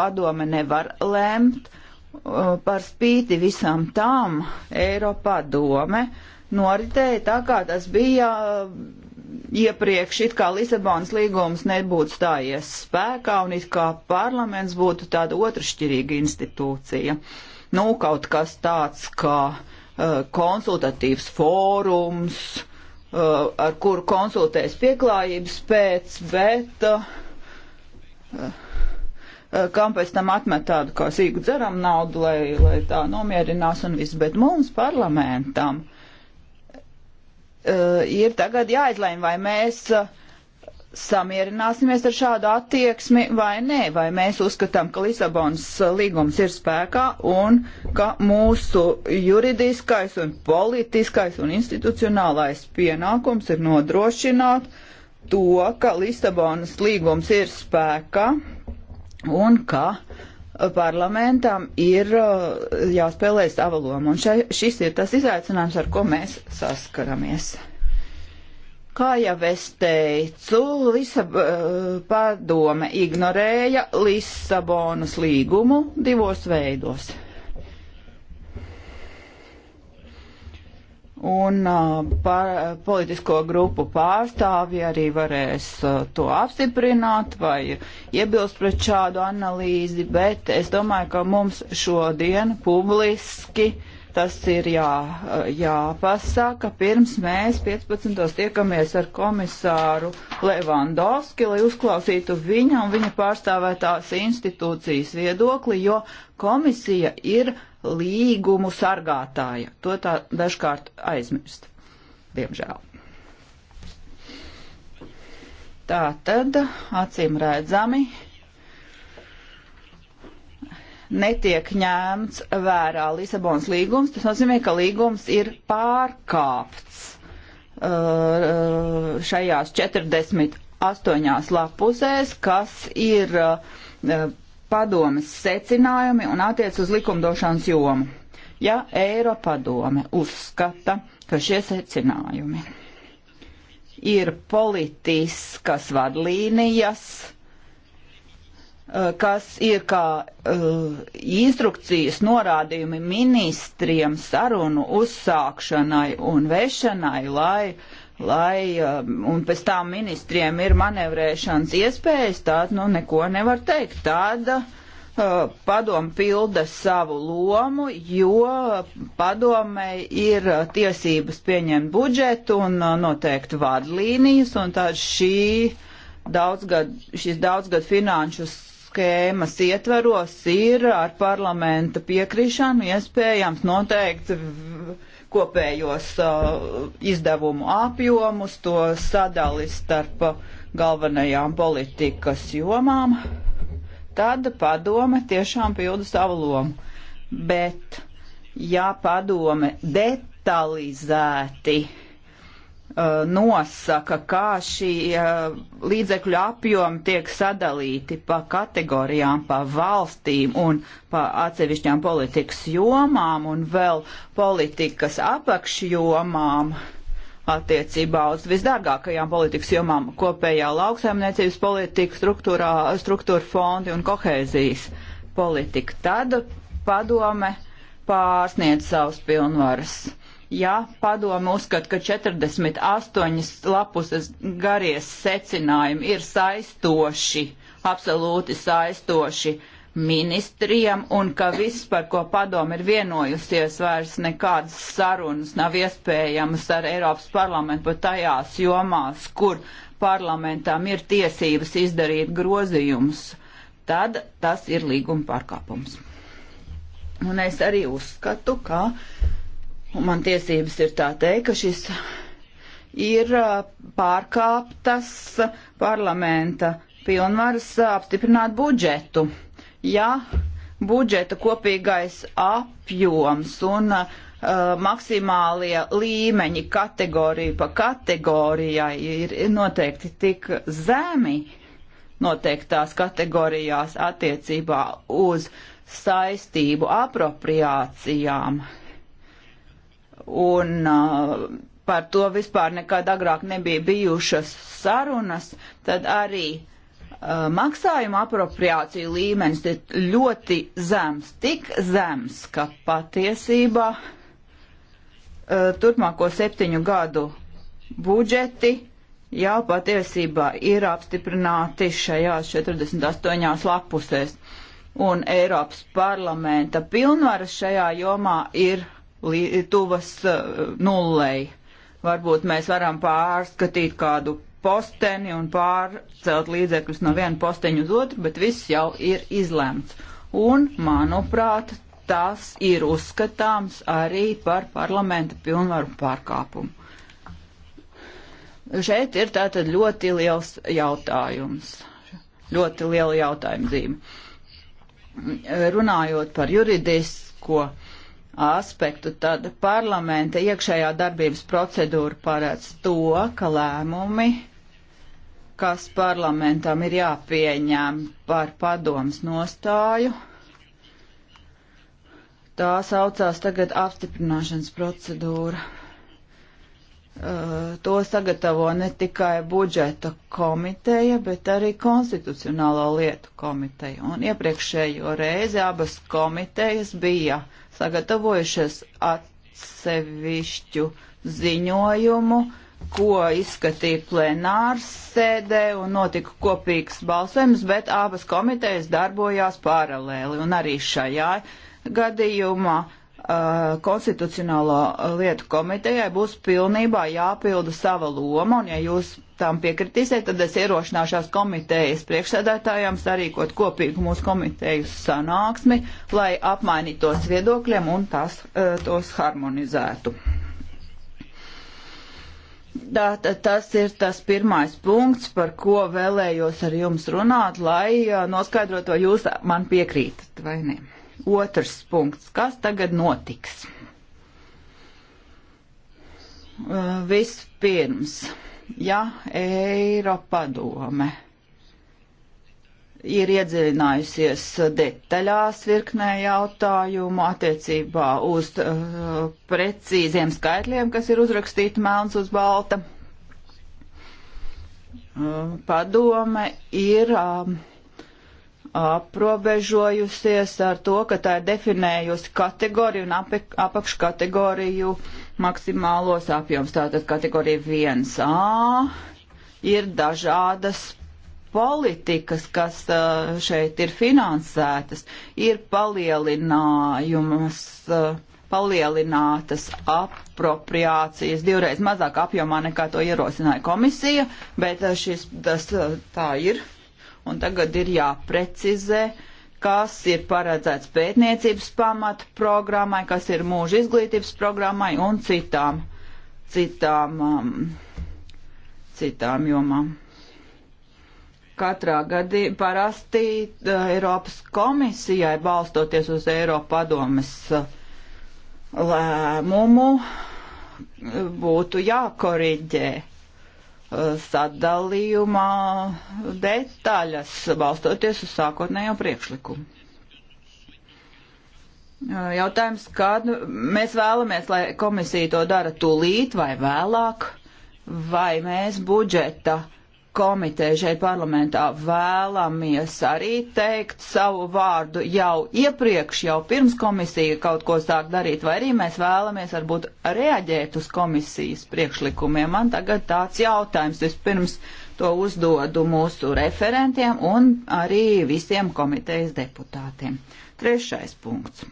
Speaker 2: padome nevar lēmt. E, par spīti visam tam Eiropa dome noritēja tā, kā tas bija iepriekš it kā Lisabonas līgums nebūtu stājies spēkā un it kā parlaments būtu tāda otršķirīga institūcija. Nu, kaut kas tāds kā uh, konsultatīvs fórums, uh, ar kuru konsultēs pieklājības pēc, bet uh, uh kam pēc tam atmet tādu kā sīku dzeram naudu, lai, lai tā nomierinās un viss, bet mums parlamentam uh, Eh, ir tagad jāizlēm, vai mēs eh, samierināsimies ar šādu attieksmi vai nē, vai mēs uzskatām, ka Lisabonas eh, līgums ir spēkā un ka mūsu juridiskais un politiskais un institucionālais pienākums ir nodrošināt to, ka Lisabonas līgums ir spēkā un ka parlamentam ir uh, jāspēlē sava loma. Un še, šis ir tas izaicinājums, ar ko mēs saskaramies. Kā jau es teicu, Lisab uh, padome ignorēja Lisabonas līgumu divos veidos. un par, politisko grupu pārstāvji arī varēs to apstiprināt vai iebilst pret šādu analīzi, bet es domāju, ka mums šodien publiski tas ir jā, jāpasaka, pirms mēs 15. tiekamies ar komisāru Levandovski, lai uzklausītu viņa un viņa pārstāvētās institūcijas viedokli, jo komisija ir līgumu sargātāja. To tā dažkārt aizmirst, diemžēl. Tā tad, acīm redzami, netiek ņemts vērā Lisabonas līgums. Tas nozīmē, ka līgums ir pārkāpts uh, šajās 48 lapusēs, kas ir uh, padomes secinājumi un attiec uz likumdošanas jomu. Ja Eiropadome uzskata, ka šie secinājumi ir politiskas vadlīnijas, eh, kas ir kā uh, instrukcijas norādījumi ministriem sarunu uzsākšanai un vešanai, lai uh, lai, um, un pēc tam ministriem ir manevrēšanas iespējas, tad, nu, neko nevar teikt. Tāda uh, padoma pilda savu lomu, jo padomei ir uh, tiesības pieņemt budžetu un uh, noteikt vadlīnijas, un tad šī daudzgad, šis daudzgad finanšu schēmas ietveros ir ar parlamenta piekrišanu iespējams noteikt kopējos uh, izdevumu apjomus, to sadali starp uh, galvenajām politikas jomām, tad padome tiešām pilda savu lomu. Bet, ja padome detalizēti Uh, nosaka, kā šī uh, līdzekļu apjoma tiek sadalīti pa kategorijām, pa valstīm un pa atsevišķām politikas jomām un vēl politikas apakšjomām attiecībā uz visdārgākajām politikas jomām - kopējā lauksaimniecības politika, struktūra fondi un kohēzijas politika. Tad padome pārsniedz savus pilnvaras Ja padomu uzskat, ka 48 lapuses garie secinājumi ir saistoši, absolūti saistoši ministrijam un ka viss, par ko padomu ir vienojusies, vairs nekādas sarunas nav iespējamas ar Eiropas parlamentu pat tajās jomās, kur parlamentām ir tiesības izdarīt grozījumus, tad tas ir līguma pārkāpums. Un es arī uzskatu, ka un man tiesības ir tā teikt, ka šis ir pārkāptas parlamenta pilnvaras apstiprināt budžetu. Ja budžeta kopīgais apjoms un uh, maksimālie līmeņi kategorija pa kategorijai ir noteikti tik zemi noteiktās kategorijās attiecībā uz saistību apropriācijām, un uh, par to vispār nekad agrāk nebija bijušas sarunas, tad arī uh, maksājuma apropriācija līmenis ir ļoti zems, tik zems, ka patiesībā uh, turpmāko septiņu gadu budžeti jau patiesībā ir apstiprināti šajās 48 lapusēs. Un Eiropas parlamenta pilnvaras šajā jomā ir tuvas eh, nullei. Varbūt mēs varam pārskatīt kādu posteni un pārcelt līdzekļus no viena posteņa uz otru, bet viss jau ir izlemts. Un, manuprāt, tas ir uzskatāms arī par parlamenta pilnvaru pārkāpumu. Šeit ir tātad ļoti liels jautājums, ļoti liela jautājuma zīme. Runājot par juridisko aspektu, tad parlamenta iekšējā darbības procedūra paredz to, ka lēmumi, kas parlamentam ir jāpieņem par padomas nostāju, tā saucās tagad apstiprināšanas procedūra. Uh, to sagatavo ne tikai budžeta komiteja, bet arī konstitucionālo lietu komiteja. Un iepriekšējo reizi abas komitejas bija uh, sagatavojušas atsevišķu ziņojumu, ko izskatīja plenārs sēdē un notika kopīgs balsojums, bet abas komitejas darbojās paralēli. Un arī šajā gadījumā uh, Konstitucionālo lietu komitejai būs pilnībā jāpilda sava loma, un ja jūs tam piekritīsiet, tad es ierošināšos komitejas priekšsēdētājām sarīkot kopīgu mūsu komiteju sanāksmi, lai apmainītos viedokļiem un tās, eh, tos harmonizētu. Tātad tas ir tas pirmais punkts, par ko vēlējos ar jums runāt, lai eh, noskaidrotu, vai jūs man piekrītat vai ne. Otrs punkts. Kas tagad notiks? Eh, vispirms ja Eiropadome ir iedziļinājusies detaļās virknē jautājumu attiecībā uz uh, precīziem skaitļiem, kas ir uzrakstīti melns uz balta. Uh, padome ir uh, aprobežojusies ar to, ka tā ir definējusi kategoriju un apakškategoriju uh, maksimālos apjoms. Tātad kategorija 1A ir dažādas politikas, kas uh, šeit ir finansētas, ir palielinājumas, uh, palielinātas apropriācijas divreiz mazāk apjomā nekā to ierosināja komisija, bet uh, šis, tas tā ir. Un tagad ir jāprecizē, uh, kas ir paredzēts pētniecības pamata programmai, kas ir mūža izglītības programmai un citām, citām, um, citām jomām. Katrā gadī parasti uh, Eiropas komisijai balstoties uz Eiropa padomes uh, lēmumu būtu jākoriģē sadalījumā detaļas, balstoties uz sākotnējo priekšlikumu. Jautājums, kad mēs vēlamies, lai komisija to dara tūlīt vai vēlāk, vai mēs budžeta uh, komiteja šeit parlamentā vēlamies arī teikt savu vārdu jau iepriekš, jau pirms komisija kaut ko sāk darīt, vai arī mēs vēlamies varbūt reaģēt uz komisijas priekšlikumiem. Man tagad tāds jautājums vispirms to uzdodu mūsu referentiem un arī visiem komitejas deputātiem. Trešais punkts.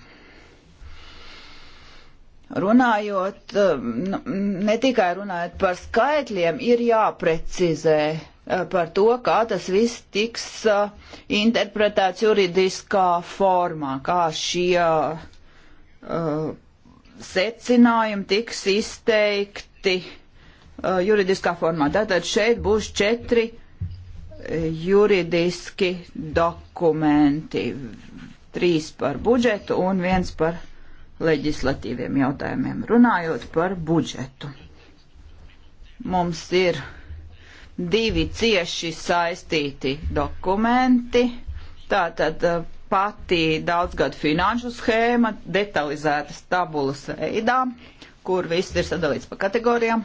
Speaker 2: Runājot, eh, ne tikai runājot par skaitļiem, ir jāprecizē Eh, par to, kā tas viss tiks eh, interpretēts juridiskā formā, kā šie uh, secinājumi tiks izteikti uh, juridiskā formā. Tātad šeit būs četri uh, juridiski dokumenti, trīs par budžetu un viens par leģislatīviem jautājumiem. Runājot par budžetu, mums ir divi cieši saistīti dokumenti. Tātad eh, pati daudzgad finanšu schēma detalizētas tabulas veidā, kur viss ir sadalīts pa kategorijām.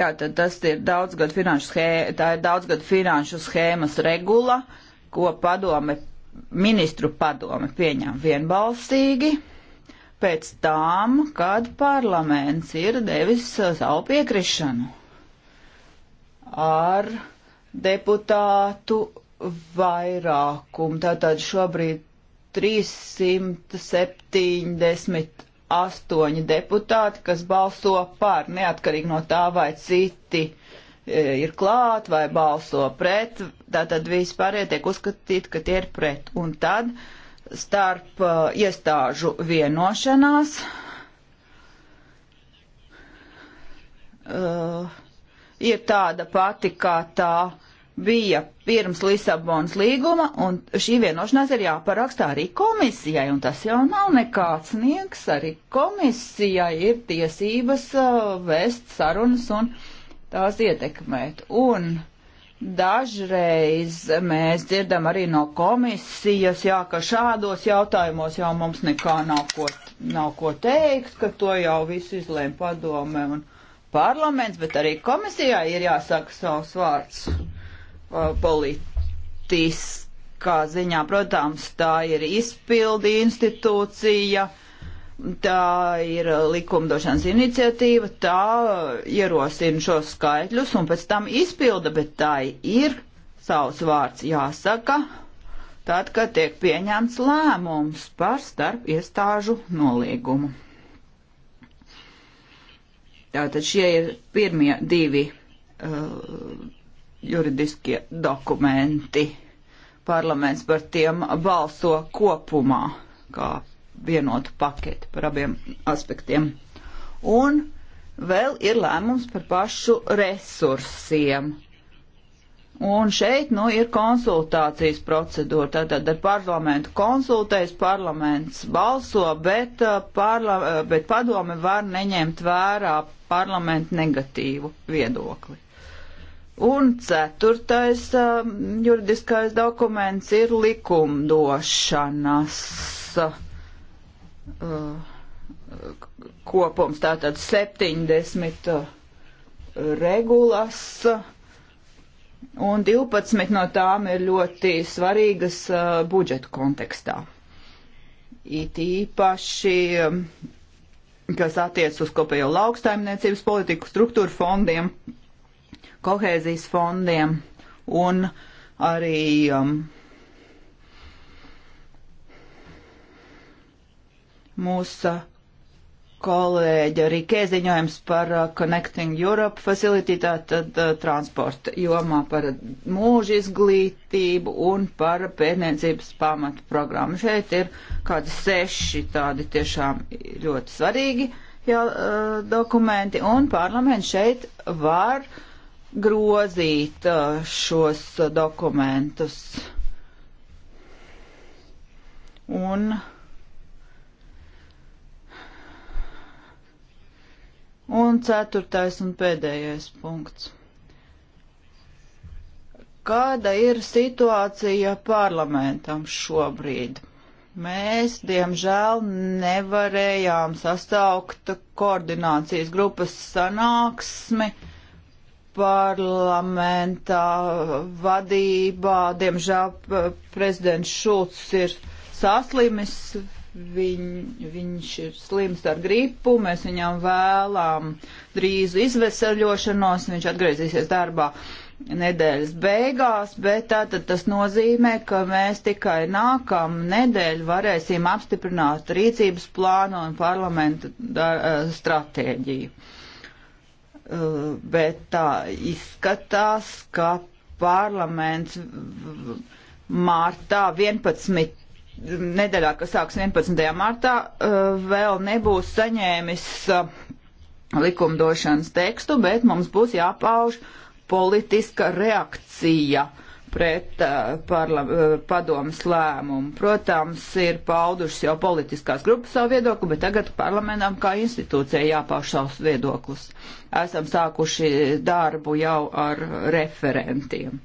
Speaker 2: Tātad tas ir daudzgad finanšu, schē, tā ir daudzgad finanšu schēmas regula, ko padome, ministru padome pieņem vienbalsīgi pēc tām, kad parlaments ir devis uh, savu piekrišanu ar deputātu vairākumu. Tātad šobrīd 378 deputāti, kas balso par, neatkarīgi no tā, vai citi e, ir klāt vai balso pret, tātad vispārējie tiek uzskatīti, ka tie ir pret. Un tad uh, starp uh, iestāžu vienošanās. Uh, ir tāda pati, kā tā bija pirms Lisabonas līguma, un šī vienošanās ir jāparakstā arī komisijai, un tas jau nav nekāds nieks, arī komisijai ir tiesības uh, vēst sarunas un tās ietekmēt. Un uh, Dažreiz mēs dzirdam arī no komisijas, jā, ka šādos jautājumos jau mums nekā nav ko, nav ko teikt, ka to jau visu izlēma padome un parlaments, bet arī komisijā ir jāsaka savs vārds politiskā ziņā. Protams, tā ir izpildi institūcija Tā ir likumdošanas iniciatīva, tā ierosina šos skaitļus un pēc tam izpilda, bet tai ir savs vārds jāsaka, tad, kad tiek pieņemts lēmums par starp iestāžu noliegumu. Tātad šie ir pirmie divi uh, juridiskie dokumenti. Parlaments par tiem balso kopumā kā vienotu paketi par abiem aspektiem. Un vēl ir lēmums par pašu resursiem. Un šeit nu, ir konsultācijas procedūra. Tātad ar parlamentu konsultējas, parlaments balso, bet, uh, parla uh, bet padome var neņemt vērā parlamentu negatīvu viedokli. Un ceturtais um, juridiskais dokuments ir likumdošanas uh, kopums, tātad 70 uh, regulas, un 12 no tām ir ļoti svarīgas uh, budžeta kontekstā. It īpaši, um, kas attiec uz kopējo lauksaimniecības politiku, struktūru fondiem, kohēzijas fondiem un arī um, mūsu kolēģa Rikē ziņojums par uh, Connecting Europe Facility, tātad uh, transporta jomā par mūža izglītību un par pētniecības pamatu programmu. Šeit ir kādi seši tādi tiešām ļoti svarīgi jā, uh, dokumenti, un parlaments šeit var grozīt šos dokumentus. Un Un ceturtais un pēdējais punkts. Kāda ir situācija parlamentam šobrīd? Mēs, diemžēl, nevarējām sasaukt koordinācijas grupas sanāksmi parlamentā vadībā. Diemžēl prezidents Šulcs ir saslimis viņ, viņš ir slims ar gripu, mēs viņam vēlām drīzu izveseļošanos, viņš atgriezīsies darbā nedēļas beigās, bet tātad tas nozīmē, ka mēs tikai nākam nedēļu varēsim apstiprināt rīcības plānu un parlamentu eh, stratēģiju. Eh, bet tā izskatās, ka parlaments martā 11 nedēļā, kas sāks 11. martā, eh, vēl nebūs saņēmis eh, likumdošanas tekstu, bet mums būs jāpauž politiska reakcija pret eh, parla, padomas lēmumu. Protams, ir paudušas jau politiskās grupas savu viedokli, bet tagad parlamentam kā institūcijai jāpauž savus viedoklis. Esam sākuši darbu jau ar referentiem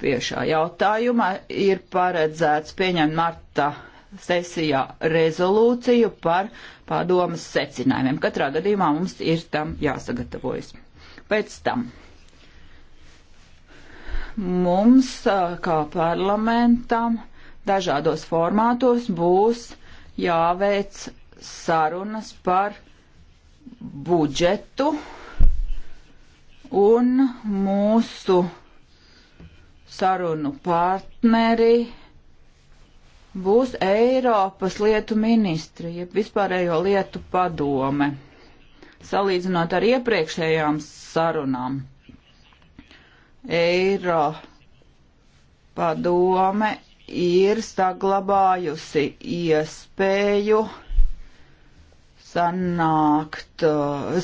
Speaker 2: pie šā jautājuma ir paredzēts pieņemt marta sesijā rezolūciju par padomas secinājumiem. Katrā gadījumā mums ir tam jāsagatavojas. Pēc tam mums, kā parlamentam, dažādos formātos būs jāveic sarunas par budžetu un mūsu sarunu partneri būs Eiropas lietu ministri, jeb vispārējo lietu padome, salīdzinot ar iepriekšējām sarunām. Eiro padome ir saglabājusi iespēju sanākt,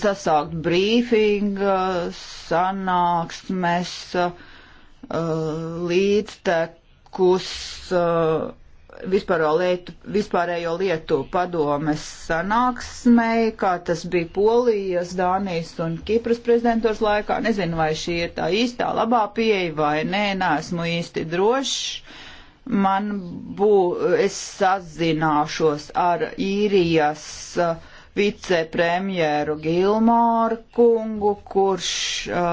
Speaker 2: sasākt brīfinga, sanāksmes, uh, Uh, līdztekus uh, vispārējo lietu, vispārējo lietu padomes sanāksmei, kā tas bija Polijas, Dānijas un Kipras prezidentūras laikā. Nezinu, vai šī ir tā īstā labā pieeja vai nē, neesmu īsti drošs. Man bū, es sazināšos ar īrijas uh, vicepremjeru Gilmāru kungu, kurš uh,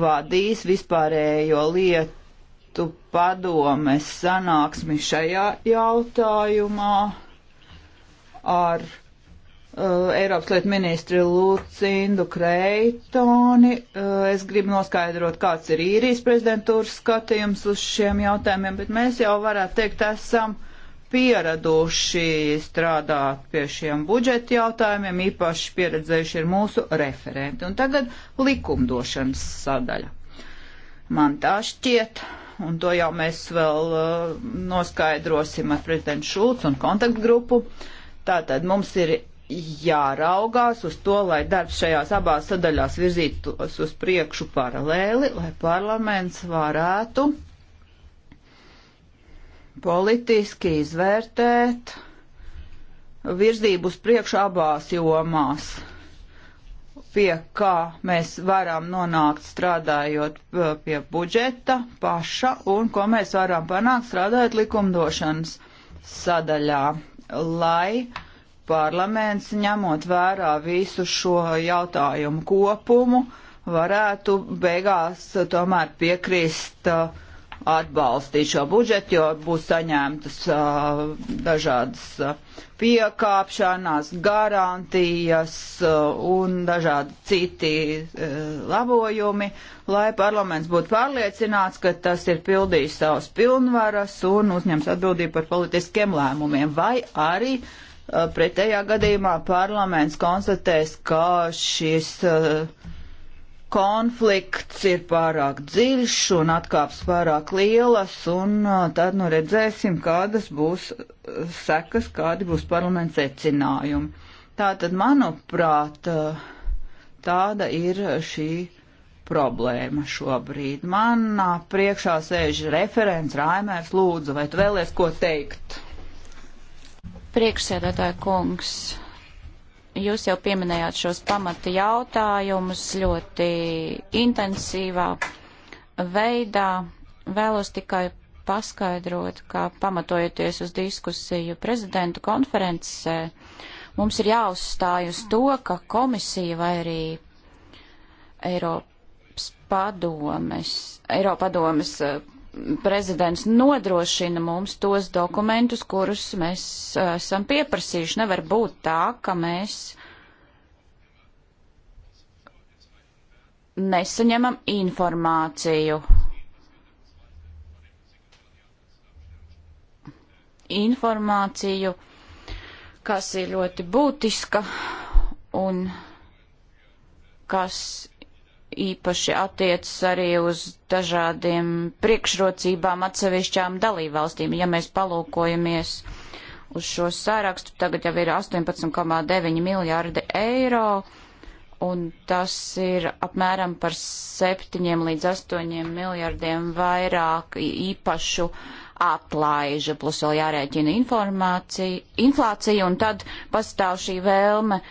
Speaker 2: vadīs vispārējo lietu padomes sanāksmi šajā jautājumā ar uh, Eiropas lietu ministri Lucindu Kreitoni. Uh, es gribu noskaidrot, kāds ir īrijas prezidentūras skatījums uz šiem jautājumiem, bet mēs jau varētu teikt, esam uh, pieraduši strādāt pie šiem budžeta jautājumiem, īpaši pieredzējuši ir mūsu referenti. Un tagad likumdošanas sadaļa. Man tā šķiet, un to jau mēs vēl uh, noskaidrosim ar prezidentu Šulcu un kontaktgrupu. Tātad mums ir jāraugās uz to, lai darbs šajās abās sadaļās virzītos uz priekšu paralēli, lai parlaments varētu politiski izvērtēt virzību uz priekšu abās jomās, pie kā mēs varam nonākt strādājot pie budžeta paša un ko mēs varam panākt strādājot likumdošanas sadaļā, lai parlaments, ņemot vērā visu šo jautājumu kopumu, varētu beigās tomēr piekrist uh, atbalstīt šo budžetu, jo būs saņemtas uh, dažādas uh, piekāpšanās, garantijas uh, un dažādi citi uh, labojumi, lai parlaments būtu pārliecināts, ka tas ir pildījis savas pilnvaras un uzņems atbildību par politiskiem lēmumiem. Vai arī uh, pretējā gadījumā parlaments konstatēs, ka šis uh, konflikts ir pārāk dziļš un atkāps pārāk lielas, un tad nu redzēsim, kādas būs sekas, kādi būs parlaments secinājumi. Tātad, manuprāt, tāda ir šī problēma šobrīd. Manā priekšā sēž referents Raimērs Lūdzu, vai tu vēlies ko teikt?
Speaker 3: Priekšsēdētāja kungs Jūs jau pieminējāt šos pamata jautājumus ļoti intensīvā veidā. Vēlos tikai paskaidrot, ka pamatojoties uz diskusiju prezidentu konferencē, mums ir jāuzstāj uz to, ka komisija vai arī Eiropas padomes, Eiropa padomes prezidents nodrošina mums tos dokumentus, kurus mēs esam pieprasījuši. Nevar būt tā, ka mēs nesaņemam informāciju. Informāciju, kas ir ļoti būtiska un kas īpaši attiecas arī uz dažādiem priekšrocībām atsevišķām dalībvalstīm. Ja mēs palūkojamies uz šo sārakstu, tagad jau ir 18,9 miljārdi eiro, un tas ir apmēram par 7 līdz 8 miljārdiem vairāk īpašu atlaiža, plus vēl jārēķina informācija, inflācija, un tad pastāv šī vēlme uh,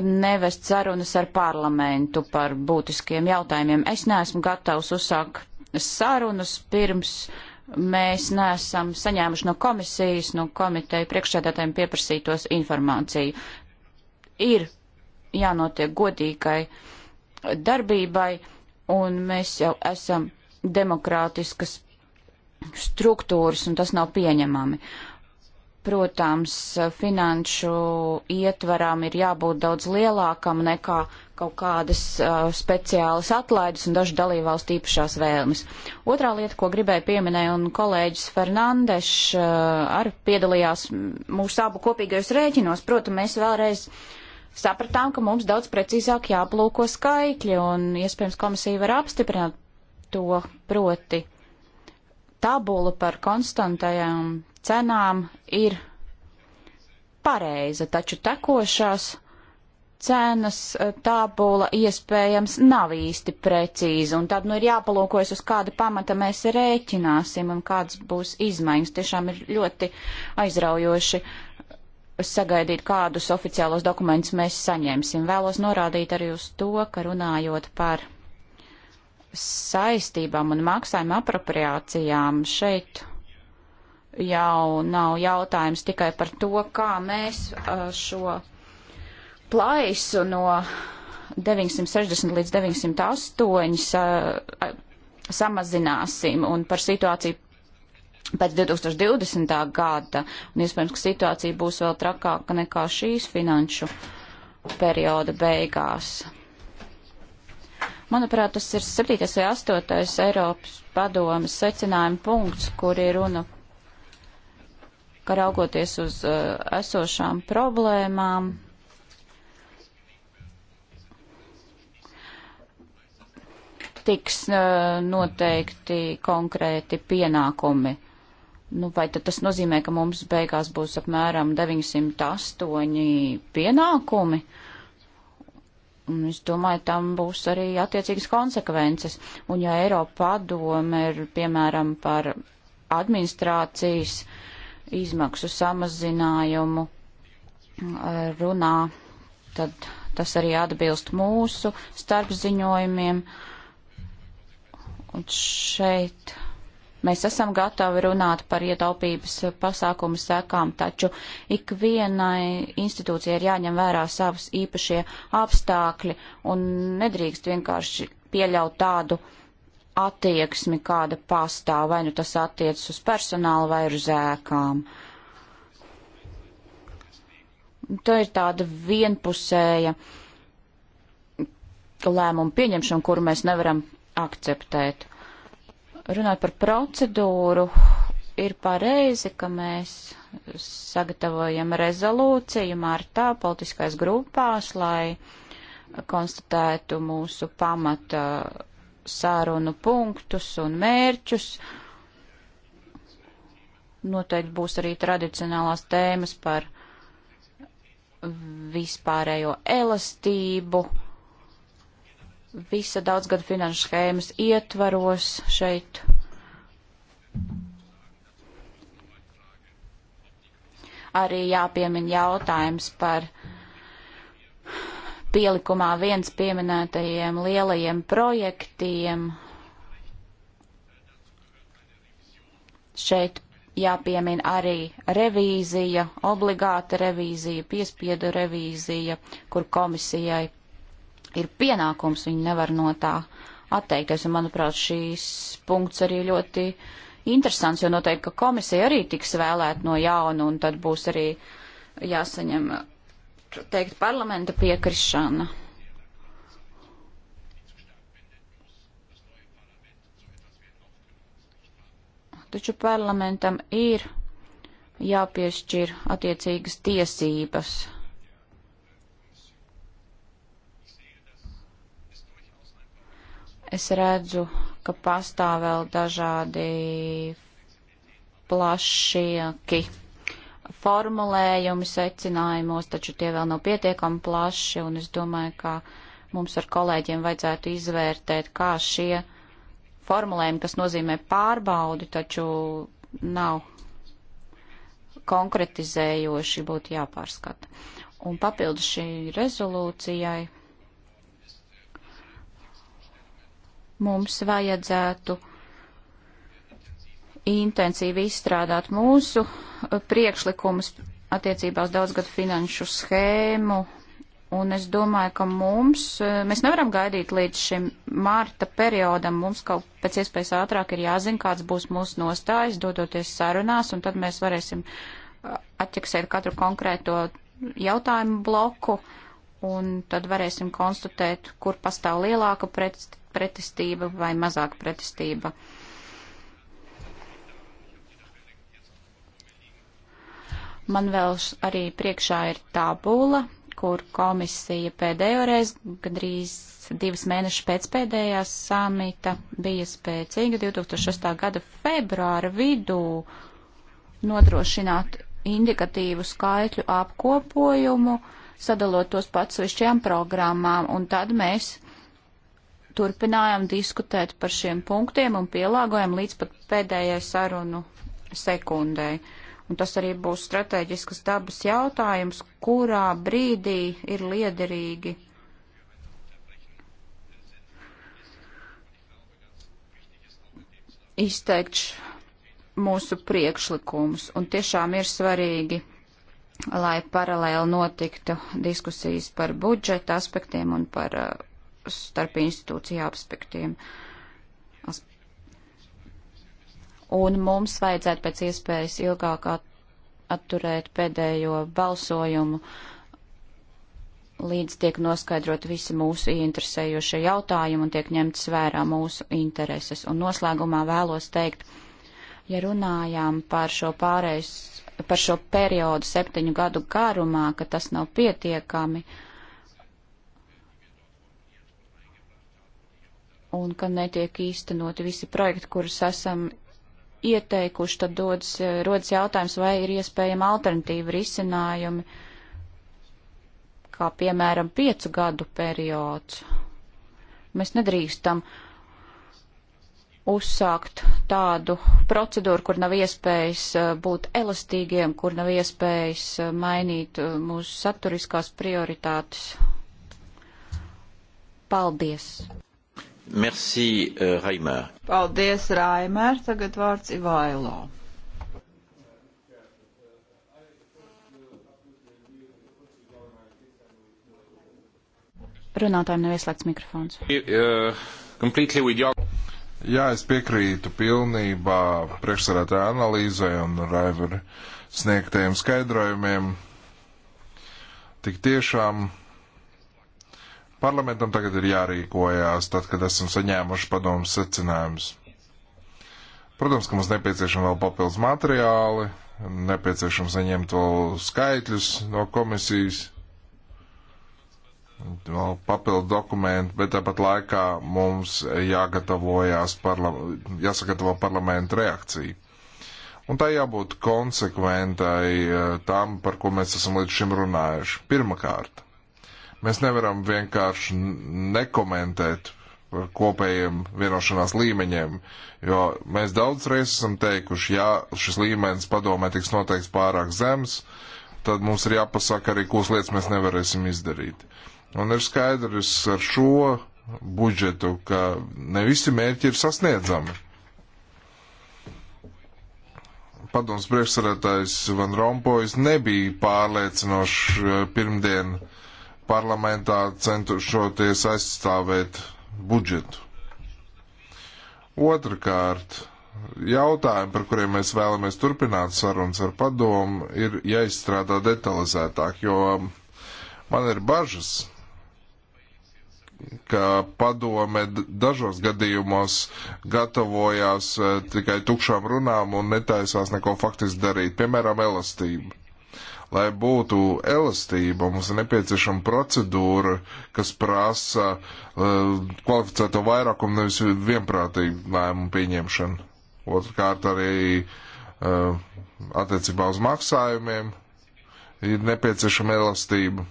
Speaker 3: nevest sarunas ar parlamentu par būtiskiem jautājumiem. Es neesmu gatavs uzsākt sarunas pirms mēs neesam saņēmuši no komisijas, no komiteju priekšsēdētājiem pieprasītos informāciju. Ir jānotiek godīgai darbībai, un mēs jau esam demokrātiskas struktūras, un tas nav pieņemami. Uh, Protams, finanšu ietvaram ir jābūt daudz lielākam nekā kaut kādas uh, speciālas atlaides un dažu dalībvalstu īpašās vēlmes. Otrā lieta, ko gribēju pieminēt, un kolēģis Fernandeš uh, arī piedalījās mūsu abu kopīgajos rēķinos, protams, mēs vēlreiz sapratām, ka mums daudz precīzāk jāplūko skaitļi, un iespējams komisija var apstiprināt to proti tabulu par konstantajām cenām ir pareiza, taču tekošās cenas e, tabula iespējams nav īsti precīza, un tad nu ir jāpalūkojas, uz kāda pamata mēs rēķināsim un kādas būs izmaiņas. Tiešām ir ļoti aizraujoši sagaidīt, kādus oficiālos dokumentus mēs saņemsim. Vēlos norādīt arī uz to, ka runājot par saistībām un maksājuma apropriācijām šeit jau nav jautājums tikai par to, kā mēs uh, šo plaisu no 960 līdz 908 uh, samazināsim un par situāciju pēc 2020. gada. Un iespējams, ka situācija būs vēl trakāka nekā šīs finanšu perioda beigās. Manuprāt, tas ir 7. vai 8. Eiropas padomas secinājuma punkts, kur ir runa ka raugoties uz uh, esošām problēmām, tiks uh, noteikti konkrēti pienākumi. Nu, vai tad tas nozīmē, ka mums beigās būs apmēram 908 pienākumi? Un es domāju, tam būs arī attiecīgas konsekvences. Un ja Eiropa padome ir, piemēram, par administrācijas uh, izmaksu samazinājumu eh, runā, tad tas arī atbilst mūsu starpziņojumiem. Un šeit mēs esam gatavi runāt par ietaupības pasākumu sekām, taču ikvienai institūcijai ir jāņem vērā savas īpašie apstākļi un nedrīkst vienkārši pieļaut tādu uh, attieksmi, kāda pastāv, vai nu tas attiecas uz personālu vai uz ēkām. Tā ir tāda vienpusēja lēmuma pieņemšana, kuru mēs nevaram akceptēt. Runāt par procedūru, ir pareizi, ka mēs sagatavojam rezolūciju martā politiskais grupās, lai konstatētu mūsu pamata sārunu punktus un mērķus. Noteikti būs arī tradicionālās tēmas par vispārējo elastību, visa daudzgada finanšu schēmas ietvaros šeit. Arī jāpiemin jautājums par pielikumā viens pieminētajiem lielajiem projektiem. Šeit jāpiemin arī revīzija, obligāta revīzija, piespiedu revīzija, kur komisijai ir pienākums, viņi nevar no tā atteikties. Un, manuprāt, šīs punkts arī ļoti interesants, jo noteikti, ka komisija arī tiks vēlēt no jauna, un tad būs arī jāsaņem teikt, parlamenta piekrišana. Taču parlamentam ir jāpiešķir attiecīgas tiesības. Es redzu, ka pastāv vēl dažādi plašieki formulējumi secinājumos, taču tie vēl nav pietiekami plaši, un es domāju, ka mums ar kolēģiem vajadzētu izvērtēt, kā šie formulējumi, kas nozīmē pārbaudi, taču nav konkretizējoši, būtu jāpārskata. Un papildus šī rezolūcijai mums vajadzētu intensīvi izstrādāt mūsu uh, priekšlikumus attiecībā uz daudzgadu finanšu schēmu. Un es domāju, ka mums, uh, mēs nevaram gaidīt līdz šim mārta periodam, mums kaut pēc iespējas ātrāk ir jāzina, kāds būs mūsu nostājas, dodoties sarunās, un tad mēs varēsim uh, atķeksēt katru konkrēto jautājumu bloku, un tad varēsim konstatēt, kur pastāv lielāka pretestība vai mazāka pretestība. Uh, Man vēl arī priekšā ir tabula, kur komisija pēdējo reizi, gandrīz divas mēnešas pēc pēdējās samita, bija spēcīga 2006. gada februāra vidū nodrošināt indikatīvu skaitļu apkopojumu, sadalot tos pats višķiem programmām, un tad mēs turpinājām diskutēt par šiem punktiem un pielāgojam līdz pat pēdējai sarunu sekundēji un tas arī būs strateģiskas dabas jautājums, kurā brīdī ir liederīgi. izteikt mūsu priekšlikumus, un tiešām ir svarīgi, lai paralēli notiktu diskusijas par budžeta aspektiem un par uh, starp institūciju aspektiem. Uh, un mums vajadzētu pēc iespējas ilgāk atturēt pēdējo balsojumu, līdz tiek noskaidrot visi mūsu interesējošie jautājumi un tiek ņemts vērā mūsu intereses. Un noslēgumā vēlos teikt, ja runājām par šo pārējais, par šo periodu septiņu gadu garumā, ka tas nav pietiekami, un ka netiek īstenoti visi projekti, kurus esam ieteikuši, tad dodas, eh, rodas jautājums, vai ir iespējama alternatīva risinājumi, kā piemēram piecu gadu periods. Mēs nedrīkstam uzsākt tādu procedūru, kur nav iespējas eh, būt elastīgiem, kur nav iespējas eh, mainīt mūsu saturiskās prioritātes. Paldies!
Speaker 1: Merci, uh, Raimēr.
Speaker 2: Paldies, Raimēr. Tagad vārds Ivailo.
Speaker 3: Runātājiem nav ieslēgts mikrofons.
Speaker 1: Uh, Jā, es piekrītu pilnībā priekšsarētāja analīzai un Raivera sniegtajiem skaidrojumiem. Tik tiešām Parlamentam tagad ir jārīkojās, tad, kad esam saņēmuši padomus secinājumus. Protams, ka mums nepieciešami vēl papildus materiāli, nepieciešams saņemt vēl skaitļus no komisijas, vēl papildu dokumentu, bet tāpat laikā mums jāgatavojās, parla jāsagatavo parlamentu reakcija. Un tā jābūt konsekventai eh, tam, par ko mēs esam līdz šim runājuši. Pirmakārt, Mēs nevaram vienkārši nekomentēt par kopējiem vienošanās līmeņiem, jo mēs daudz reizes esam teikuši, ja šis līmenis padomē tiks noteikts pārāk zems, tad mums ir jāpasaka arī, kuras lietas mēs nevarēsim izdarīt. Un ir skaidrs ar šo budžetu, ka ne visi mērķi ir sasniedzami. Padoms priekšsarētājs Van Rompojas nebija pārliecinošs eh, pirmdien parlamentā centušoties aizstāvēt budžetu. Otrakārt, jautājumi, par kuriem mēs vēlamies turpināt sarunas ar padomu, ir jāizstrādā detalizētāk, jo man ir bažas, ka padome dažos gadījumos gatavojās eh, tikai tukšām runām un netaisās neko faktiski darīt, piemēram, elastību. Lai būtu elastība, mums ir nepieciešama procedūra, kas prasa uh, kvalificēto vairākumu, nevis vienprātīgu lēmumu pieņemšanu. Otrkārt, arī uh, attiecībā uz maksājumiem ir nepieciešama elastība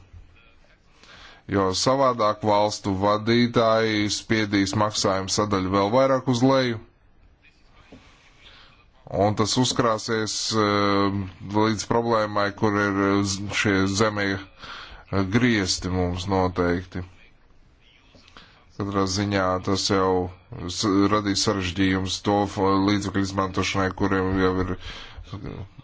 Speaker 1: jo savādāk valstu vadītāji spiedīs maksājumu sadaļu vēl vairāk uz leju. Un tas uzkrāsies eh, līdz problēmai, kur ir eh, šie zemie eh, griesti mums noteikti. Katrā ziņā tas jau radīs sarežģījums to līdzekļu izmantošanai, kuriem jau ir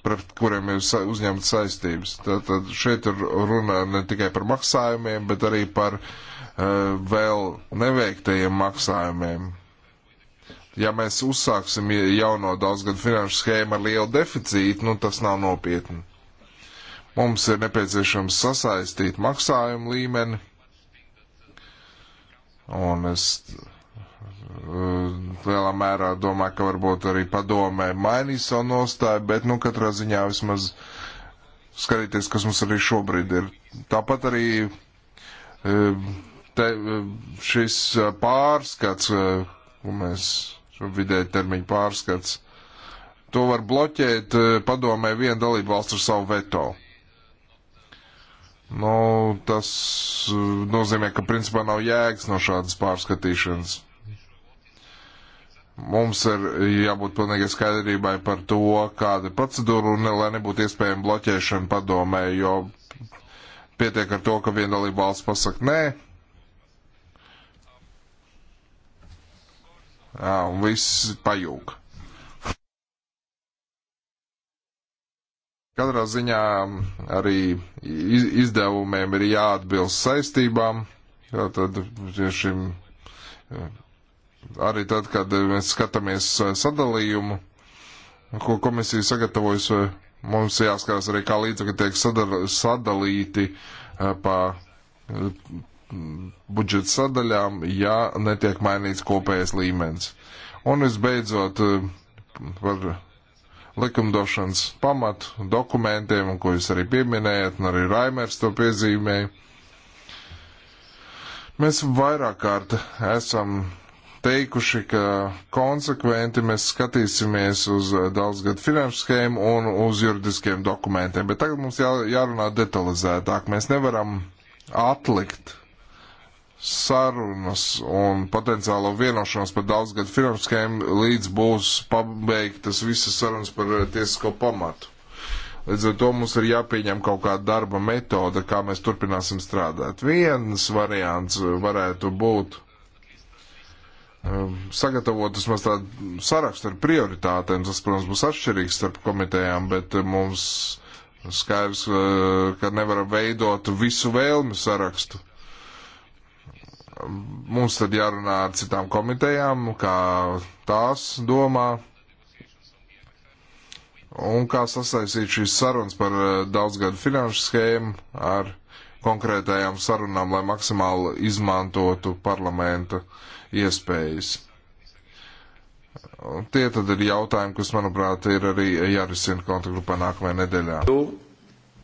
Speaker 1: pret kuriem ir uzņemts saistības. Tātad šeit ir runa ne tikai par maksājumiem, bet arī par uh, vēl neveiktajiem maksājumiem ja mēs uzsāksim jauno daudzgadu finanšu schēmu ar lielu deficītu, nu tas nav nopietni. Mums ir nepieciešams sasaistīt maksājumu līmeni, un es eh, lielā mērā domāju, ka varbūt arī padomē mainīs savu nostāju, bet nu katrā ziņā vismaz skatīties, kas mums arī šobrīd ir. Tāpat arī eh, te, eh, šis pārskats, ko mēs vidē termiņu pārskats. To var bloķēt eh, padomē viena dalība valsts ar savu veto. Nu, tas eh, nozīmē, ka principā nav jēgas no šādas pārskatīšanas. Mums ir jābūt pilnīgai skaidrībai par to, kāda ir procedūra, un lai nebūtu iespējama bloķēšana padomē, jo pietiek ar to, ka viena dalība valsts pasaka nē, Jā, un viss pajūg. Katrā ziņā arī izdevumiem ir jāatbilst saistībām. Jā, tad šim, arī tad, kad mēs skatāmies sadalījumu, ko komisija sagatavojas, mums jāskatās arī, kā līdzekļi tiek sadar, sadalīti pa budžeta sadaļām, ja netiek mainīts kopējais līmenis. Un visbeidzot, eh, par likumdošanas pamatu dokumentiem, ko jūs arī pieminējat, un arī Raimers to piezīmēja. Mēs vairāk kārt esam teikuši, ka konsekventi mēs skatīsimies uz daudzgadu finanšu schēmu un uz juridiskiem dokumentiem, bet tagad mums jā, jārunā detalizētāk. Mēs nevaram atlikt sarunas un potenciālo vienošanos par daudzgadu finanšu schēmu, līdz būs pabeigtas visas sarunas par eh, tiesisko pamatu. Līdz ar to mums ir jāpieņem kaut kāda darba metode, kā mēs turpināsim strādāt. Viens variants eh, varētu būt eh, sagatavot vismaz tādu sarakstu ar prioritātēm. Tas, protams, būs atšķirīgs starp komitejām, bet mums skaidrs, ka nevaram veidot visu vēlmi sarakstu mums tad jārunā ar citām komitejām, kā tās domā, un kā sasaistīt šīs sarunas par eh, daudzgadu finanšu schēmu ar konkrētajām sarunām, lai maksimāli izmantotu parlamenta iespējas. Un tie tad ir jautājumi, kas, manuprāt, ir arī jārisina kontaktgrupā nākamajā nedēļā.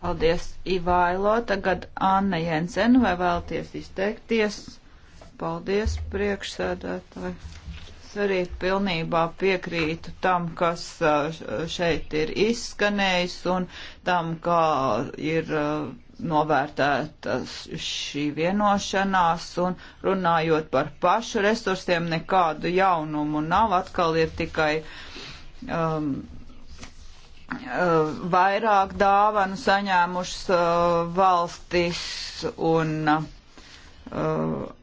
Speaker 2: Paldies, Ivailo. Tagad Anna Jensen, vai vēlties izteikties? Paldies, priekšsēdētāji. Es arī pilnībā piekrītu tam, kas uh, šeit ir izskanējis un tam, kā ir uh, novērtēta šī vienošanās un runājot par pašu resursiem nekādu jaunumu nav, atkal ir tikai um, uh, vairāk dāvanu saņēmušas uh, valstis un uh,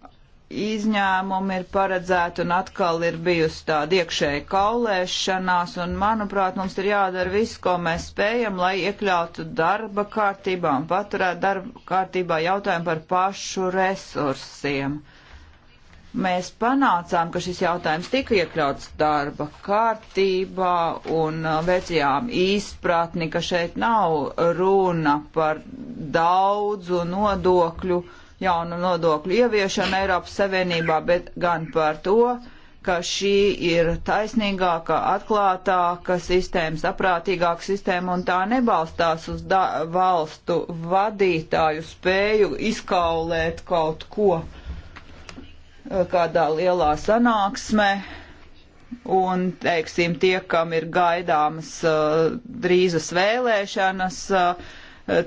Speaker 2: izņēmumi ir paredzēti un atkal ir bijusi tāda iekšēja kaulēšanās un, manuprāt, mums ir jādara viss, ko mēs spējam, lai iekļautu darba kārtībā un paturētu darba kārtībā jautājumu par pašu resursiem. Mēs panācām, ka šis jautājums tika iekļauts darba kārtībā un uh, veicījām īsprātni, ka šeit nav runa par daudzu nodokļu uh, jaunu nodokļu ieviešanu Eiropas Savienībā, bet gan par to, ka šī ir taisnīgāka, atklātāka sistēma, saprātīgāka sistēma un tā nebalstās uz valstu vadītāju spēju izkaulēt kaut ko eh, kādā lielā sanāksmē. Un, teiksim, tie, kam ir gaidāmas uh, drīzas vēlēšanas, uh,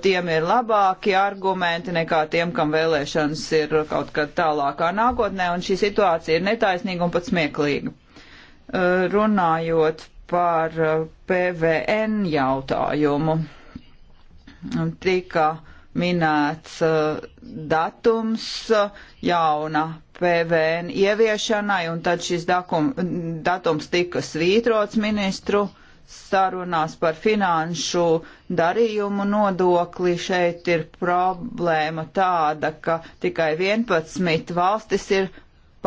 Speaker 2: tiem ir labāki argumenti nekā tiem, kam vēlēšanas ir kaut kad tālākā nākotnē, un šī situācija ir netaisnīga un pat smieklīga. Uh, runājot par uh, PVN jautājumu, tika minēts uh, datums jauna PVN ieviešanai, un tad šis dakum, datums tika svītrots ministru sarunās par finanšu darījumu nodokli. Šeit ir problēma tāda, ka tikai 11 valstis ir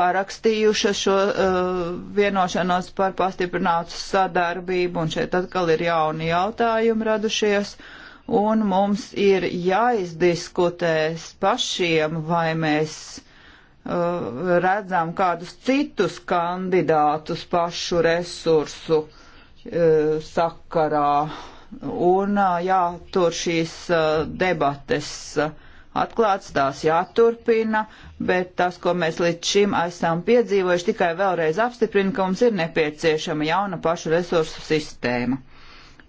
Speaker 2: parakstījušas šo uh, vienošanos par pastiprinātu sadarbību, un šeit atkal ir jauni jautājumi radušies, un mums ir jāizdiskutēs pašiem, vai mēs uh, redzam kādus citus kandidātus pašu resursu uh, Eh, sakarā. Un eh, jātur šīs eh, debates atklāts, tās jāturpina, bet tas, ko mēs līdz šim esam piedzīvojuši, tikai vēlreiz apstiprina, ka mums ir nepieciešama jauna pašu resursu sistēma.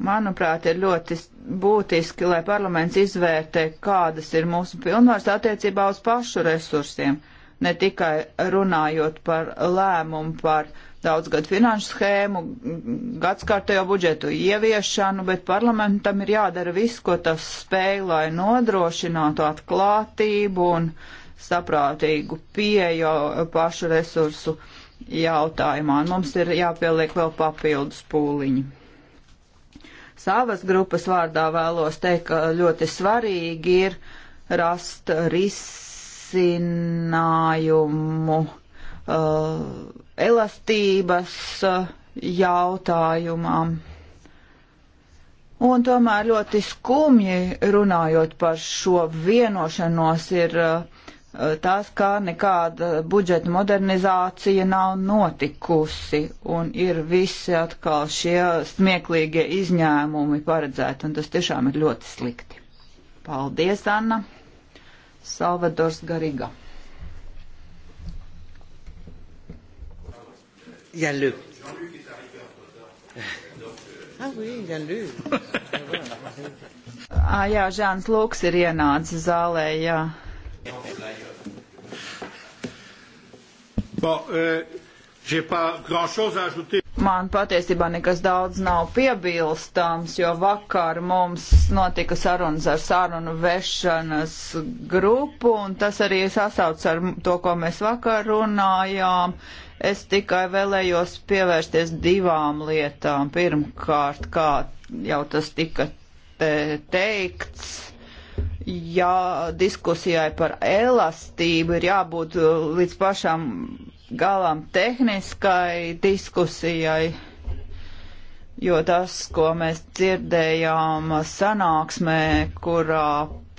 Speaker 2: Manuprāt, ir ļoti būtiski, lai parlaments izvērtē, kādas ir mūsu pilnvaras attiecībā uz pašu resursiem, ne tikai runājot par lēmumu par daudzgadu finanšu schēmu, gadskārtējo budžetu ieviešanu, bet parlamentam ir jādara viss, ko tas spēj, lai nodrošinātu atklātību un saprātīgu pieeju pašu resursu jautājumā. Un mums ir jāpieliek vēl papildus pūliņi. Savas grupas vārdā vēlos teikt, ka ļoti svarīgi ir rast risinājumu. Uh, elastības jautājumam. Un tomēr ļoti skumji runājot par šo vienošanos ir tas, ka nekāda budžeta modernizācija nav notikusi un ir visi atkal šie smieklīgie izņēmumi paredzēti, un tas tiešām ir ļoti slikti. Paldies, Anna! Salvadors Gariga. Il y a le. Ah oui, il y a le. ah, jā, Žāns Lūks ir ienācis zālē, jā. Bon, euh, j'ai pas grand chose à ajouter. Man patiesībā nekas daudz nav piebilstams, jo vakar mums notika sarunas ar sarunu vešanas grupu, un tas arī sasauc ar to, ko mēs vakar runājām. Uh, Es tikai vēlējos pievērsties divām lietām. Pirmkārt, kā jau tas tika te teikts, ja diskusijai par elastību ir jābūt uh, līdz pašam galam tehniskai diskusijai, jo tas, ko mēs dzirdējām sanāksmē, kurā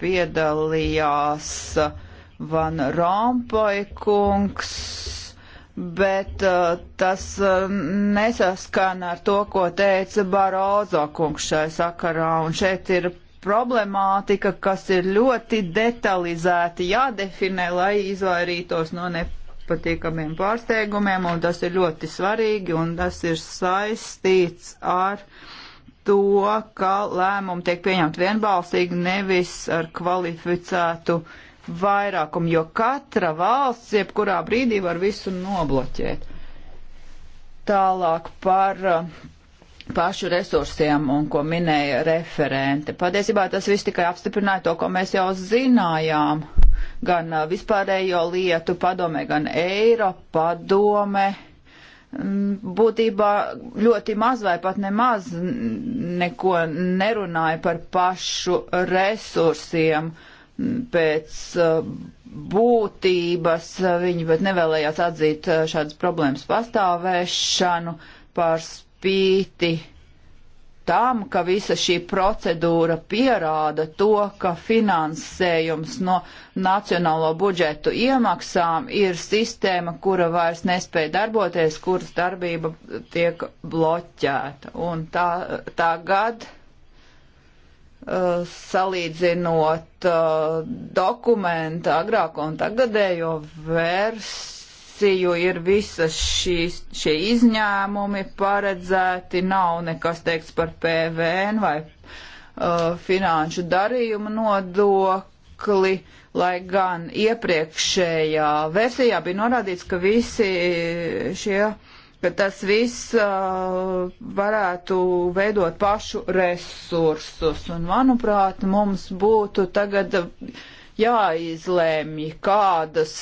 Speaker 2: piedalījās Van Rompuy kungs, bet uh, tas uh, nesaskana ar to, ko teica Barozo kungs šai sakarā. Un šeit ir problemātika, kas ir ļoti detalizēti jādefinē, lai izvairītos no nepatīkamiem pārsteigumiem, un tas ir ļoti svarīgi, un tas ir saistīts ar to, ka lēmumi tiek pieņemti vienbalsīgi, nevis ar kvalificētu uh, vairākumu, jo katra valsts jebkurā brīdī var visu nobloķēt. Tālāk par uh, pašu resursiem un ko minēja referente. Patiesībā tas viss tikai apstiprināja to, ko mēs jau zinājām. Gan uh, vispārējo lietu padomē, gan eiro padome. Mm, būtībā ļoti maz vai pat nemaz neko nerunāja par pašu resursiem. Uh, pēc uh, būtības, uh, viņi pat nevēlējās atzīt uh, šādas problēmas pastāvēšanu par spīti tam, ka visa šī procedūra pierāda to, ka finansējums no nacionālo budžetu iemaksām ir sistēma, kura vairs nespēja darboties, kuras darbība tiek bloķēta. Un tā, tagad Uh, salīdzinot uh, dokumenta agrāko un tagadējo versiju, ir visas šīs, šie izņēmumi paredzēti, nav nekas teikts par PVN vai uh, finanšu darījumu nodokli, lai gan iepriekšējā versijā bija norādīts, ka visi šie uh, ka tas viss uh, varētu veidot pašu resursus. Un, manuprāt, mums būtu tagad jāizlēmj, kādas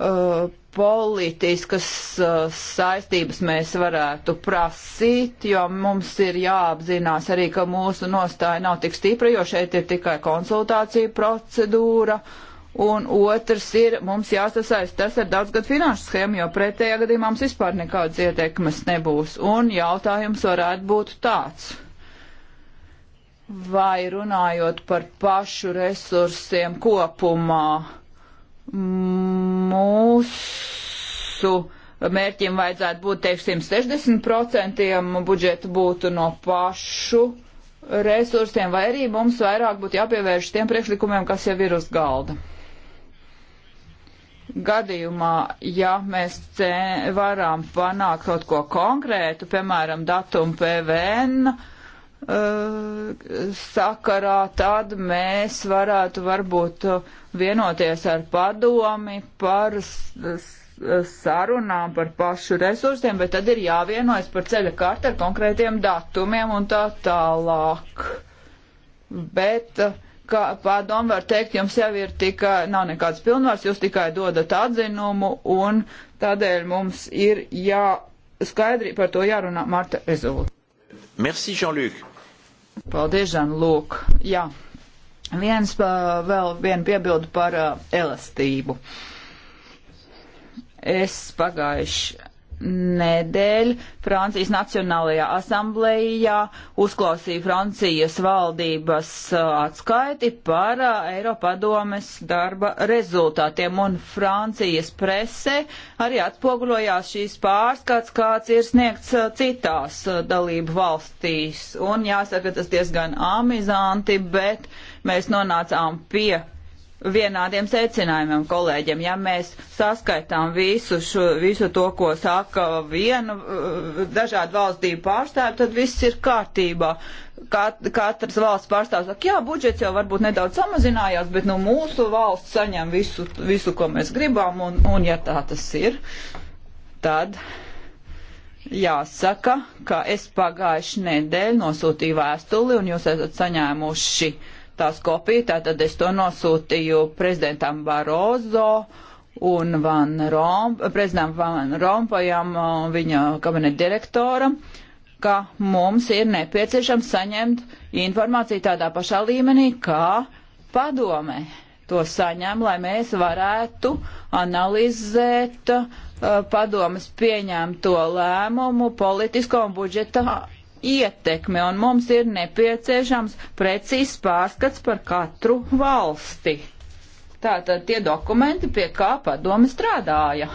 Speaker 2: uh, politiskas uh, saistības mēs varētu prasīt, jo mums ir jāapzinās arī, ka mūsu nostāja nav tik stipra, jo šeit ir tikai konsultācija procedūra. Uh, un otrs ir mums jāsasaist tas ar daudzgad finanšu schēmu, jo pretējā gadījumā mums vispār nekādas ietekmes nebūs. Un jautājums varētu būt tāds. Vai runājot par pašu resursiem kopumā, mūsu mērķim vajadzētu būt, teiksim, 60% budžeta būtu no pašu resursiem, vai arī mums vairāk būtu jāpievērš tiem priekšlikumiem, kas jau ir uz galda gadījumā, ja mēs varam panākt kaut ko konkrētu, piemēram, datumu PVN uh, eh, sakarā, tad mēs varētu varbūt vienoties ar padomi par sarunām par pašu resursiem, bet tad ir jāvienojas par ceļa kārtu ar konkrētiem datumiem un tā tālāk. Bet uh, ka padomu var teikt, jums jau ir tikai, nav nekāds pilnvars, jūs tikai dodat atzinumu un tādēļ mums ir jā, skaidri par to jārunā Marta Rezulta.
Speaker 1: Merci, Jean-Luc.
Speaker 2: Paldies, Jean-Luc. Jā. Viens vēl vienu piebildu par uh, elastību. Es pagājuši nedēļ Francijas Nacionālajā asamblējā uzklausīja Francijas valdības atskaiti par Eiropadomes darba rezultātiem, un Francijas presē arī atspoguļojās šīs pārskats, kāds ir sniegts citās dalību valstīs. Un jāsaka, tas diezgan amizanti, bet mēs nonācām pie vienādiem secinājumiem kolēģiem. Ja mēs saskaitām visu, šo, visu to, ko saka vienu uh, dažādu valstību pārstāvi, tad viss ir kārtībā. Kat, katrs valsts pārstāvs saka, jā, budžets jau varbūt nedaudz samazinājās, bet nu mūsu valsts saņem visu, visu ko mēs gribam, un, un ja tā tas ir, tad jāsaka, ka es pagājuši nedēļu nosūtīju vēstuli, un jūs esat saņēmuši uh, tās kopiju, tātad es to nosūtīju prezidentam Barozo un Van Romp, prezidentam Van Rompajam, uh, viņa kabineta direktoram, ka mums ir nepieciešams saņemt informāciju tādā pašā līmenī, kā padomē to saņem, lai mēs varētu analizēt uh, padomas pieņemto lēmumu politisko un budžeta ietekme, un mums ir nepieciešams precīzs pārskats par katru valsti. Tātad tie dokumenti, pie kā padome strādāja,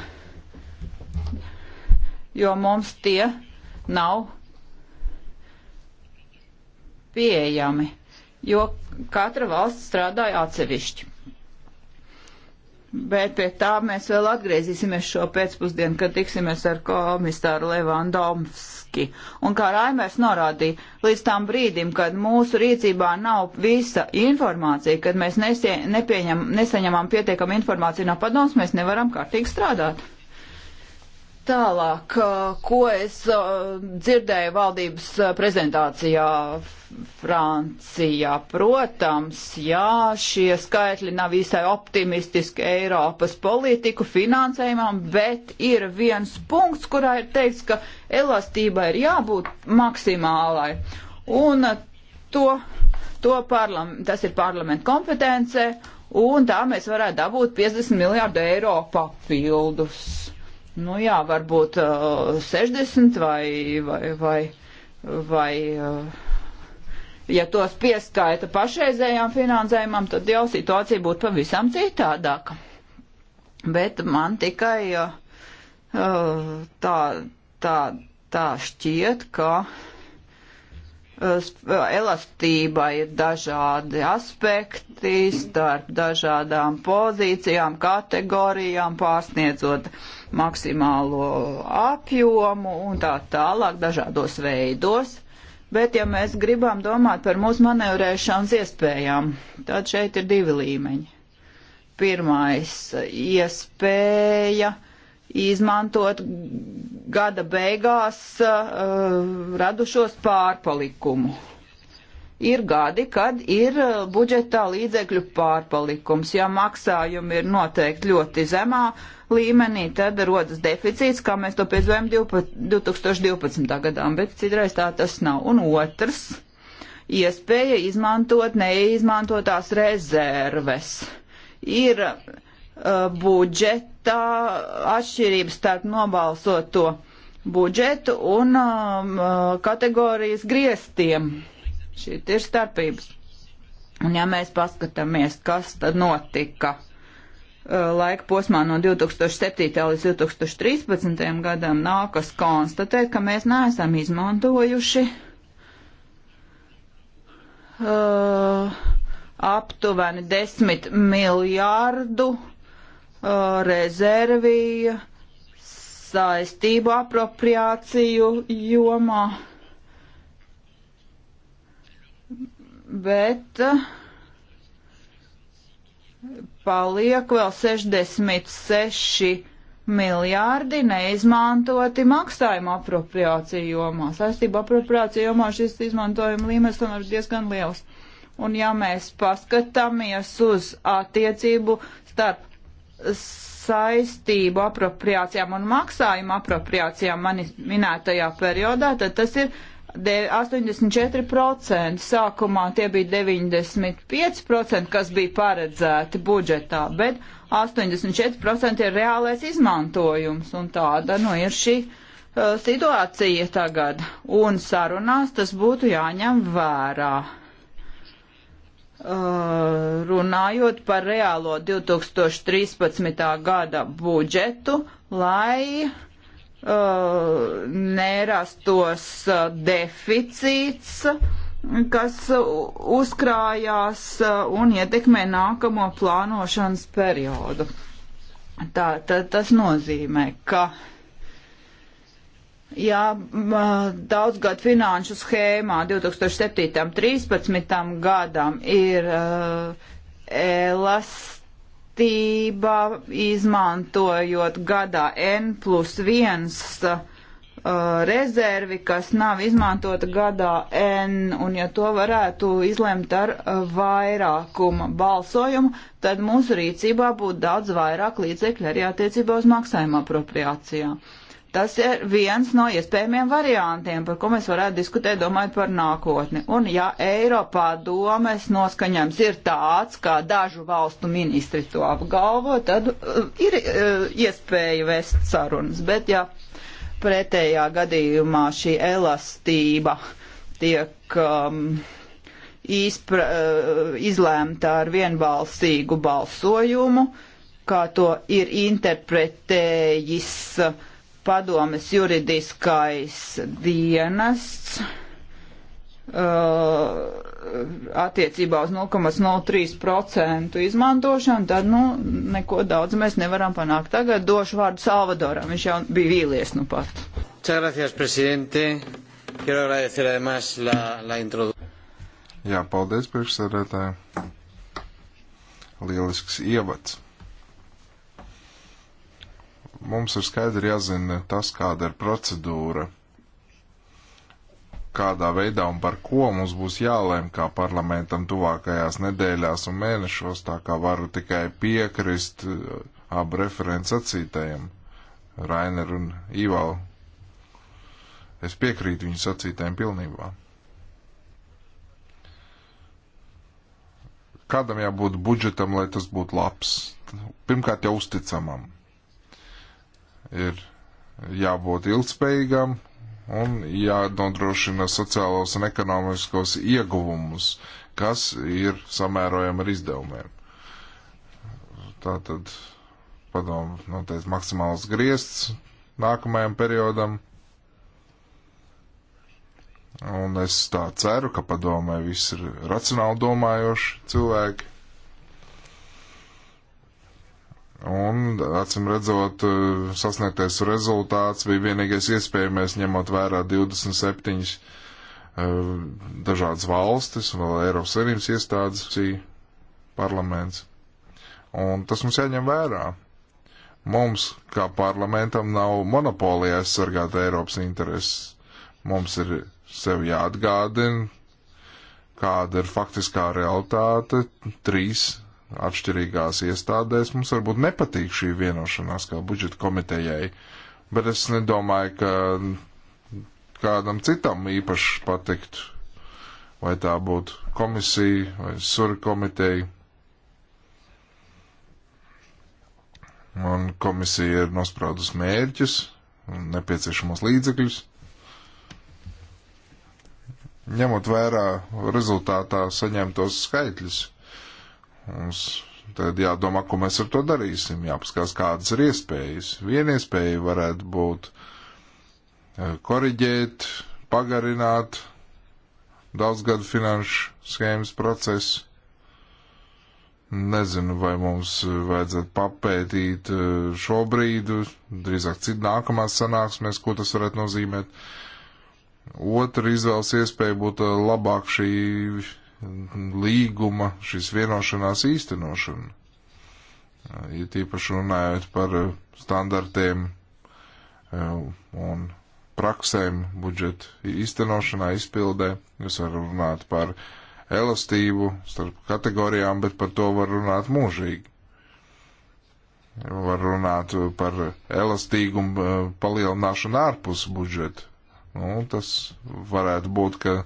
Speaker 2: jo mums tie nav pieejami, jo katra valsts strādāja atsevišķi bet pie tā mēs vēl atgriezīsimies šo pēcpusdienu, kad tiksimies ar komisāru Levandomski. Un kā Raimers norādīja, līdz tam brīdim, kad mūsu rīcībā nav visa informācija, kad mēs nesie, nepieņem, nesaņemam pietiekam informāciju no padoms, mēs nevaram kārtīgi strādāt. Tālāk, ko es dzirdēju valdības prezentācijā Francijā, protams, jā, šie skaitļi nav visai optimistiski Eiropas politiku finansējumam, bet ir viens punkts, kurā ir teikts, ka elastība ir jābūt maksimālai. Un to, to parlam, tas ir parlamenta kompetence, un tā mēs varētu dabūt 50 miljārdu eiro papildus nu jā, varbūt uh, 60 vai, vai, vai, vai uh, ja tos pieskaita pašreizējām finansējumam, tad jau situācija būtu pavisam citādāka. Bet man tikai uh, uh tā, tā, tā šķiet, ka uh, uh, elastība ir dažādi aspekti starp dažādām pozīcijām, kategorijām, pārsniedzot uh, maksimālo apjomu un tā tālāk dažādos veidos. Bet, ja mēs gribam domāt par mūsu manevrēšanas iespējām, tad šeit ir divi līmeņi. Pirmais - iespēja izmantot gada beigās uh, radušos pārpalikumu ir gadi, kad ir uh, budžetā līdzekļu pārpalikums. Ja maksājumi ir noteikti ļoti zemā līmenī, tad rodas deficīts, kā mēs to piedzīvojam 2012. gadā, bet citreiz tā tas nav. Un otrs - iespēja izmantot neizmantotās rezerves. Ir uh, budžeta atšķirības starp nobalsoto budžetu un um, uh, kategorijas griestiem Šī ir starpības. Un ja mēs paskatāmies, kas tad notika uh, laika posmā no 2007. līdz 2013. gadam, nākas konstatēt, ka mēs neesam izmantojuši uh, aptuveni 10 miljārdu uh, rezerviju saistību apropriāciju jomā. Uh, bet eh, paliek vēl 66 miljārdi neizmantoti maksājumu apropriāciju jomā. Saistību apropriāciju jomā šis izmantojuma līmenis tomēr ir diezgan liels. Un ja mēs paskatāmies uz attiecību starp saistību apropriācijām un maksājumu apropriācijām manis minētajā periodā, tad tas ir 84%, sākumā tie bija 95%, kas bija paredzēti budžetā, bet 84% ir reālais izmantojums, un tāda nu ir šī uh, situācija tagad, un sarunās tas būtu jāņem vērā. Uh, runājot par reālo 2013. gada budžetu, lai uh, uh, nerastos uh, deficīts, kas uzkrājās uh, un ietekmē nākamo plānošanas periodu. Tā, tā, tas nozīmē, ka Jā, uh, daudzgad finanšu schēmā 2007. 13. gadam ir uh, elas kārtība, izmantojot gadā N plus 1 uh, rezervi, kas nav izmantota gadā N, un ja to varētu izlemt ar uh, vairākumu balsojumu, tad mūsu rīcībā būtu daudz vairāk līdzekļu arī attiecībā uz maksājuma apropriācijām. Tas ir viens no iespējamiem variantiem, par ko mēs varētu diskutēt, domājot par nākotni. Un ja Eiropā domes noskaņojums ir tāds, kā dažu valstu ministri to apgalvo, tad uh, ir uh, iespēja vest sarunas. Bet ja pretējā gadījumā šī elastība tiek um, izpra, uh, izlēmta ar vienbalsīgu balsojumu, kā to ir interpretējis. Uh, padomes juridiskais dienests uh, attiecībā uz 0,03% izmantošanu, tad, nu, neko daudz mēs nevaram panākt. Tagad došu vārdu Salvadoram, viņš jau bija vīlies nu pat.
Speaker 1: Jā, paldies priekšsēdētāji. Lielisks ievads. Mums ir skaidri jāzina tas, kāda ir procedūra, kādā veidā un par ko mums būs jālēm kā parlamentam tuvākajās nedēļās un mēnešos, tā kā varu tikai piekrist uh, abu referents sacītajiem, Rainer un Ivalu. Es piekrītu viņu sacītajiem pilnībā. Kādam jābūt budžetam, lai tas būtu labs? Pirmkārt jau uzticamam ir jābūt ilgspējīgam un jānodrošina sociālos un ekonomiskos ieguvumus, kas ir samērojami ar izdevumiem. Tātad, padomu, noteikti maksimāls griezts nākamajam periodam. Un es tā ceru, ka padomē viss ir racionāli domājoši cilvēki. Un, acim redzot, eh, sasniegtais rezultāts bija vienīgais iespējamais, ņemot vērā 27 eh, dažādas valstis un vēl Eiropas Savienības iestādes, parlaments. Un tas mums jāņem vērā. Mums, kā parlamentam, nav monopolija aizsargāt Eiropas intereses. Mums ir sev jāatgādina, kāda ir faktiskā realitāte trīs atšķirīgās iestādēs. Mums varbūt nepatīk šī vienošanās kā budžeta komitejai, bet es nedomāju, ka kādam citam īpaši patikt, vai tā būtu komisija vai sura komiteja. Un komisija ir nospraudus mērķus un nepieciešamos līdzekļus. Ņemot vērā rezultātā saņemtos skaitļus Mums tad jādomā, ko mēs ar to darīsim, jāpaskās, kādas ir iespējas. Viena iespēja varētu būt eh, koriģēt, pagarināt daudzgadu finanšu schēmas procesu. Nezinu, vai mums vajadzētu papētīt eh, šobrīd, drīzāk citu nākamās sanāksmēs, ko tas varētu nozīmēt. Otra izvēles iespēja būtu labāk šī līguma, šīs vienošanās īstenošanu. Ir tīpaši runājot par eh, standartiem eh, un praksēm budžeta īstenošanā, izpildē. Jūs varat runāt par elastību starp kategorijām, bet par to var runāt mūžīgi. Var runāt par elastīgumu eh, palielināšanu ārpus budžeta Nu, tas varētu būt, ka e,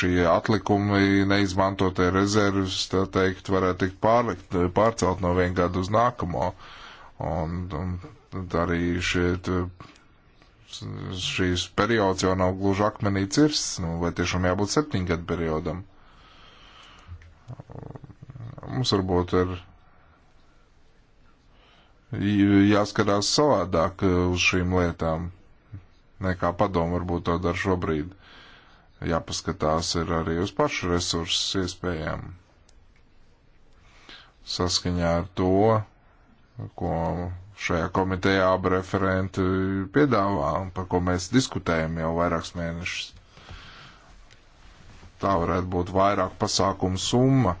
Speaker 1: šie atlikumi neizmantotie rezervas, tā teikt, varētu tikt pārlikt, e, pārcelt no viena gada uz nākamo. Un, un arī šeit, šīs periods jau nav gluži akmenī cirs, nu, vai tiešām jābūt septiņgadu periodam. Mums varbūt ir jāskatās savādāk e, uz šīm lietām nekā padomu varbūt to dara šobrīd. Jāpaskatās ir arī uz pašu resursus iespējām. Saskaņā ar to, ko šajā komitejā abi referenti piedāvā un par ko mēs diskutējam jau vairākus mēnešus. Tā varētu būt vairāk pasākumu summa,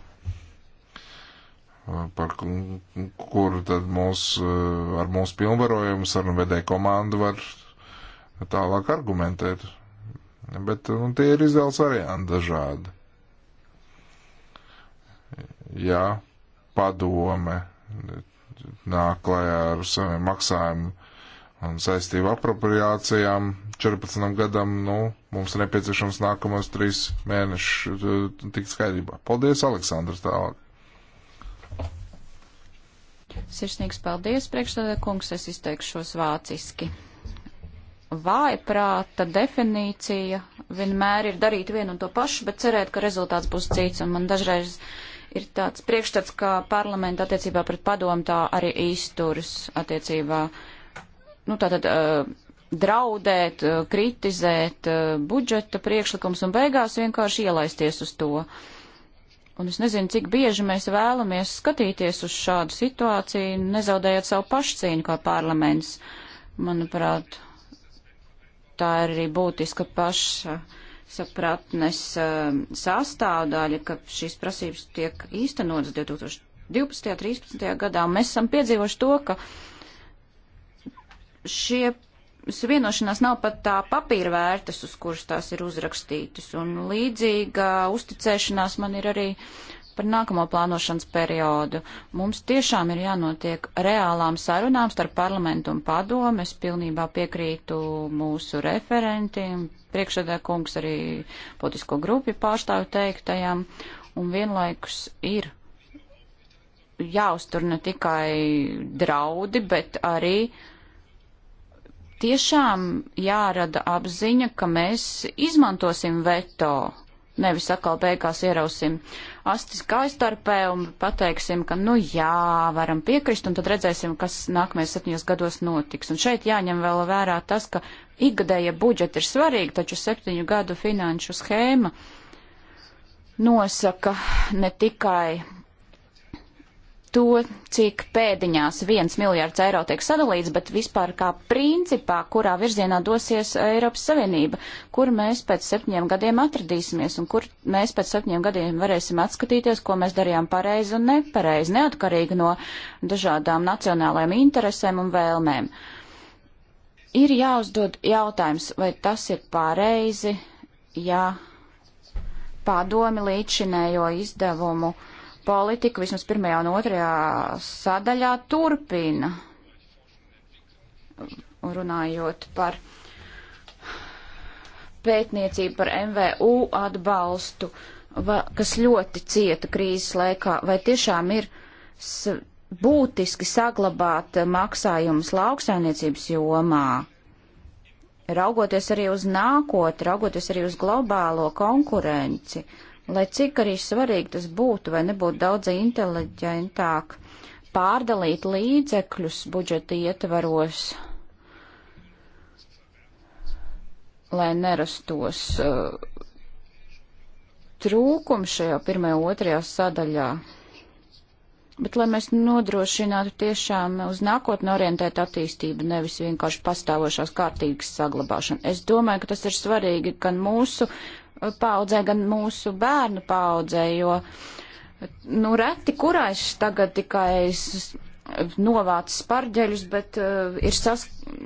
Speaker 1: par kuru tad mūs, ar mūsu pilnvarojumu sarunvedē komandu var Nu, tālāk argumentēt. Bet nu, tie ir izvēles varianti dažādi. Jā, padome nāk klajā ar saviem maksājumu un saistību apropriācijām 14 gadam, nu, mums ir nepieciešams nākamos trīs mēnešus uh, tikt skaidrībā. Paldies, Aleksandrs, tālāk.
Speaker 3: Sirsnīgs paldies, priekšstādā kungs, es izteikšos vāciski vājprāta definīcija vienmēr ir darīt vienu un to pašu, bet cerēt, ka rezultāts būs cits. Un man dažreiz ir tāds priekšstats, ka parlamenta attiecībā pret padomu tā arī izturas attiecībā, nu tātad uh, draudēt, uh, kritizēt uh, budžeta priekšlikums un beigās vienkārši ielaisties uz to. Un es nezinu, cik bieži mēs vēlamies skatīties uz šādu situāciju, nezaudējot savu pašcīņu kā parlaments. Manuprāt, tā ir arī būtiska paša sapratnes um, sastāvdaļa, ka šīs prasības tiek īstenotas 2012. un 13. gadā. Un mēs esam piedzīvojuši to, ka šie vienošanās nav pat tā papīra vērtas, uz kuras tās ir uzrakstītas. Un līdzīga uzticēšanās man ir arī uh, par nākamo plānošanas periodu. Mums tiešām ir jānotiek reālām sarunām starp parlamentu un padomu. Es pilnībā piekrītu mūsu referentiem, priekšsēdē kungs arī politisko grupu pārstāvu teiktajam. Un vienlaikus ir jāuztur ne tikai draudi, bet arī tiešām jārada apziņa, ka mēs izmantosim veto nevis atkal beigās ierausim astis kaistarpē un pateiksim, ka nu jā, varam piekrist un tad redzēsim, kas nākamajos septiņos gados notiks. Un šeit jāņem vēl vērā tas, ka ikgadēja budžeta ir svarīga, taču septiņu gadu finanšu schēma nosaka ne tikai to, cik pēdiņās viens miljards eiro tiek sadalīts, bet vispār kā principā, kurā virzienā dosies Eiropas Savienība, kur mēs pēc septiņiem gadiem atradīsimies un kur mēs pēc septiņiem gadiem varēsim atskatīties, ko mēs darījām pareizi un nepareizi, neatkarīgi no dažādām nacionālajām interesēm un vēlmēm. Ir jāuzdod jautājums, vai tas ir pareizi, ja padomi līdzinējo izdevumu uh, politika vismaz pirmajā un otrajā sadaļā turpina, runājot par pētniecību par MVU atbalstu, va, kas ļoti cieta krīzes laikā, vai tiešām ir būtiski saglabāt maksājumus lauksainiecības jomā, raugoties arī uz nākotni, raugoties arī uz globālo konkurenci. Uh, Lai cik arī svarīgi tas būtu vai nebūtu daudz inteliģentāk pārdalīt līdzekļus budžeta ietvaros, lai nerastos uh, trūkums šajā pirmajā, otrajā sadaļā. Bet, lai mēs nodrošinātu tiešām uz nākotnē orientēt attīstību, nevis vienkārši pastāvošās kārtības saglabāšanu. Es domāju, ka tas ir svarīgi gan mūsu paudzē, gan mūsu bērnu paudzē, jo nu, reti kurais tagad tikai novāc spārģeļus, bet uh, ir sas,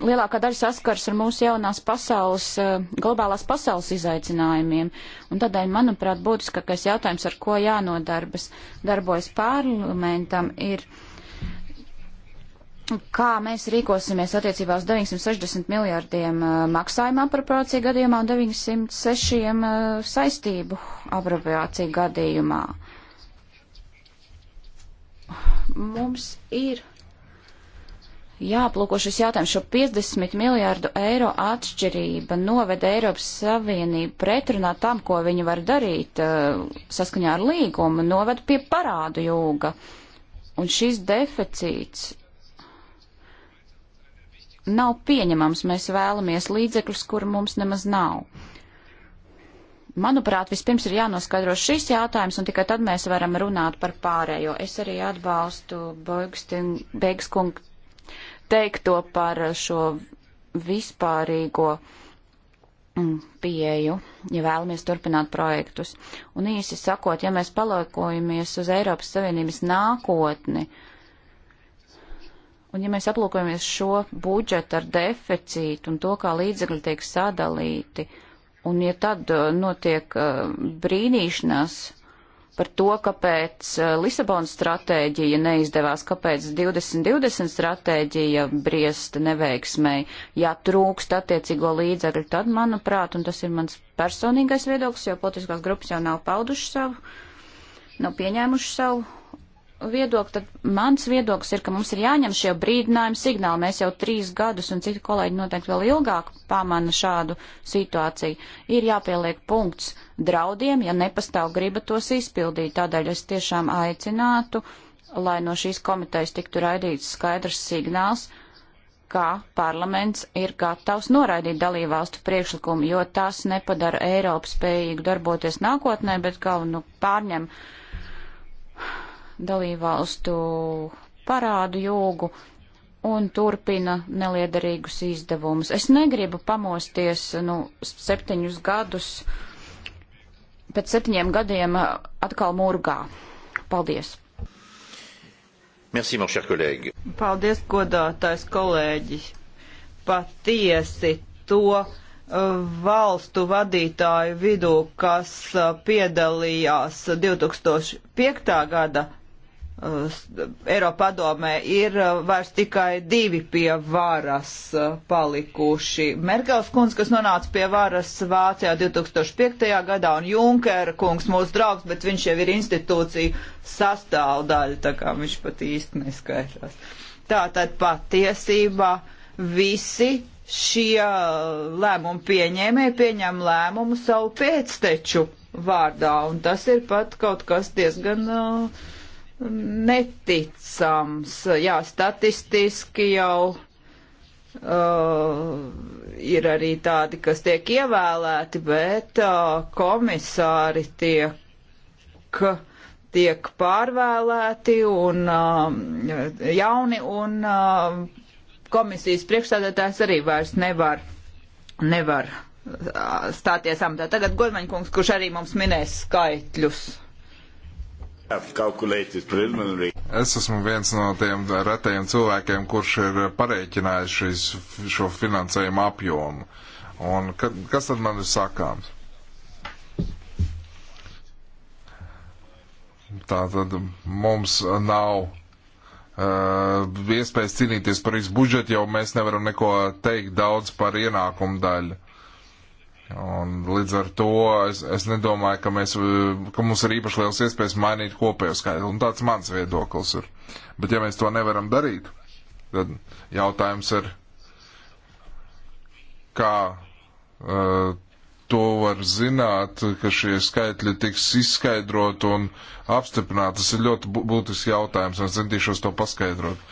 Speaker 3: lielākā daļa saskars ar mūsu jaunās pasaules, uh, globālās pasaules izaicinājumiem. Un tādēļ, manuprāt, būtiskākais jautājums, ar ko jānodarbas darbojas parlamentam, ir uh, kā mēs rīkosimies attiecībā uz 960 miljārdiem uh, maksājuma apropriācija gadījumā un 906 uh, saistību apropriācija gadījumā. Mums ir jāplūko šis jautājums, šo 50 miljārdu eiro atšķirība noveda Eiropas Savienību pretrunā tam, ko viņi var darīt uh, saskaņā ar līgumu, noveda pie parādu jūga. Un šis deficīts nav pieņemams. Mēs vēlamies līdzekļus, kur mums nemaz nav. Manuprāt, vispirms ir jānoskaidro šis jautājums, un tikai tad mēs varam runāt par pārējo. Es arī atbalstu Beigskungu teikto par šo vispārīgo mm, pieju, ja vēlamies turpināt projektus. Un īsi sakot, ja mēs paliekojamies uz Eiropas Savienības nākotni, uh, Un ja mēs aplūkojamies šo budžetu ar deficītu un to, kā līdzekļi tiek sadalīti, un ja tad uh, notiek uh, brīnīšanās par to, kāpēc uh, Lisabonas stratēģija neizdevās, kāpēc 2020 stratēģija briesta neveiksmēji, ja trūkst attiecīgo līdzekļu, tad, manuprāt, un tas ir mans personīgais viedoklis, jo politiskās grupas jau nav pauduši savu, nav pieņēmuši savu viedokli, tad mans viedoklis ir, ka mums ir jāņem šie brīdinājumi signāli. Mēs jau trīs gadus, un citi kolēģi noteikti vēl ilgāk pamana šādu situāciju. Ir jāpieliek punkts draudiem, ja nepastāv griba tos izpildīt. Tādēļ es tiešām aicinātu, lai no šīs komitejas tiktu raidīts skaidrs signāls, ka parlaments ir gatavs noraidīt dalībvalstu priekšlikumu, jo tas nepadara Eiropu spējīgu darboties nākotnē, bet galvenu pārņem. Nu, dalībvalstu parādu jūgu un turpina neliederīgus izdevumus. Es negribu pamosties, nu, septiņus gadus, pēc septiņiem gadiem atkal murgā. Paldies!
Speaker 1: Merci, mon cher collègue.
Speaker 3: Paldies, godātais
Speaker 2: kolēģi. Patiesi to uh, valstu vadītāju vidū, kas uh, piedalījās 2005. gada Eiropa padomē ir uh, vairs tikai divi pie varas uh, palikuši. Merkels kungs, kas nonāca pie varas Vācijā 2005. gadā, un Junkera kungs, mūsu draugs, bet viņš jau ir institūcija sastāvdaļa, tā kā viņš pat īsti neskaidrās. Tātad patiesībā visi šie lēmumu pieņēmēji pieņem lēmumu savu pēcteču vārdā, un tas ir pat kaut kas diezgan. Uh, neticams. Jā, statistiski jau uh, ir arī tādi, kas tiek ievēlēti, bet uh, komisāri tiek, tiek pārvēlēti un uh, jauni un uh, komisijas priekšstādātājs arī vairs nevar, nevar uh, stāties amatā. Tagad Godmaņkungs, kurš arī mums minēs skaitļus.
Speaker 1: Es esmu viens no tiem retajiem cilvēkiem, kurš ir pareiķinājis šis, šo finansējumu apjomu. Un ka, kas tad man ir sakāms? Tā tad mums nav uh, iespējas cīnīties par visu budžetu, jo mēs nevaram neko teikt daudz par ienākumu daļu. Un līdz ar to es, es nedomāju, ka, mēs, ka mums ir īpaši liels iespējas mainīt kopējo skaitli. Un tāds mans viedoklis ir. Bet ja mēs to nevaram darīt, tad jautājums ir, kā uh, to var zināt, ka šie skaitļi tiks izskaidrot un apstiprināt. Tas ir ļoti būtisks jautājums, un es centīšos to paskaidrot.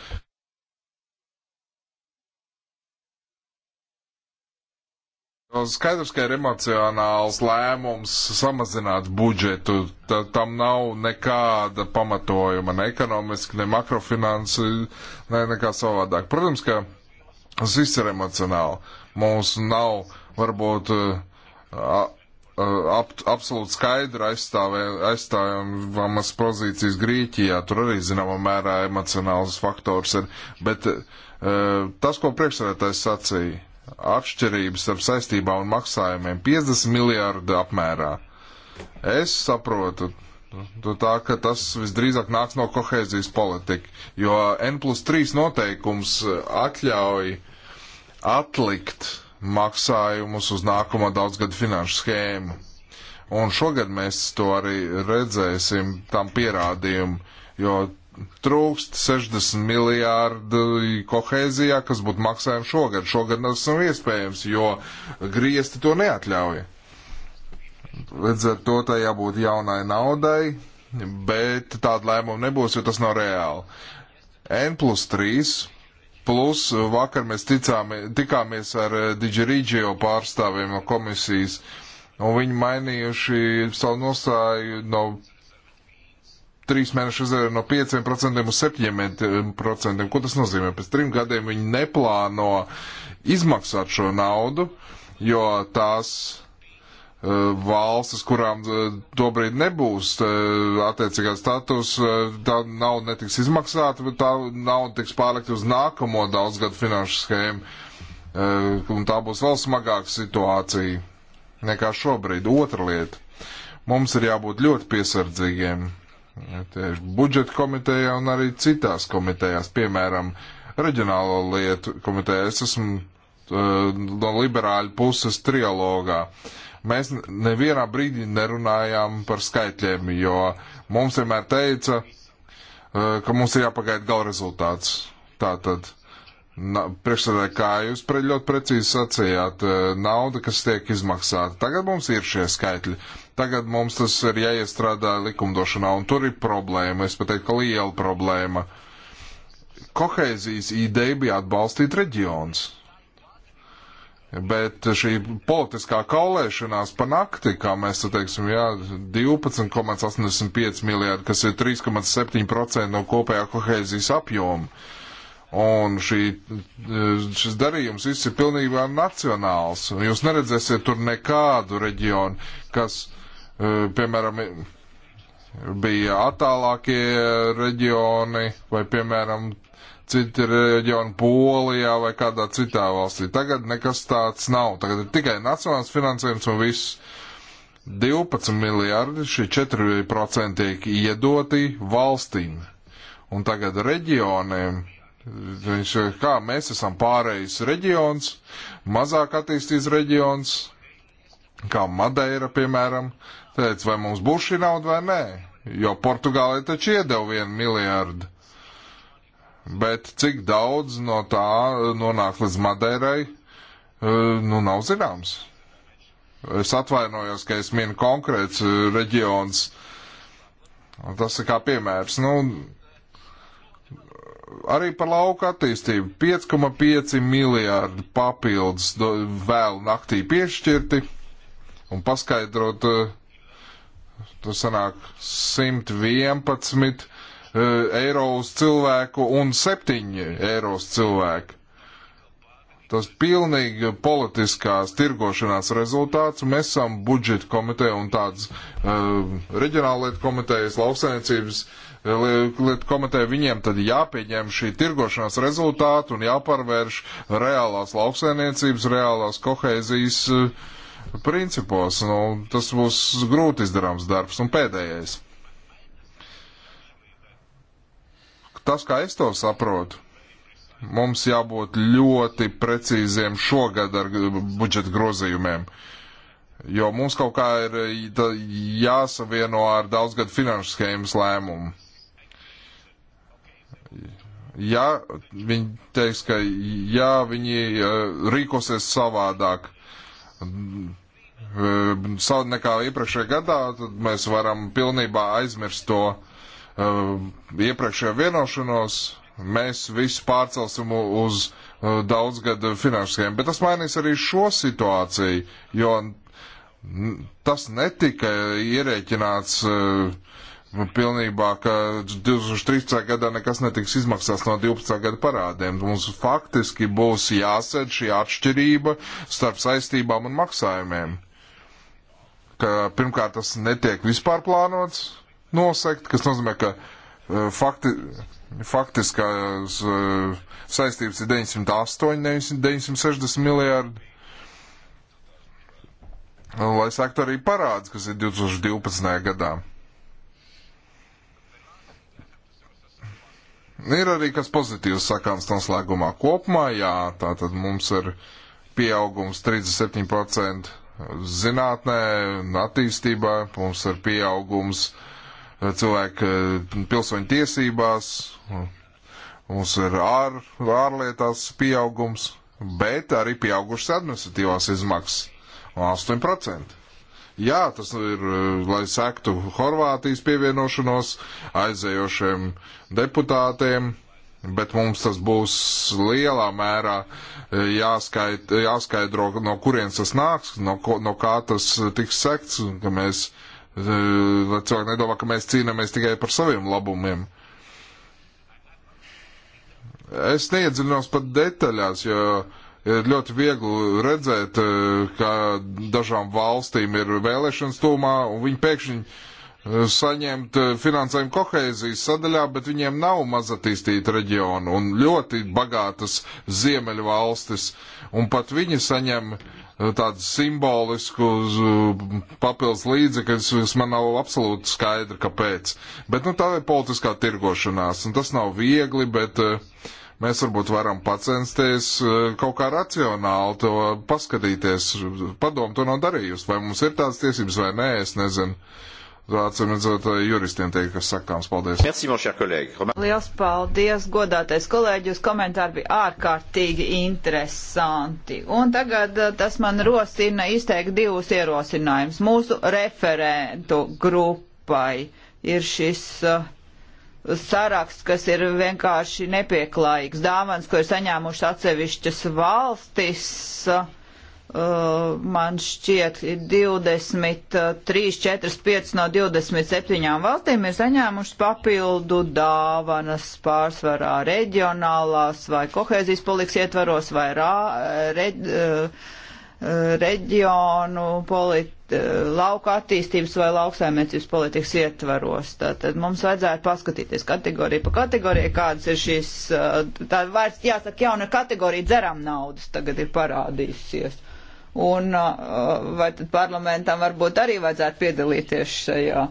Speaker 1: Skaidrs, ka ir emocionāls lēmums samazināt budžetu. Tā, tam nav nekāda pamatojuma, ne ekonomiski, ne makrofinansi, ne nekā savādāk. Protams, ka tas viss ir emocionāli. Mums nav varbūt ap, absolūti skaidra aizstāvamas pozīcijas Grieķijā. Tur arī zināmā mērā emocionāls faktors ir. Bet e, tas, ko priekšsēdētājs sacīja atšķirības starp saistībām un maksājumiem 50 miljārdu apmērā. Es saprotu, nu, tā, ka tas visdrīzāk nāks no kohēzijas politika, jo N plus 3 noteikums atļauj atlikt maksājumus uz nākamo daudzgadu finanšu schēmu. Un šogad mēs to arī redzēsim, tam pierādījumu, jo trūkst 60 miljārdu kohēzijā, kas būtu maksājumi šogad. Šogad tas nav iespējams, jo griesti to neatļauj. Līdz ar to tā jābūt jaunai naudai, bet tāda lēmuma nebūs, jo tas nav reāli. N plus 3, plus vakar mēs ticāmi, tikāmies ar Digirigio pārstāvjiem no komisijas, un viņi mainījuši savu nostāju no trīs mēnešus no 5% uz 7%. Ko tas nozīmē? Pēc trim gadiem viņi neplāno izmaksāt šo naudu, jo tās e, valstis, kurām e, tobrīd nebūs e, attiecīgā status, tā nauda netiks izmaksāta, bet tā nauda tiks pārlikt uz nākamo daudzgadu finanšu schēmu. Un tā būs vēl smagāka situācija nekā šobrīd. Otra lieta. Mums ir jābūt ļoti piesardzīgiem Tieši budžeta komitejā un arī citās komitejās, piemēram, reģionālo lietu komitejā. Es esmu uh, no liberāļu puses trialogā. Mēs nevienā brīdī nerunājām par skaitļiem, jo mums vienmēr teica, uh, ka mums ir jāpagaida gala rezultāts. Tātad. Priekšsēdētāji, kā jūs pre, ļoti precīzi sacījāt, eh, nauda, kas tiek izmaksāta. Tagad mums ir šie skaitļi. Tagad mums tas ir jāiestrādā likumdošanā, un tur ir problēma, es pateiktu, ka liela problēma. Koheizijas ideja bija atbalstīt reģions. Bet šī politiskā kaulēšanās pa nakti, kā mēs te teiksim, jā, 12,85 miljārdi, kas ir 3,7% no kopējā koheizijas apjoma. Un šī, šis darījums viss ir pilnībā nacionāls. Jūs neredzēsiet tur nekādu reģionu, kas Eh, piemēram, bija attālākie reģioni vai, piemēram, citi reģioni Polijā vai kādā citā valstī. Tagad nekas tāds nav. Tagad ir tikai nacionāls finansējums un viss. 12 miljardi šie 4% tiek iedoti valstīm. Un tagad reģioniem Viņš, kā mēs esam pārējais reģions, mazāk attīstīts reģions, kā Madeira, piemēram, teica, vai mums būs šī nauda vai nē, jo Portugālē taču iedeva vienu miljārdu. Bet cik daudz no tā nonāk līdz Madeirai, eh, nu nav zināms. Es atvainojos, ka es minu konkrēts eh, reģions. Tas ir kā piemērs. Nu, arī par lauku attīstību 5,5 miljārdi papildus vēl naktī piešķirti un paskaidrot, eh, tur sanāk 111 eh, eiro uz cilvēku un 7 eiro uz cilvēku. Tas pilnīgi politiskās tirgošanās rezultāts. Mēs esam budžeta komiteja un tādas uh, eh, reģionāla lietu komitejas, lauksainiecības lietu komiteja. Viņiem tad jāpieņem šī tirgošanās rezultāta un jāpārvērš reālās lauksainiecības, reālās kohēzijas uh, principos. Nu, tas būs grūti izdarāms darbs. Un pēdējais. Tas, kā es to saprotu, mums jābūt ļoti precīziem šogad ar budžeta grozījumiem. Jo mums kaut kā ir jāsavieno ar daudzgadu finanšu schēmas lēmumu ja viņi teiks, ka jā, viņi uh, rīkosies savādāk, Ehm, nekā iepriekšējā gadā, tad mēs varam pilnībā aizmirst to ehm, iepriekšējo vienošanos. Mēs visu pārcelsim uz eh, daudzgada finanšu schēmu, bet tas mainīs arī šo situāciju, jo tas netika ierēķināts ehm, pilnībā, ka 2013. gadā nekas netiks izmaksāts no 12. gada parādiem. Mums faktiski būs jāsēd šī atšķirība starp saistībām un maksājumiem ka pirmkārt tas netiek vispār plānots nosekt, kas nozīmē, ka eh, fakti, faktiskās eh, saistības ir 908, 960 miljārdi. Lai sektu arī parāds, kas ir 2012. gadā. Ir arī kas pozitīvs sakāms noslēgumā kopumā, jā, tātad mums ir pieaugums 37% zinātnē, attīstībā, mums ir pieaugums eh, cilvēku eh, pilsoņu tiesībās, mums ir ār, ārlietās pieaugums, bet arī pieaugušas administratīvās izmaksas - 8%. Jā, tas ir, eh, lai sektu Horvātijas pievienošanos aizējošiem deputātiem, bet mums tas būs lielā mērā e, jāskait, jāskaidro, no kurienes tas nāks, no, ko, no kā tas tiks sekts, un ka mēs, e, lai cilvēki nedomā, ka mēs cīnāmies tikai par saviem labumiem. Es neiedziļinos pat detaļās, jo ir ļoti viegli redzēt, e, ka dažām valstīm ir vēlēšanas tūmā, un viņi pēkšņi saņemt eh, finansējumu kohēzijas sadaļā, bet viņiem nav mazatīstīta reģiona un ļoti bagātas ziemeļu valstis, un pat viņi saņem eh, tādu simbolisku eh, papildus līdzekļus, kas man nav absolūti skaidri, kāpēc. Bet nu, tā ir politiskā tirgošanās, un tas nav viegli, bet mēs varbūt varam pacensties kaut kā racionāli to paskatīties. Padomu to nav darījusi, vai mums ir tādas tiesības vai nē, es nezinu. Acīm redzot, juristiem teikt, kas sakāms, paldies.
Speaker 2: Merci, mon cher kolēģi. Liels paldies, godātais kolēģi, jūs komentāri bija ārkārtīgi interesanti. Un tagad eh, tas man rosina izteikt divus ierosinājumus. Mūsu referentu grupai ir šis uh, saraksts, kas ir vienkārši nepieklājīgs dāvans, ko ir saņēmuši atsevišķas valstis. Uh, Uh, man šķiet, 23, 4, 5 no 27 valstīm ir saņēmušas papildu dāvanas pārsvarā reģionālās vai kohēzijas politikas ietvaros vai rā, reģ, uh, reģionu polit, uh, lauka attīstības vai lauksaimniecības politikas ietvaros. Tātad mums vajadzētu paskatīties kategoriju pa kategoriju, kādas ir šīs, tā vairs jāsaka, jauna kategorija dzeram naudas tagad ir parādījusies un uh, vai tad parlamentam varbūt arī vajadzētu piedalīties šajā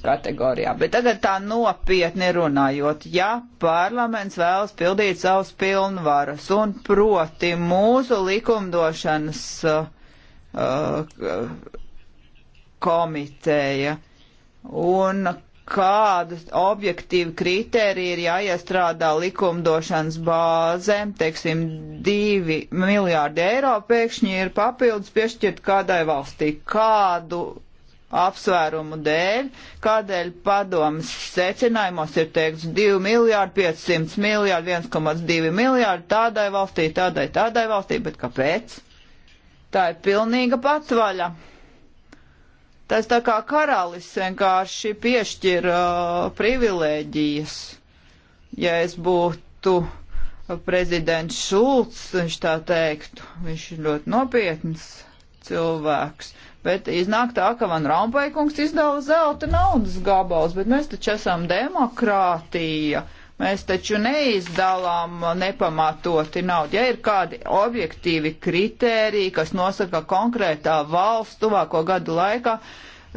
Speaker 2: kategorijā. Bet tagad tā nopietni runājot, ja parlaments vēlas pildīt savus pilnvarus un proti mūsu likumdošanas uh, uh komiteja un kāda objektīva kriterija ir jāiestrādā likumdošanas bāzēm, teiksim, divi miljārdi eiro pēkšņi ir papildus piešķirt kādai valstī. Kādu apsvērumu dēļ, kādēļ padomas secinājumos ir teikts 2 miljārdi, 500 miljārdi, 1,2 miljārdi tādai valstī, tādai, tādai valstī, bet kāpēc? Tā ir pilnīga patvaļa. Tas tā kā karalis vienkārši piešķir uh, privilēģijas. Ja es būtu prezidents Šulcs, viņš tā teiktu, viņš ir ļoti nopietns cilvēks. Bet iznāk tā, ka Van Rompaikungs izdala zelta naudas gabals, bet mēs taču esam demokrātija. Uh, Mēs taču neizdalām nepamatoti naudu. Ja ir kādi objektīvi kritēriji, kas nosaka konkrētā valsts tuvāko gadu laikā,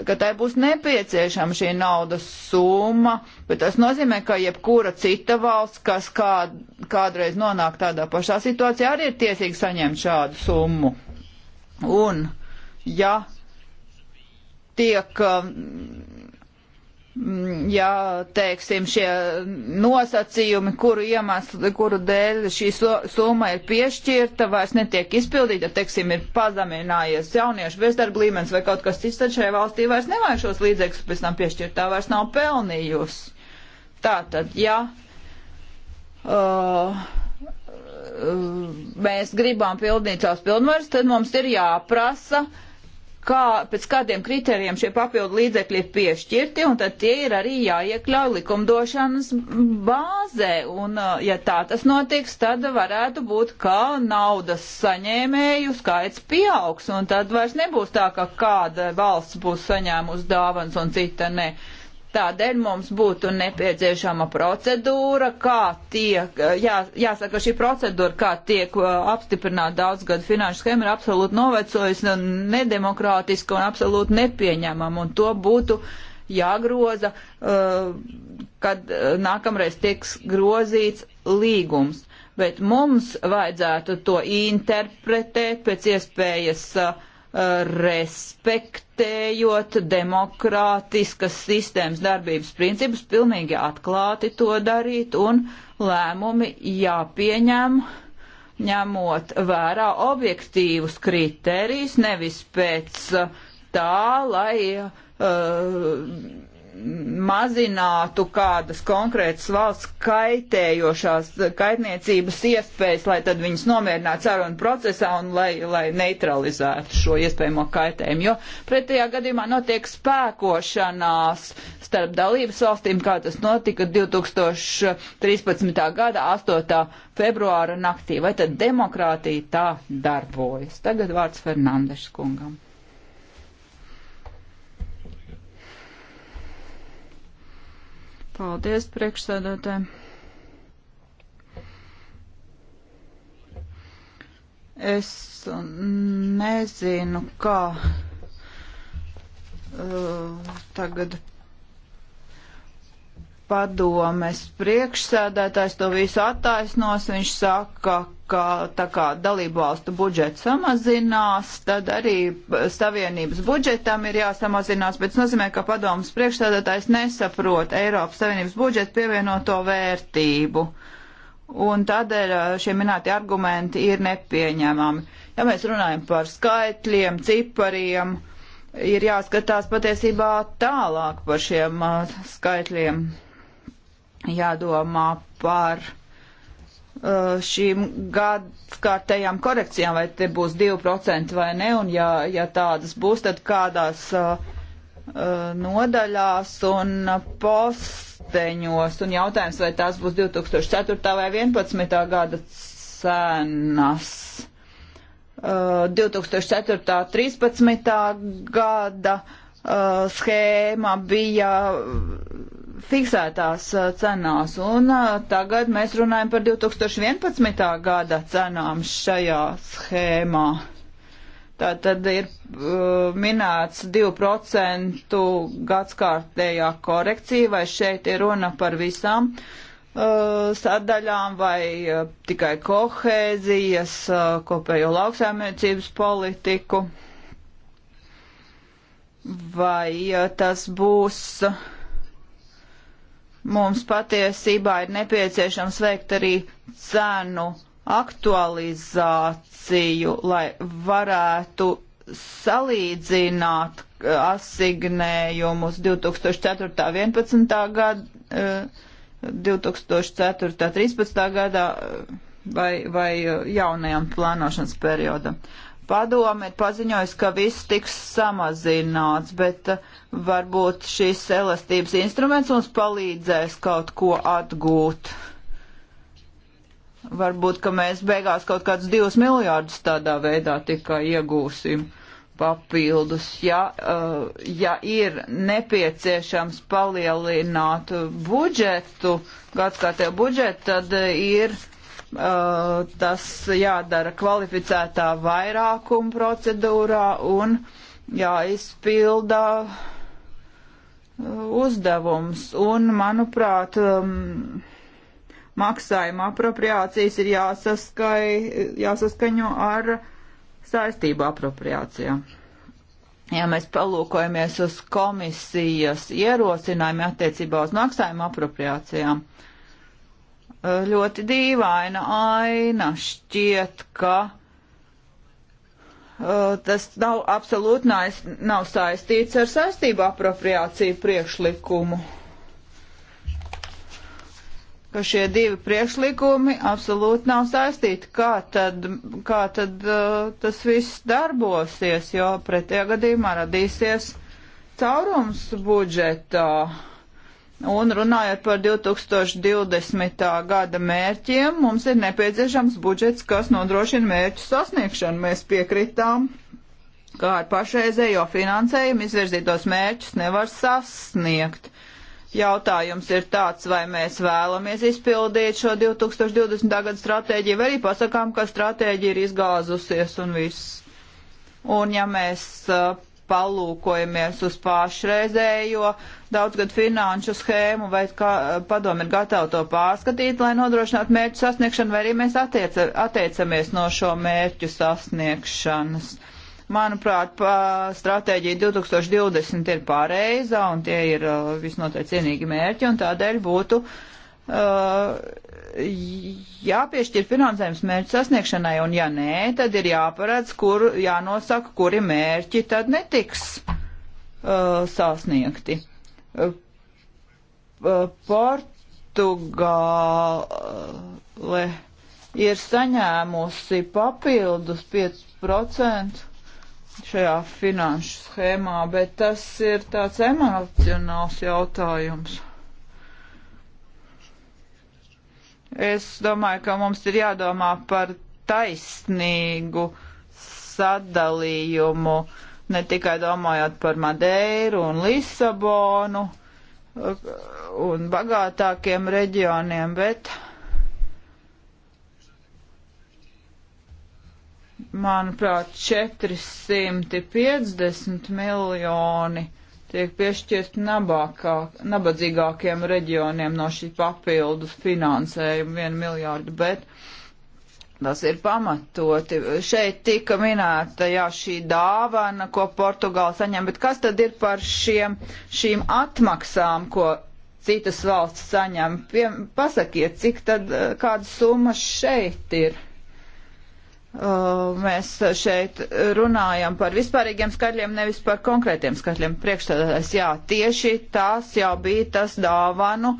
Speaker 2: ka tai būs nepieciešama šī naudas summa, bet tas nozīmē, ka jebkura cita valsts, kas kād, kādreiz nonāk tādā pašā situācijā, arī ir tiesīga saņemt šādu summu. Un, ja tiek um, Mm, ja, teiksim, šie nosacījumi, kuru iemeslu, kuru dēļ šī summa ir piešķirta, vairs netiek izpildīta, teiksim, ir pazeminājies jauniešu bezdarba līmenis vai kaut kas cits, tad šai valstī vairs nevajag šos līdzekļus pēc tam piešķirt, tā vairs nav pelnījusi. Tātad, ja. Uh, mēs gribam pildīt savus pilnvarus, tad mums ir jāprasa uh, kā, pēc kādiem kriterijiem šie papildu līdzekļi ir piešķirti, un tad tie ir arī jāiekļauj likumdošanas bāzē. Un, uh, ja tā tas notiks, tad varētu būt, ka naudas saņēmēju skaits pieaugs, un tad vairs nebūs tā, ka kāda valsts būs saņēmusi dāvans un cita ne. Uh, Tādēļ mums būtu nepieciešama procedūra, kā tiek, eh, jā, jāsaka, šī procedūra, kā tiek eh, apstiprināta daudzgadu finanšu schēma, ir absolūti novecojusi, nedemokrātiska un absolūti nepieņemama, un to būtu jāgroza, eh, kad nākamreiz tiks grozīts līgums. Bet mums vajadzētu to interpretēt pēc iespējas uh, respektējot demokrātiskas sistēmas darbības principus, pilnīgi atklāti to darīt un lēmumi jāpieņem, ņemot vērā objektīvus kriterijus, nevis pēc tā, lai uh, mazinātu kādas konkrētas valsts kaitējošās kaitniecības iespējas, lai tad viņas nomierinātu sarunu procesā un lai, lai neutralizētu šo iespējamo kaitējumu. Jo pretējā gadījumā notiek spēkošanās starp dalības valstīm, kā tas notika 2013. gada 8. februāra naktī. Vai tad demokrātija tā darbojas? Tagad vārds Fernandeša kungam. Paldies, priekšsēdētāji. Es nezinu, kā uh, tagad padomes priekšsēdētājs to visu attaisnos, viņš saka, ka tā kā dalībvalstu budžets samazinās, tad arī Savienības budžetam ir jāsamazinās, bet tas nozīmē, ka padomes priekšsēdētājs nesaprot Eiropas Savienības budžeta pievienoto vērtību. Un tādēļ uh, šie minēti argumenti ir nepieņemami. Ja mēs runājam par skaitļiem, cipariem, ir jāskatās patiesībā tālāk par šiem uh, skaitļiem jādomā par uh, šīm gadkārtējām korekcijām, vai te būs 2% vai ne, un ja, ja tādas būs, tad kādās uh, uh nodaļās un posteņos, un jautājums, vai tās būs 2004. vai 2011. gada cenas. Uh, 2004. 13. gada uh, schēma bija fiksētās uh, cenās, un uh, tagad mēs runājam par 2011. gada cenām šajā schēmā. Tā tad ir uh, minēts 2% gadskārtējā korekcija, vai šeit ir runa par visām uh, sadaļām, vai uh, tikai kohēzijas, uh, kopējo lauksēmniecības politiku, vai uh, tas būs. Uh, mums patiesībā ir nepieciešams veikt arī cenu aktualizāciju, lai varētu salīdzināt uh, asignējumus 2004.11. gada, 2004.13. gadā uh, vai, vai uh, jaunajam plānošanas periodam. Padome ir paziņojusi, ka viss tiks samazināts, bet eh, varbūt šis elastības instruments mums palīdzēs kaut ko atgūt. Varbūt, ka mēs beigās kaut kādus divus miljārdus tādā veidā tikai iegūsim papildus, ja, eh, ja ir nepieciešams palielināt budžetu, gadskārtējo budžetu, tad eh, ir Uh, tas jādara kvalificētā vairākuma procedūrā un jāizpilda uh, uzdevums. Un, manuprāt, um, maksājuma apropriācijas ir jāsaskai, jāsaskaņo ar saistību apropriācijām. Ja mēs palūkojamies uz komisijas ierosinājumiem attiecībā uz maksājuma apropriācijām, uh, Eh, ļoti dīvaina aina. Šķiet, ka uh, tas nav absolūti nais, nav saistīts ar saistību apropriāciju priekšlikumu. Ka šie divi priekšlikumi absolūti nav saistīti. Kā tad, kā tad uh, tas viss darbosies, jo pretējā gadījumā radīsies caurums budžetā. Uh, Un runājot par 2020. gada mērķiem, mums ir nepieciešams budžets, kas nodrošina mērķu sasniegšanu. Mēs piekritām, ka ar pašreizējo finansējumu izvirzītos mērķus nevar sasniegt. Jautājums ir tāds, vai mēs vēlamies izpildīt šo 2020. gada stratēģiju, vai arī pasakām, ka stratēģija ir izgāzusies un viss. Un ja mēs uh, palūkojamies uz pašreizējo daudzgad finanšu schēmu, vai kā padomi ir gatavi to pārskatīt, lai nodrošinātu mērķu sasniegšanu, vai arī mēs attieca, attiecamies no šo mērķu sasniegšanas. Manuprāt, stratēģija 2020 ir pareiza, un tie ir uh, visnotaļ cienīgi mērķi, un tādēļ būtu uh, jāpiešķir finansējums mērķu sasniegšanai, un ja nē, tad ir jāparedz, kur jānosaka, kuri mērķi tad netiks uh, sasniegti. Uh, uh Portugāle ir saņēmusi papildus 5% šajā finanšu schēmā, bet tas ir tāds emocionāls jautājums. Es domāju, ka mums ir jādomā par taisnīgu sadalījumu, ne tikai domājot par Madeiru un Lisabonu un bagātākiem reģioniem, bet manuprāt, 450 miljoni tiek piešķirt nabākā, nabadzīgākiem reģioniem no šī papildus finansējuma vienu miljārdu, bet tas ir pamatoti. Šeit tika minēta, jā, šī dāvana, ko Portugāla saņem, bet kas tad ir par šiem, šīm atmaksām, ko citas valsts saņem? Piem, pasakiet, cik tad, kāda summa šeit ir? Uh, mēs šeit runājam par vispārīgiem skaitļiem, nevis par konkrētiem skaitļiem. Priekšstādātājs, jā, tieši tas jau bija tas dāvanu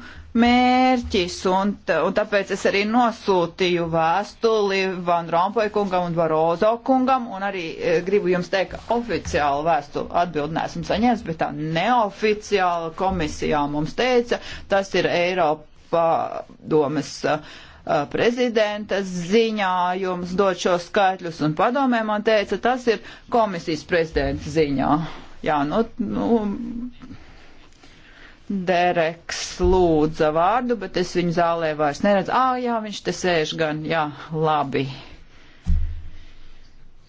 Speaker 2: mērķis, un, un tāpēc es arī nosūtīju vēstuli Van Rompuy kungam un Varozo kungam, un arī eh, gribu jums teikt, ka oficiālu vēstuli atbildi neesam saņēmis, bet tā neoficiāla komisijā mums teica, tas ir Eiropa domas. Uh, eh, prezidentas ziņājums dod šo skaitļus, un padomē man teica, tas ir komisijas prezidenta ziņā. Jā, nu, nu, Dereks lūdza vārdu, bet es viņu zālē vairs neredzu. Ā, jā, viņš te sēž gan, jā, labi.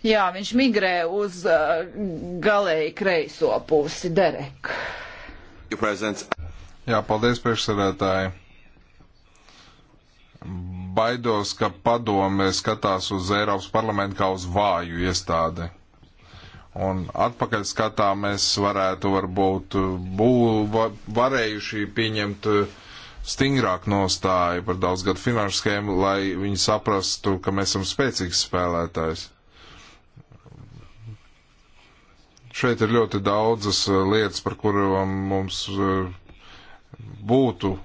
Speaker 2: Jā, viņš migrē uz uh, galēji kreiso pusi, Derek.
Speaker 1: Jā, paldies priekšsēdētāji baidos, ka padome skatās uz Eiropas parlamentu kā uz vāju iestādi. Un atpakaļ skatā mēs varētu varbūt būt varējuši pieņemt eh, stingrāk nostāju par daudzgadu finanšu schēmu, lai viņi saprastu, ka mēs esam spēcīgs spēlētājs. Šeit ir ļoti daudzas eh, lietas, par kurām mums eh, būtu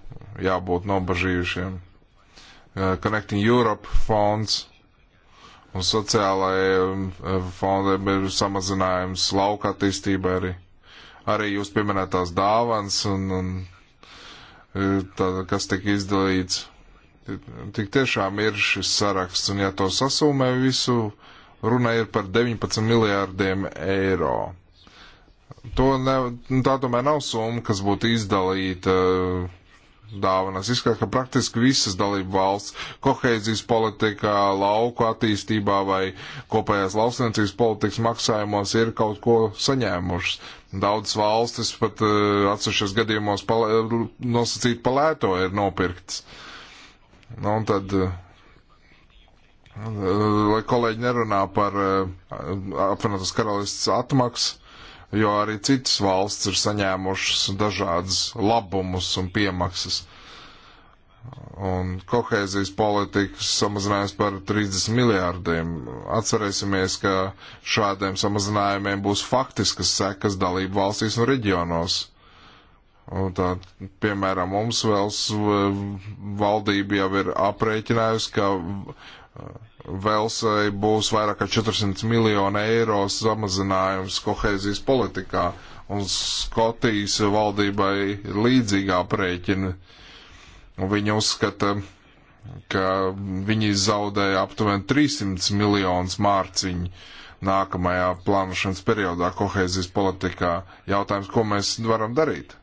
Speaker 1: jābūt nobažījušiem. Uh, Connecting Europe fonds un sociālajiem um, uh, fondiem ir samazinājums lauka attīstībai arī. Arī jūs pieminētās dāvans un, un uh, tā, kas tika izdalīts. Tik tiešām ir šis saraksts, un ja to sasumē visu, runa ir par 19 miljārdiem eiro. To ne, tā tomēr nav summa, kas būtu izdalīta uh, dāvanas. Izskatās, ka praktiski visas dalību valsts kohēzijas politikā, lauku attīstībā vai kopējās lauksainicības politikas maksājumos ir kaut ko saņēmušas. Daudz valstis pat uh, atsevišķos gadījumos palē, nosacīt palēto ir nopirktas. Nu, un tad, uh, lai kolēģi nerunā par uh, apvienotās karalists atmaksu, jo arī citas valsts ir saņēmušas dažādas labumus un piemaksas. Un kohēzijas politikas samazinājums par 30 miljārdiem. Atcerēsimies, ka šādiem samazinājumiem būs faktiskas sekas dalību valstīs un reģionos. Un tā, piemēram, mums vēl valdība jau ir aprēķinājusi, ka Velsai būs vairāk kā 400 miljonu eiro samazinājums kohēzijas politikā, un Skotijas valdībai ir līdzīgā prēķina. Viņa uzskata, ka viņi zaudēja aptuveni 300 miljonus mārciņu nākamajā plānošanas periodā kohēzijas politikā. Jautājums, ko mēs varam darīt?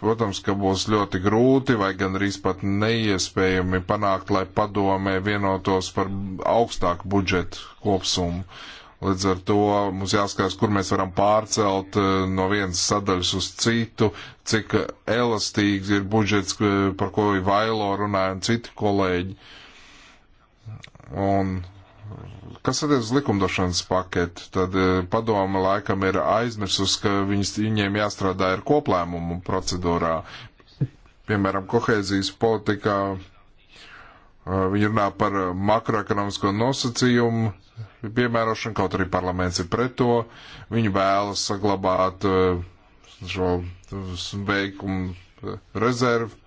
Speaker 1: Protams, ka būs ļoti grūti vai gandrīz pat neiespējami panākt, lai padomē vienotos par augstāku budžetu kopsumu. Līdz ar to mums jāskatās, kur mēs varam pārcelt eh, no vienas sadaļas uz citu, cik elastīgs ir budžets, eh, par ko Vailo runāja un citi kolēģi. Un Kas attiec uz likumdošanas paketi, tad e, padoma laikam ir aizmirsus, ka viņas, viņiem jāstrādā ir koplēmumu procedūrā. Piemēram, kohēzijas politikā e, viņi runā par makroekonomisko nosacījumu piemērošanu, kaut arī parlaments ir pret to. Viņi vēlas saglabāt e, šo veikumu rezervu.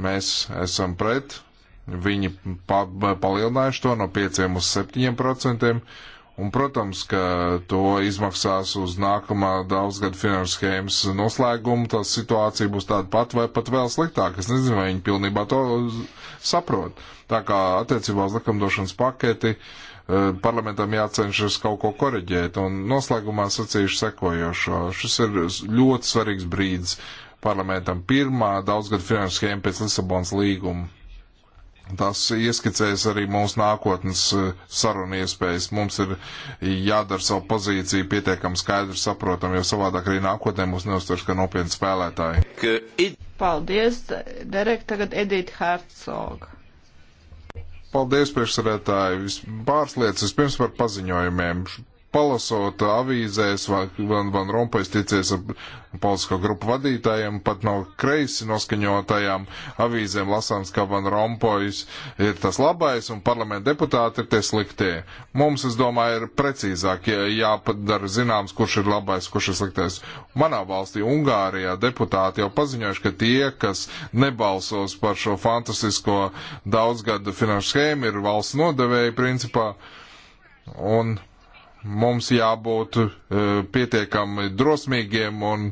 Speaker 1: Mēs esam pret Viņi pa, palielinājuši to no 5 uz 7 procentiem. Un, protams, ka to izmaksās uz nākamā daudzgada finanšu schēmas noslēgumu. Tā situācija būs tāda pat vai pat vēl sliktāka. Es nezinu, vai viņi pilnībā to saprot. Tā kā attiecībā uz likumdošanas paketi eh, parlamentam jācenšas kaut ko koreģēt. Un noslēgumā sacīšu sekojošo. Šis ir ļoti svarīgs brīdis parlamentam. Pirmā daudzgada finanšu schēma pēc Lisabonas līguma Tas ieskicēs arī mūsu nākotnes eh, sarunu iespējas. Mums ir jādara savu pozīciju pietiekami skaidri saprotam, jo savādāk arī nākotnē mūs neuztvers kā nopietni spēlētāji.
Speaker 2: Paldies, Derek, tagad Edita Hercoga.
Speaker 1: Paldies, priekšsarētāji. Pāris lietas vispirms par paziņojumiem palasot avīzēs, Van, van Rompais ticies ar politisko grupu vadītājiem, pat no kreisi noskaņotajām avīzēm lasāms, ka Van Rompais ir tas labais un parlamenta deputāti ir tie sliktie. Mums, es domāju, ir precīzāk ja jāpadara zināms, kurš ir labais, kurš ir sliktais. Manā valstī, Ungārijā, deputāti jau paziņojuši, ka tie, kas nebalsos par šo fantastisko daudzgadu finanšu schēmu, ir valsts nodevēji principā. Un mums jābūt eh, pietiekami drosmīgiem un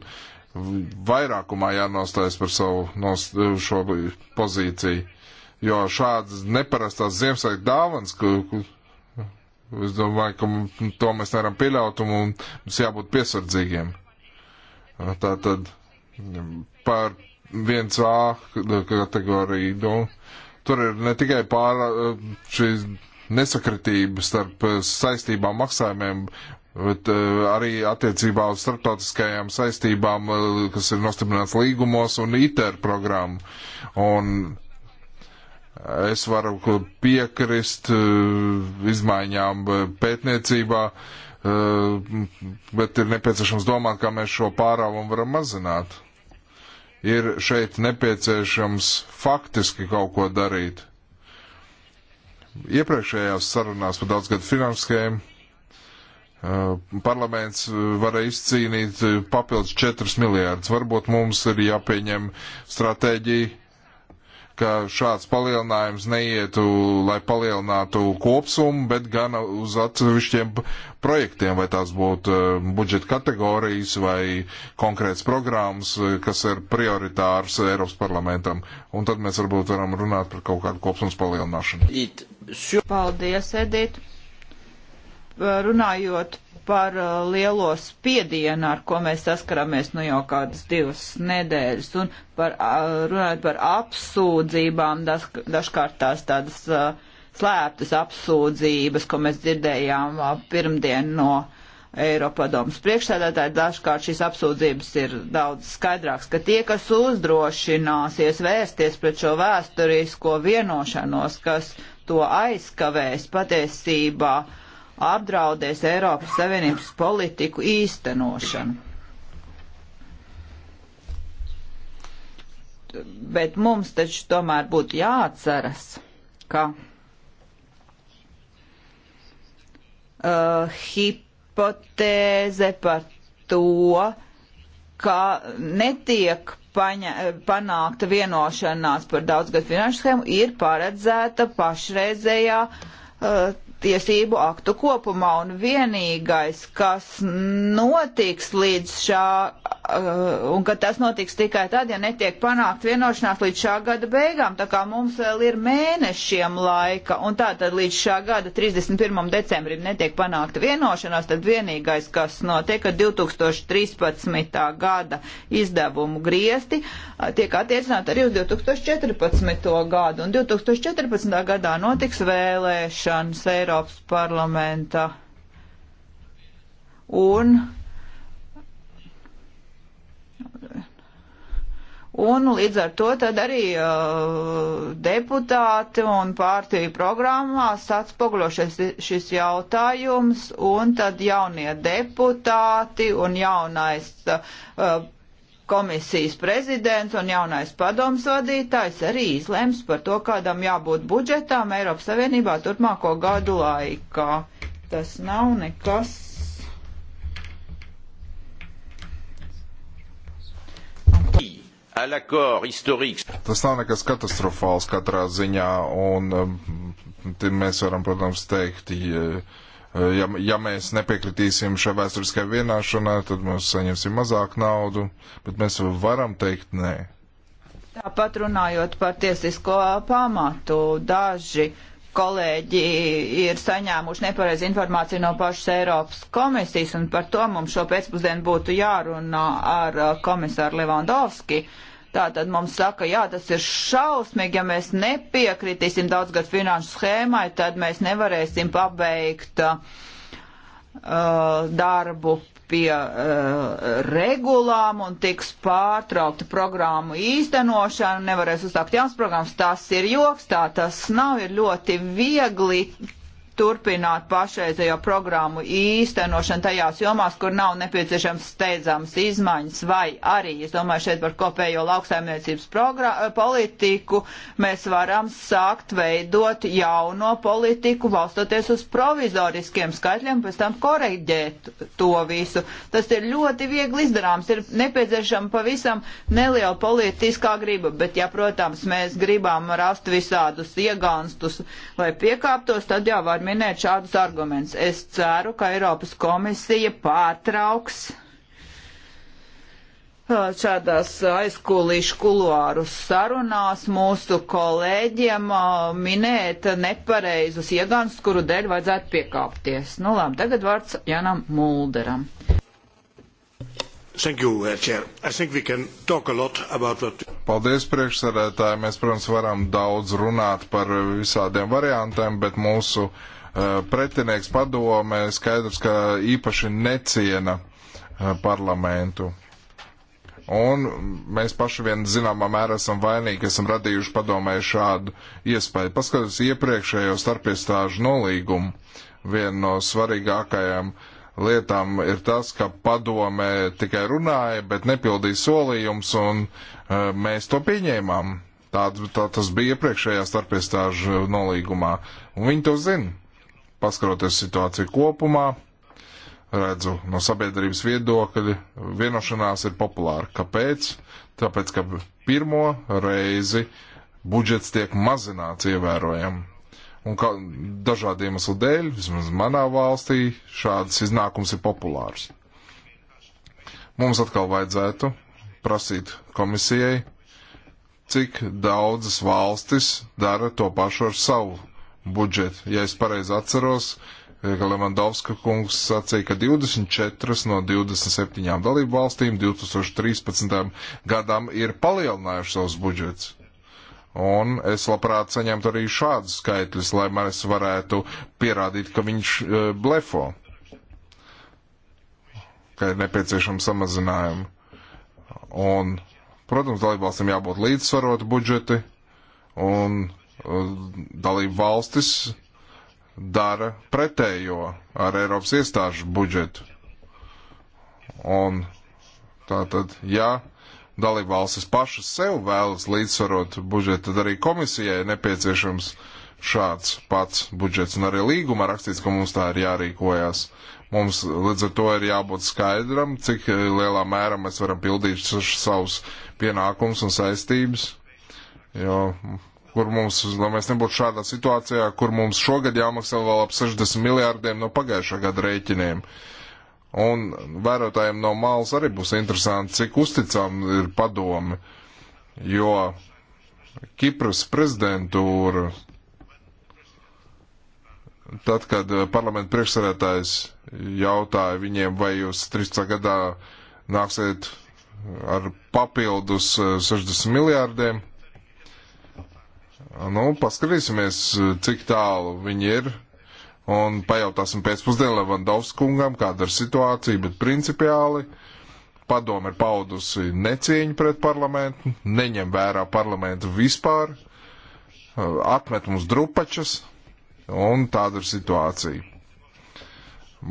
Speaker 1: vairākumā jānostājas par savu nos, eh, šo pozīciju. Jo šādas neparastās Ziemassvētku dāvans, ka, es domāju, ka to mēs nevaram pieļaut un mums jābūt piesardzīgiem. Tā tad mm, par 1A kategoriju. Nu, tur ir ne tikai pār eh, šīs nesakritība starp eh, saistībām maksājumiem, bet eh, arī attiecībā uz starptautiskajām saistībām, eh, kas ir nostiprināts līgumos un ITER programmu. Un es varu piekrist izmaiņām pētniecībā, bet ir nepieciešams domāt, kā mēs šo pārāvumu varam mazināt. Ir šeit nepieciešams faktiski kaut ko darīt iepriekšējās sarunās par daudzgadu finanšu schēmu eh, parlaments eh, varēja izcīnīt eh, papildus 4 miljārdus. Varbūt mums ir jāpieņem stratēģija ka šāds palielinājums neietu, lai palielinātu kopsumu, bet gan uz atsevišķiem projektiem, vai tās būtu eh, budžeta kategorijas vai konkrēts programmas, eh, kas ir prioritārs Eiropas parlamentam. Un tad mēs varbūt varam runāt par kaut kādu kopsums palielināšanu.
Speaker 2: Paldies, Edita! runājot par uh, lielo spiedienu, ar ko mēs saskaramies nu jau kādas divas nedēļas, un par, uh, runājot par apsūdzībām, dažkārt tās tādas uh, slēptas apsūdzības, ko mēs dzirdējām pirmdien no Eiropadomas priekšsēdētāji, dažkārt šīs apsūdzības ir daudz skaidrākas, ka tie, kas uzdrošināsies vērsties pret šo vēsturisko vienošanos, kas to aizkavēs patiesībā, uh, apdraudēs Eiropas Savienības politiku īstenošanu. Bet mums taču tomēr būtu jāatceras, ka uh, hipotēze par to, ka netiek paņa, panākta vienošanās par daudzgad finanšu schēmu, ir paredzēta pašreizējā uh, tiesību aktu kopumā, un vienīgais, kas notiks līdz šā, uh, un ka tas notiks tikai tad, ja netiek panākt vienošanās līdz šā gada beigām, tā kā mums vēl ir mēnešiem laika, un tā tad līdz šā gada 31. decembrim netiek panākta vienošanās, tad vienīgais, kas notiek, ka 2013. gada izdevumu griesti uh, tiek attiecināt arī uz 2014. gadu, un 2014. gadā notiks vēlēšanas. Eiropas parlamenta. Un, un līdz ar to tad arī uh, deputāti un pārtīvi programmās atspoguļošies šis jautājums, un tad jaunie deputāti un jaunais uh, komisijas prezidents un jaunais padoms vadītājs arī izlems par to, kādam jābūt budžetām Eiropas Savienībā turpmāko gadu laikā. Tas nav nekas.
Speaker 1: Tas nav nekas katastrofāls katrā ziņā, un mm, mēs varam, protams, teikt, ja, Eh, ja, ja mēs nepiekritīsim šai vēsturiskai vienāšanai, tad mēs saņemsim mazāk naudu, bet mēs varam teikt nē.
Speaker 2: Tāpat runājot par tiesisko pamatu, daži kolēģi ir saņēmuši nepareizi informāciju no pašas Eiropas komisijas, un par to mums šo pēcpusdienu būtu jārunā ar eh, komisāru Levandovski. Uh, Tātad mums saka, jā, tas ir šausmīgi, ja mēs nepiekritīsim daudzgad finanšu schēmai, tad mēs nevarēsim pabeigt uh, darbu pie uh, regulām un tiks pārtraukta programmu īstenošana, nevarēs uzsākt jaunas programmas. Tas ir joks, tā tas nav, ir ļoti viegli turpināt pašreizējo programmu īstenošanu tajās jomās, kur nav nepieciešams steidzams izmaiņas, vai arī, es domāju, šeit par kopējo lauksaimniecības politiku mēs varam sākt veidot jauno politiku, valstoties uz provizoriskiem skaitļiem, pēc tam koreģēt to visu. Tas ir ļoti viegli izdarāms, ir nepieciešama pavisam neliela politiskā griba, bet, ja, protams, mēs gribam rast visādus iegānstus vai piekāptos, tad jau var minēt šādus argumentus. Es ceru, ka Eiropas komisija pārtrauks uh, šādās aizkulīšu kuluāru sarunās mūsu kolēģiem uh, minēt nepareizus iegans, kuru dēļ vajadzētu piekāpties. Nu labi, tagad vārds Janam Mulderam.
Speaker 1: Thank you, uh, Chair. I think we can talk a lot about what... Paldies, priekšsarētāji. Mēs, protams, varam daudz runāt par visādiem variantiem, bet mūsu uh, Eh, pretinieks padomē skaidrs, ka īpaši neciena eh, parlamentu. Un mēs paši vien zināmā mērā esam vainīgi, esam radījuši padomē šādu iespēju. Paskatās iepriekšējo starpiestāžu nolīgumu. Viena no svarīgākajām lietām ir tas, ka padomē tikai runāja, bet nepildīja solījums, un uh, mēs to pieņēmām. Tā, tā tas bija iepriekšējā starpiestāžu nolīgumā. Un viņi to zina paskaroties situāciju kopumā, redzu no sabiedrības viedokļa, vienošanās ir populāra. Kāpēc? Tāpēc, ka pirmo reizi budžets tiek mazināts ievērojami. Un kā dažādu iemeslu dēļ, vismaz manā valstī, šāds iznākums ir populārs. Mums atkal vajadzētu prasīt komisijai, cik daudzas valstis dara to pašu ar savu budžetu. Ja es pareizi atceros, ka eh, Levandovska kungs sacīja, ka 24 no 27 dalību valstīm 2013. gadam ir palielinājuši savus budžets. Un es labprāt saņemtu arī šādus skaitļus, lai man es varētu pierādīt, ka viņš eh, blefo, ka ir nepieciešama samazinājuma. Un, protams, dalībvalstīm jābūt līdzsvarot budžeti, un dalību valstis dara pretējo ar Eiropas iestāžu budžetu. Un tātad, ja dalību valstis pašas sev vēlas līdzsvarot budžetu, tad arī komisijai nepieciešams šāds pats budžets. Un arī līguma rakstīts, ka mums tā ir jārīkojas. Mums līdz ar to ir jābūt skaidram, cik lielā mērā mēs varam pildīt savus pienākumus un saistības. Jo kur mums, lai mēs nebūtu šādā situācijā, kur mums šogad jāmaksā vēl ap 60 miljārdiem no pagājušā gada rēķiniem. Un vērotājiem no malas arī būs interesanti, cik uzticām ir padomi, jo Kipras prezidentūra, tad, kad parlamenta priekšsarētājs jautāja viņiem, vai jūs 13. gadā nāksiet ar papildus 60 eh, miljārdiem, Nu, paskatīsimies, cik tālu viņi ir. Un pajautāsim pēcpusdienu Levandovskungam, kāda ir situācija, bet principiāli padome ir paudusi necieņu pret parlamentu, neņem vērā parlamentu vispār, atmet mums drupačas, un tāda ir situācija.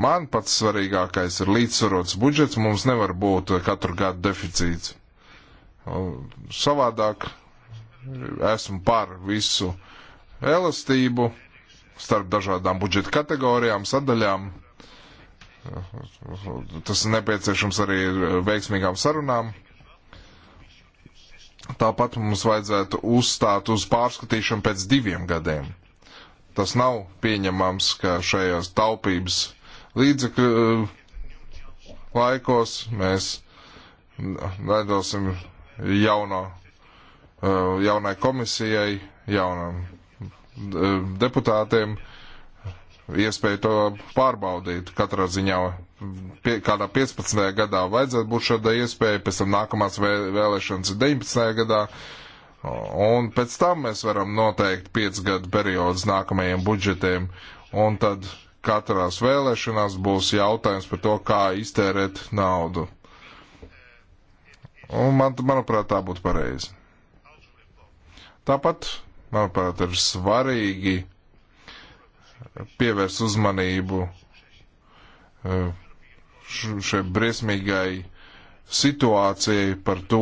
Speaker 1: Man pats svarīgākais ir līdzsvarots budžets, mums nevar būt katru gadu deficīts. Savādāk esmu par visu elastību starp dažādām budžeta kategorijām, sadaļām. Tas ir nepieciešams arī veiksmīgām sarunām. Tāpat mums vajadzētu uzstāt uz pārskatīšanu pēc diviem gadiem. Tas nav pieņemams, ka šajos taupības līdzekļu eh, laikos mēs nedosim jauno Eh, jaunai komisijai, jaunam eh, deputātiem iespēju to pārbaudīt. Katrā ziņā pie, kādā 15. gadā vajadzētu būt šāda iespēja, pēc tam nākamās vēlēšanas 19. gadā, un pēc tam mēs varam noteikt 5 gadu periodus nākamajiem budžetiem, un tad katrās vēlēšanās būs jautājums par to, kā iztērēt naudu. Un man, manuprāt, tā būtu pareizi. Tāpat, manuprāt, ir svarīgi pievērst uzmanību eh, šai briesmīgai situācijai par to,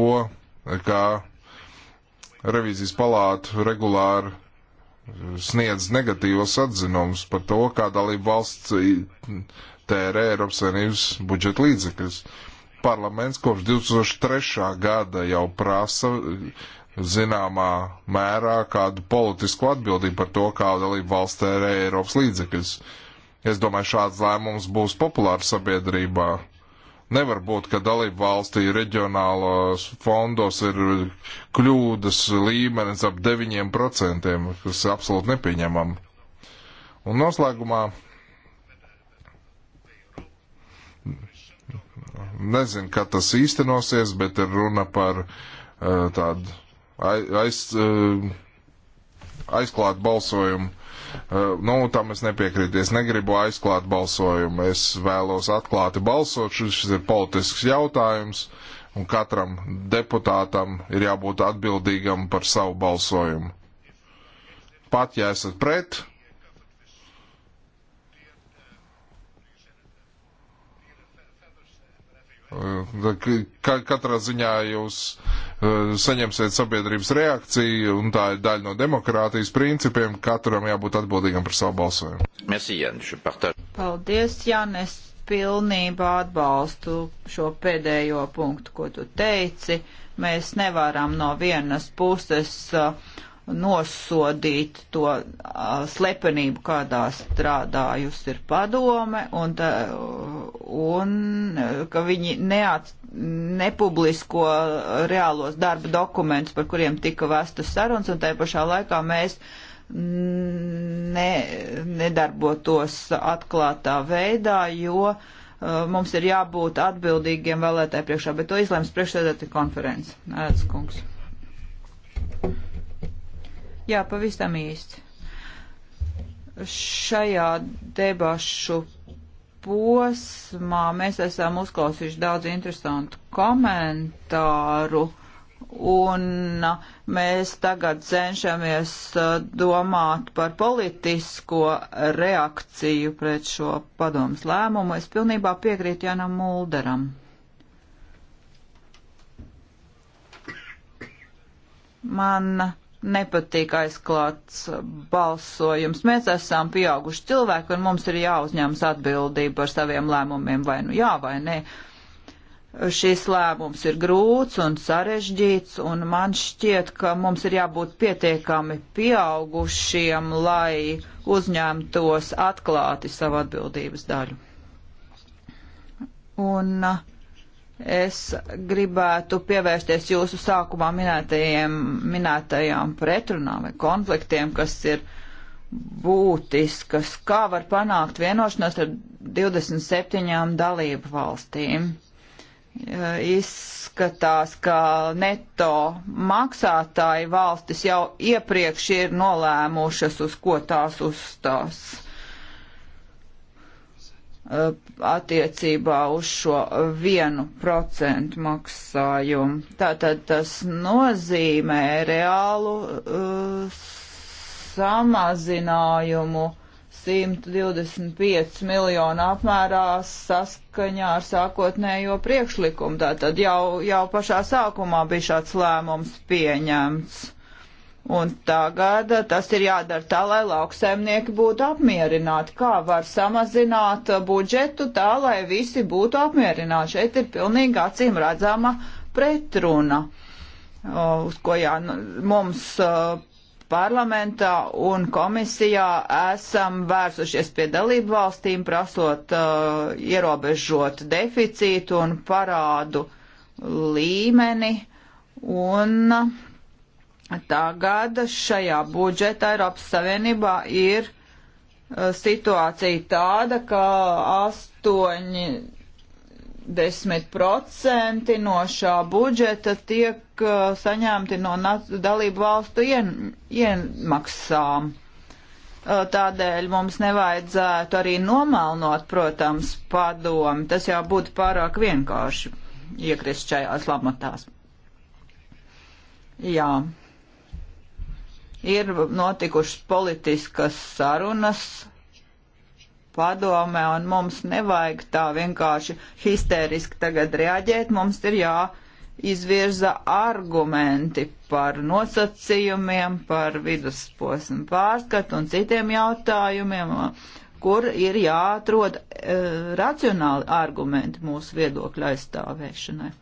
Speaker 1: kā revīzijas palāta regulāri sniedz negatīvos atzinumus par to, kā dalība valsts tērē Eiropas Savienības budžeta līdzekļus. Parlaments kopš 2003. gada jau prasa zināmā mērā kādu politisku atbildību par to, kā dalība valsts tērē Eiropas līdzekļus. Es domāju, šāds lēmums būs populārs sabiedrībā. Nevar būt, ka dalību valstī reģionālos fondos ir kļūdas līmenis ap 9%, kas ir absolūti nepieņemam. Un noslēgumā nezinu, kad tas īstenosies, bet ir runa par uh, tādu aiz, eh, aizklāt balsojumu. Eh, nu, tam es nepiekrītu. Es negribu aizklāt balsojumu. Es vēlos atklāti balsot. Šis ir politisks jautājums, un katram deputātam ir jābūt atbildīgam par savu balsojumu. Pat ja esat pret, Ka, katrā ziņā jūs e, saņemsiet sabiedrības reakciju, un tā ir daļa no demokrātijas principiem. Katram jābūt atbildīgam par savu balsojumu. Merci,
Speaker 2: Paldies, Jānis. Pilnībā atbalstu šo pēdējo punktu, ko tu teici. Mēs nevaram no vienas puses uh, nosodīt to a, slepenību, kādā strādājusi ir padome, un, tā, un ka viņi neat, nepublisko reālos darba dokumentus, par kuriem tika vestas sarunas, un tajā pašā laikā mēs ne, nedarbotos atklātā veidā, jo uh, mums ir jābūt atbildīgiem vēlētāju priekšā, bet to izlems priekšsēdētāja konferences. Nē, tas kungs. Jā, pavisam īsti. Šajā debašu posmā mēs esam uzklausījuši daudz interesantu komentāru. Un mēs tagad cenšamies uh, domāt par politisko reakciju pret šo padomus lēmumu. Es pilnībā piekrītu Janam Mulderam. Man nepatīk aizklāts balsojums. Mēs esam pieauguši cilvēki un mums ir jāuzņemas atbildība par saviem lēmumiem, vai nu jā, vai nē. Šis lēmums ir grūts un sarežģīts, un man šķiet, ka mums ir jābūt pietiekami pieaugušiem, lai uzņemtos atklāti savu atbildības daļu. Un uh, Es gribētu pievērsties jūsu sākumā minētajām pretrunām vai konfliktiem, kas ir būtiskas. Kā var panākt vienošanos ar 27 dalību valstīm? Izskatās, ka neto maksātāji valstis jau iepriekš ir nolēmušas, uz ko tās uzstās Uh, attiecībā uz šo vienu procentu maksājumu. Tātad tas nozīmē reālu uh, samazinājumu 125 miljonu apmērā saskaņā ar sākotnējo priekšlikumu. Tātad jau, jau pašā sākumā bija šāds lēmums pieņemts. Un tagad eh, tas ir jādara tā, lai lauksaimnieki būtu apmierināti. Kā var samazināt eh, budžetu tā, lai visi būtu apmierināti? Šeit ir pilnīgi acīm redzama pretruna, eh, uz ko jā, nu, mums parlamentā un komisijā esam vērsušies pie dalību valstīm, prasot uh, ierobežot deficītu un parādu līmeni. Un, uh, Tagad šajā budžetā Eiropas Savienībā ir uh, situācija tāda, ka 80% no šā budžeta tiek uh, saņemti no dalību valstu ien iemaksām. Uh, tādēļ mums nevajadzētu arī nomalnot, protams, padomu. Tas jau būtu pārāk vienkārši iekrist šajās lamatās. Jā. Ir notikušas politiskas sarunas padomē, un mums nevajag tā vienkārši histēriski tagad reaģēt. Mums ir jāizvirza argumenti par nosacījumiem, par vidusposmu pārskatu un citiem jautājumiem, kur ir jāatrod e, racionāli argumenti mūsu viedokļa aizstāvēšanai.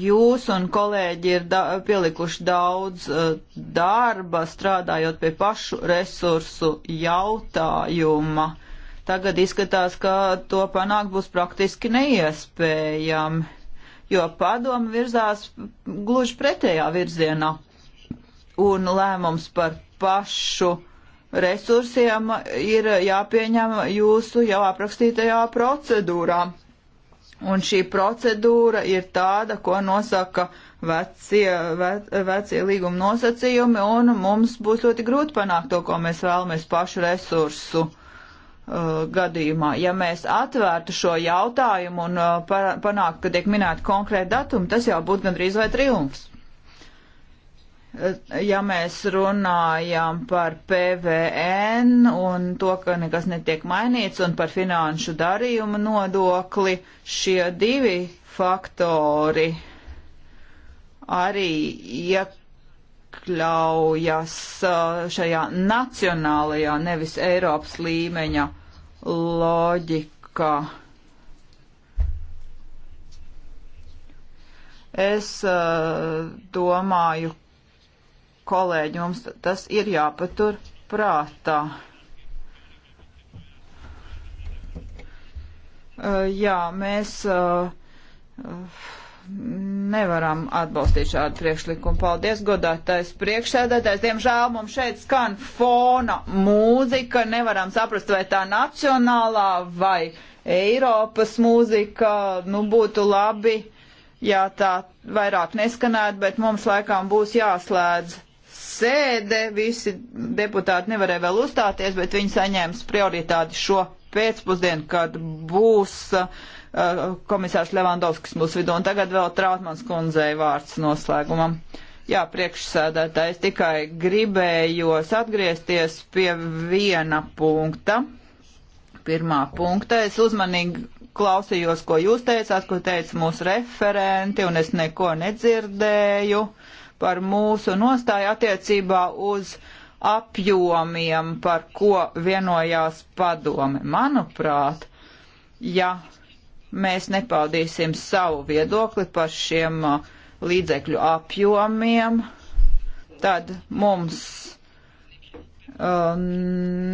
Speaker 2: Jūs un kolēģi ir da pielikuši daudz eh, darba, strādājot pie pašu resursu jautājuma. Tagad izskatās, ka to panākt būs praktiski neiespējami, jo padoma virzās gluži pretējā virzienā. Un lēmums par pašu resursiem ir jāpieņem jūsu jau aprakstītajā procedūrā Un šī procedūra ir tāda, ko nosaka vecie, ve, vecie līguma nosacījumi, un mums būs ļoti grūti panākt to, ko mēs vēlamies pašu resursu uh, gadījumā. Ja mēs atvērtu šo jautājumu un uh, panāktu, ka tiek minēta konkrēta datuma, tas jau būtu gandrīz vai triumfs ja mēs runājam par PVN un to, ka nekas netiek mainīts un par finanšu darījumu nodokli, šie divi faktori arī iekļaujas uh, šajā nacionālajā, nevis Eiropas līmeņa loģikā. Es uh, domāju, kolēģi, mums tas ir jāpatur prātā. Uh, jā, mēs uh, uh, nevaram atbalstīt šādu priekšlikumu. Paldies, godātais priekšsēdētājs. Diemžēl mums šeit skan fona mūzika. Nevaram saprast, vai tā nacionālā vai Eiropas mūzika. Nu, būtu labi, ja tā vairāk neskanētu, bet mums laikām būs jāslēdz sēde, visi deputāti nevarēja vēl uzstāties, bet viņi saņēma prioritāti šo pēcpusdienu, kad būs uh, komisārs Levandovskis mūsu vidū. Un tagad vēl Trautmans kundzei vārds noslēgumam. Jā, priekšsēdētājs tikai gribējos atgriezties pie viena punkta. Pirmā punkta. Es uzmanīgi klausījos, ko jūs teicāt, ko teica mūsu referenti, un es neko nedzirdēju. Uh, par mūsu nostāju attiecībā uz apjomiem, par ko vienojās padome. Manuprāt, ja mēs nepaudīsim savu viedokli par šiem uh, līdzekļu apjomiem, tad mums Um,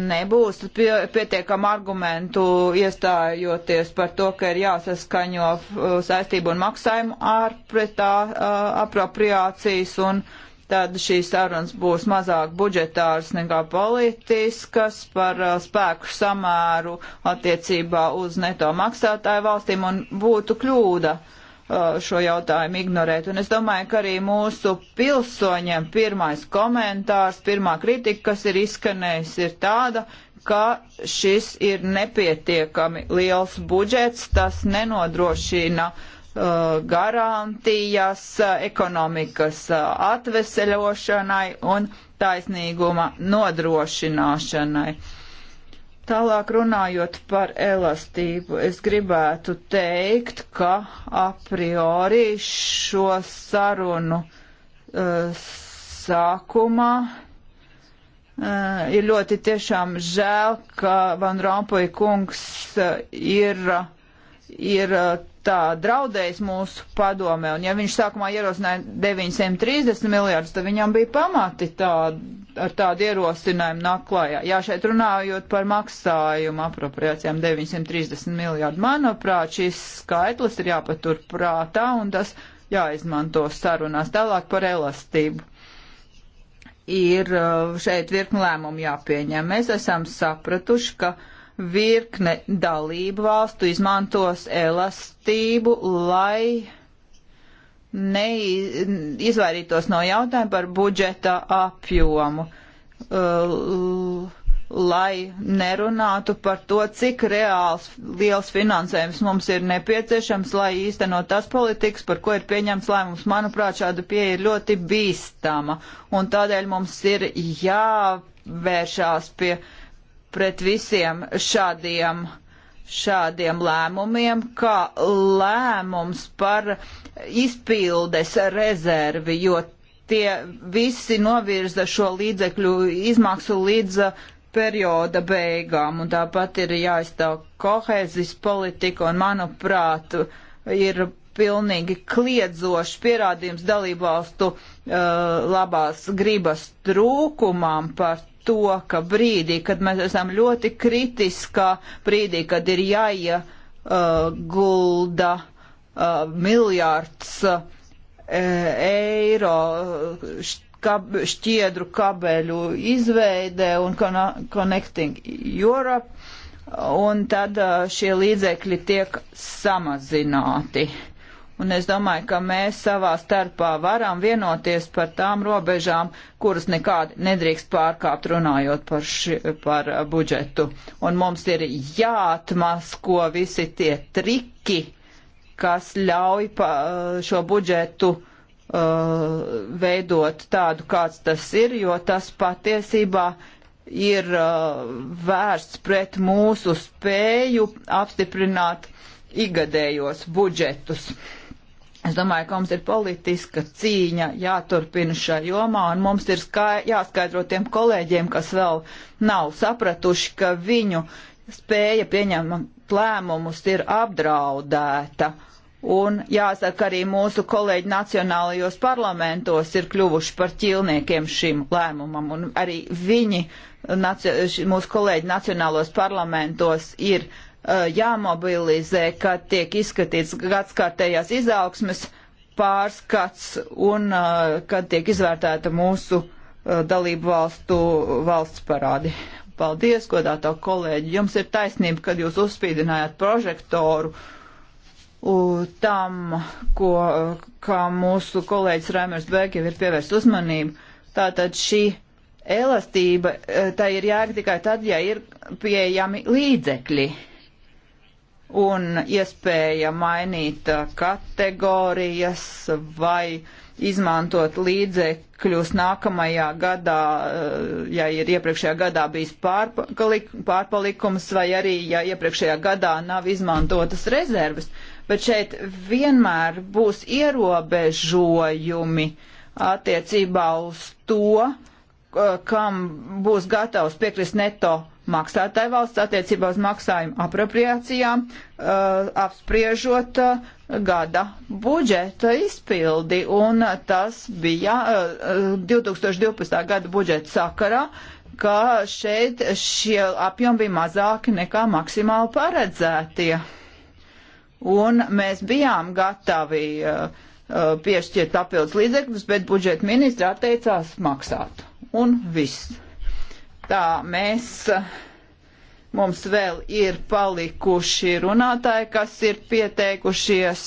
Speaker 2: nebūs pietiekam argumentu iestājoties par to, ka ir jāsaskaņo uh, saistību un maksājumu ārpretā uh, apropriācijas un tad šīs sarunas būs mazāk budžetāras nekā politiskas par uh, spēku samēru attiecībā uz neto maksātāju valstīm un būtu kļūda. Uh, Uh, šo jautājumu ignorēt. Un es domāju, ka arī mūsu pilsoņiem pirmais komentārs, pirmā kritika, kas ir izskanējusi, ir tāda, ka šis ir nepietiekami liels budžets, tas nenodrošina uh, garantijas uh, ekonomikas atveseļošanai un taisnīguma nodrošināšanai. Tālāk runājot par elastību, es gribētu teikt, ka a priori šo sarunu uh, sākumā Uh, ir ļoti tiešām žēl, ka Van Rompuy kungs eh, ir, ir tā draudējis mūsu padomē, un ja viņš sākumā ierosināja 930 miljardus, tad viņam bija pamati tā, ar tādu ierosinājumu naklājā. Jā, šeit runājot par maksājumu apropriācijām 930 miljardu, manuprāt, šis skaitlis ir jāpatur prātā, un tas jāizmanto sarunās tālāk par elastību ir uh, šeit virkni lēmumi jāpieņem. Mēs esam sapratuši, ka virkne dalību valstu izmantos elastību, lai neizvairītos no jautājuma par budžeta apjomu, uh, lai nerunātu par to, cik reāls liels finansējums mums ir nepieciešams, lai īstenot tas politikas, par ko ir pieņemts lēmums. Manuprāt, šāda pieeja ir ļoti bīstama, un tādēļ mums ir jāvēršās pie uh, pret visiem šādiem, šādiem lēmumiem, kā lēmums par izpildes rezervi, jo tie visi novirza šo līdzekļu izmaksu līdz perioda beigām, un tāpat ir jāizstāv kohēzijas politika, un manuprāt, ir pilnīgi kliedzošs pierādījums dalībvalstu uh, labās gribas trūkumam par to, ka brīdī, kad mēs esam ļoti kritiskā brīdī, kad ir jāiegulda uh, uh, miljārds uh, eiro uh, kab šķiedru kabeļu izveidē un Connecting Europe, un tad uh, šie līdzekļi tiek samazināti. Uh, un es domāju, ka mēs savā starpā varam vienoties par tām robežām, kuras nekādi nedrīkst pārkāpt runājot par, ši, par uh, budžetu. Un mums ir jāatmasko visi tie triki, kas ļauj pa, uh, šo budžetu uh, veidot tādu, kāds tas ir, jo tas patiesībā ir uh, vērsts pret mūsu spēju apstiprināt igadējos budžetus. Es domāju, ka mums ir politiska cīņa jāturpina šajā jomā, un mums ir skai, jāskaidro tiem kolēģiem, kas vēl nav sapratuši, ka viņu spēja pieņemt lēmumus ir apdraudēta. Un jāsaka, arī mūsu kolēģi nacionālajos parlamentos ir kļuvuši par ķilniekiem šim lēmumam, un arī viņi, mūsu kolēģi nacionālos parlamentos, ir uh, Eh, jāmobilizē, kad tiek izskatīts gadskārtējās izaugsmes pārskats un eh, kad tiek izvērtēta mūsu eh, dalību valstu valsts parādi. Paldies, godāto kolēģi. Jums ir taisnība, kad jūs uzspīdinājāt prožektoru tam, ko, kā mūsu kolēģis Rēmers Bēg jau ir pievērst uzmanību. Tātad šī elastība, tā ir jāga tikai tad, ja ir pieejami līdzekļi un iespēja mainīt kategorijas vai izmantot līdzekļus nākamajā gadā, eh, ja ir iepriekšējā gadā bijis pārpalikums vai arī, ja iepriekšējā gadā nav izmantotas rezerves. Bet šeit vienmēr būs ierobežojumi attiecībā uz to, eh, kam būs gatavs piekrist neto maksātāju valsts attiecībā uz maksājumu apropriācijām, uh, apspriežot uh, gada budžeta izpildi, un uh, tas bija 2012. Uh, gada budžeta sakarā, ka šeit šie apjomi bija mazāki nekā maksimāli paredzētie. Un mēs bijām gatavi uh, uh, piešķirt papildus līdzekļus, bet budžeta ministra atteicās maksāt. Un viss. Tā mēs, mums vēl ir palikuši runātāji, kas ir pieteikušies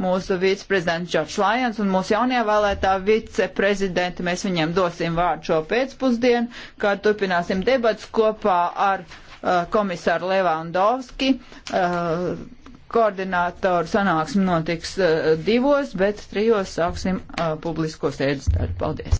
Speaker 2: mūsu viceprezidents Džordžs Lajons un mūsu jaunievēlētā viceprezidenta. Mēs viņiem dosim vārdu šo pēcpusdienu, kad turpināsim debats kopā ar uh, komisāru Levandovski. Uh, koordinātoru sanāksme notiks uh, divos, bet trijos sāksim uh, publisko sēdes darbu. Paldies!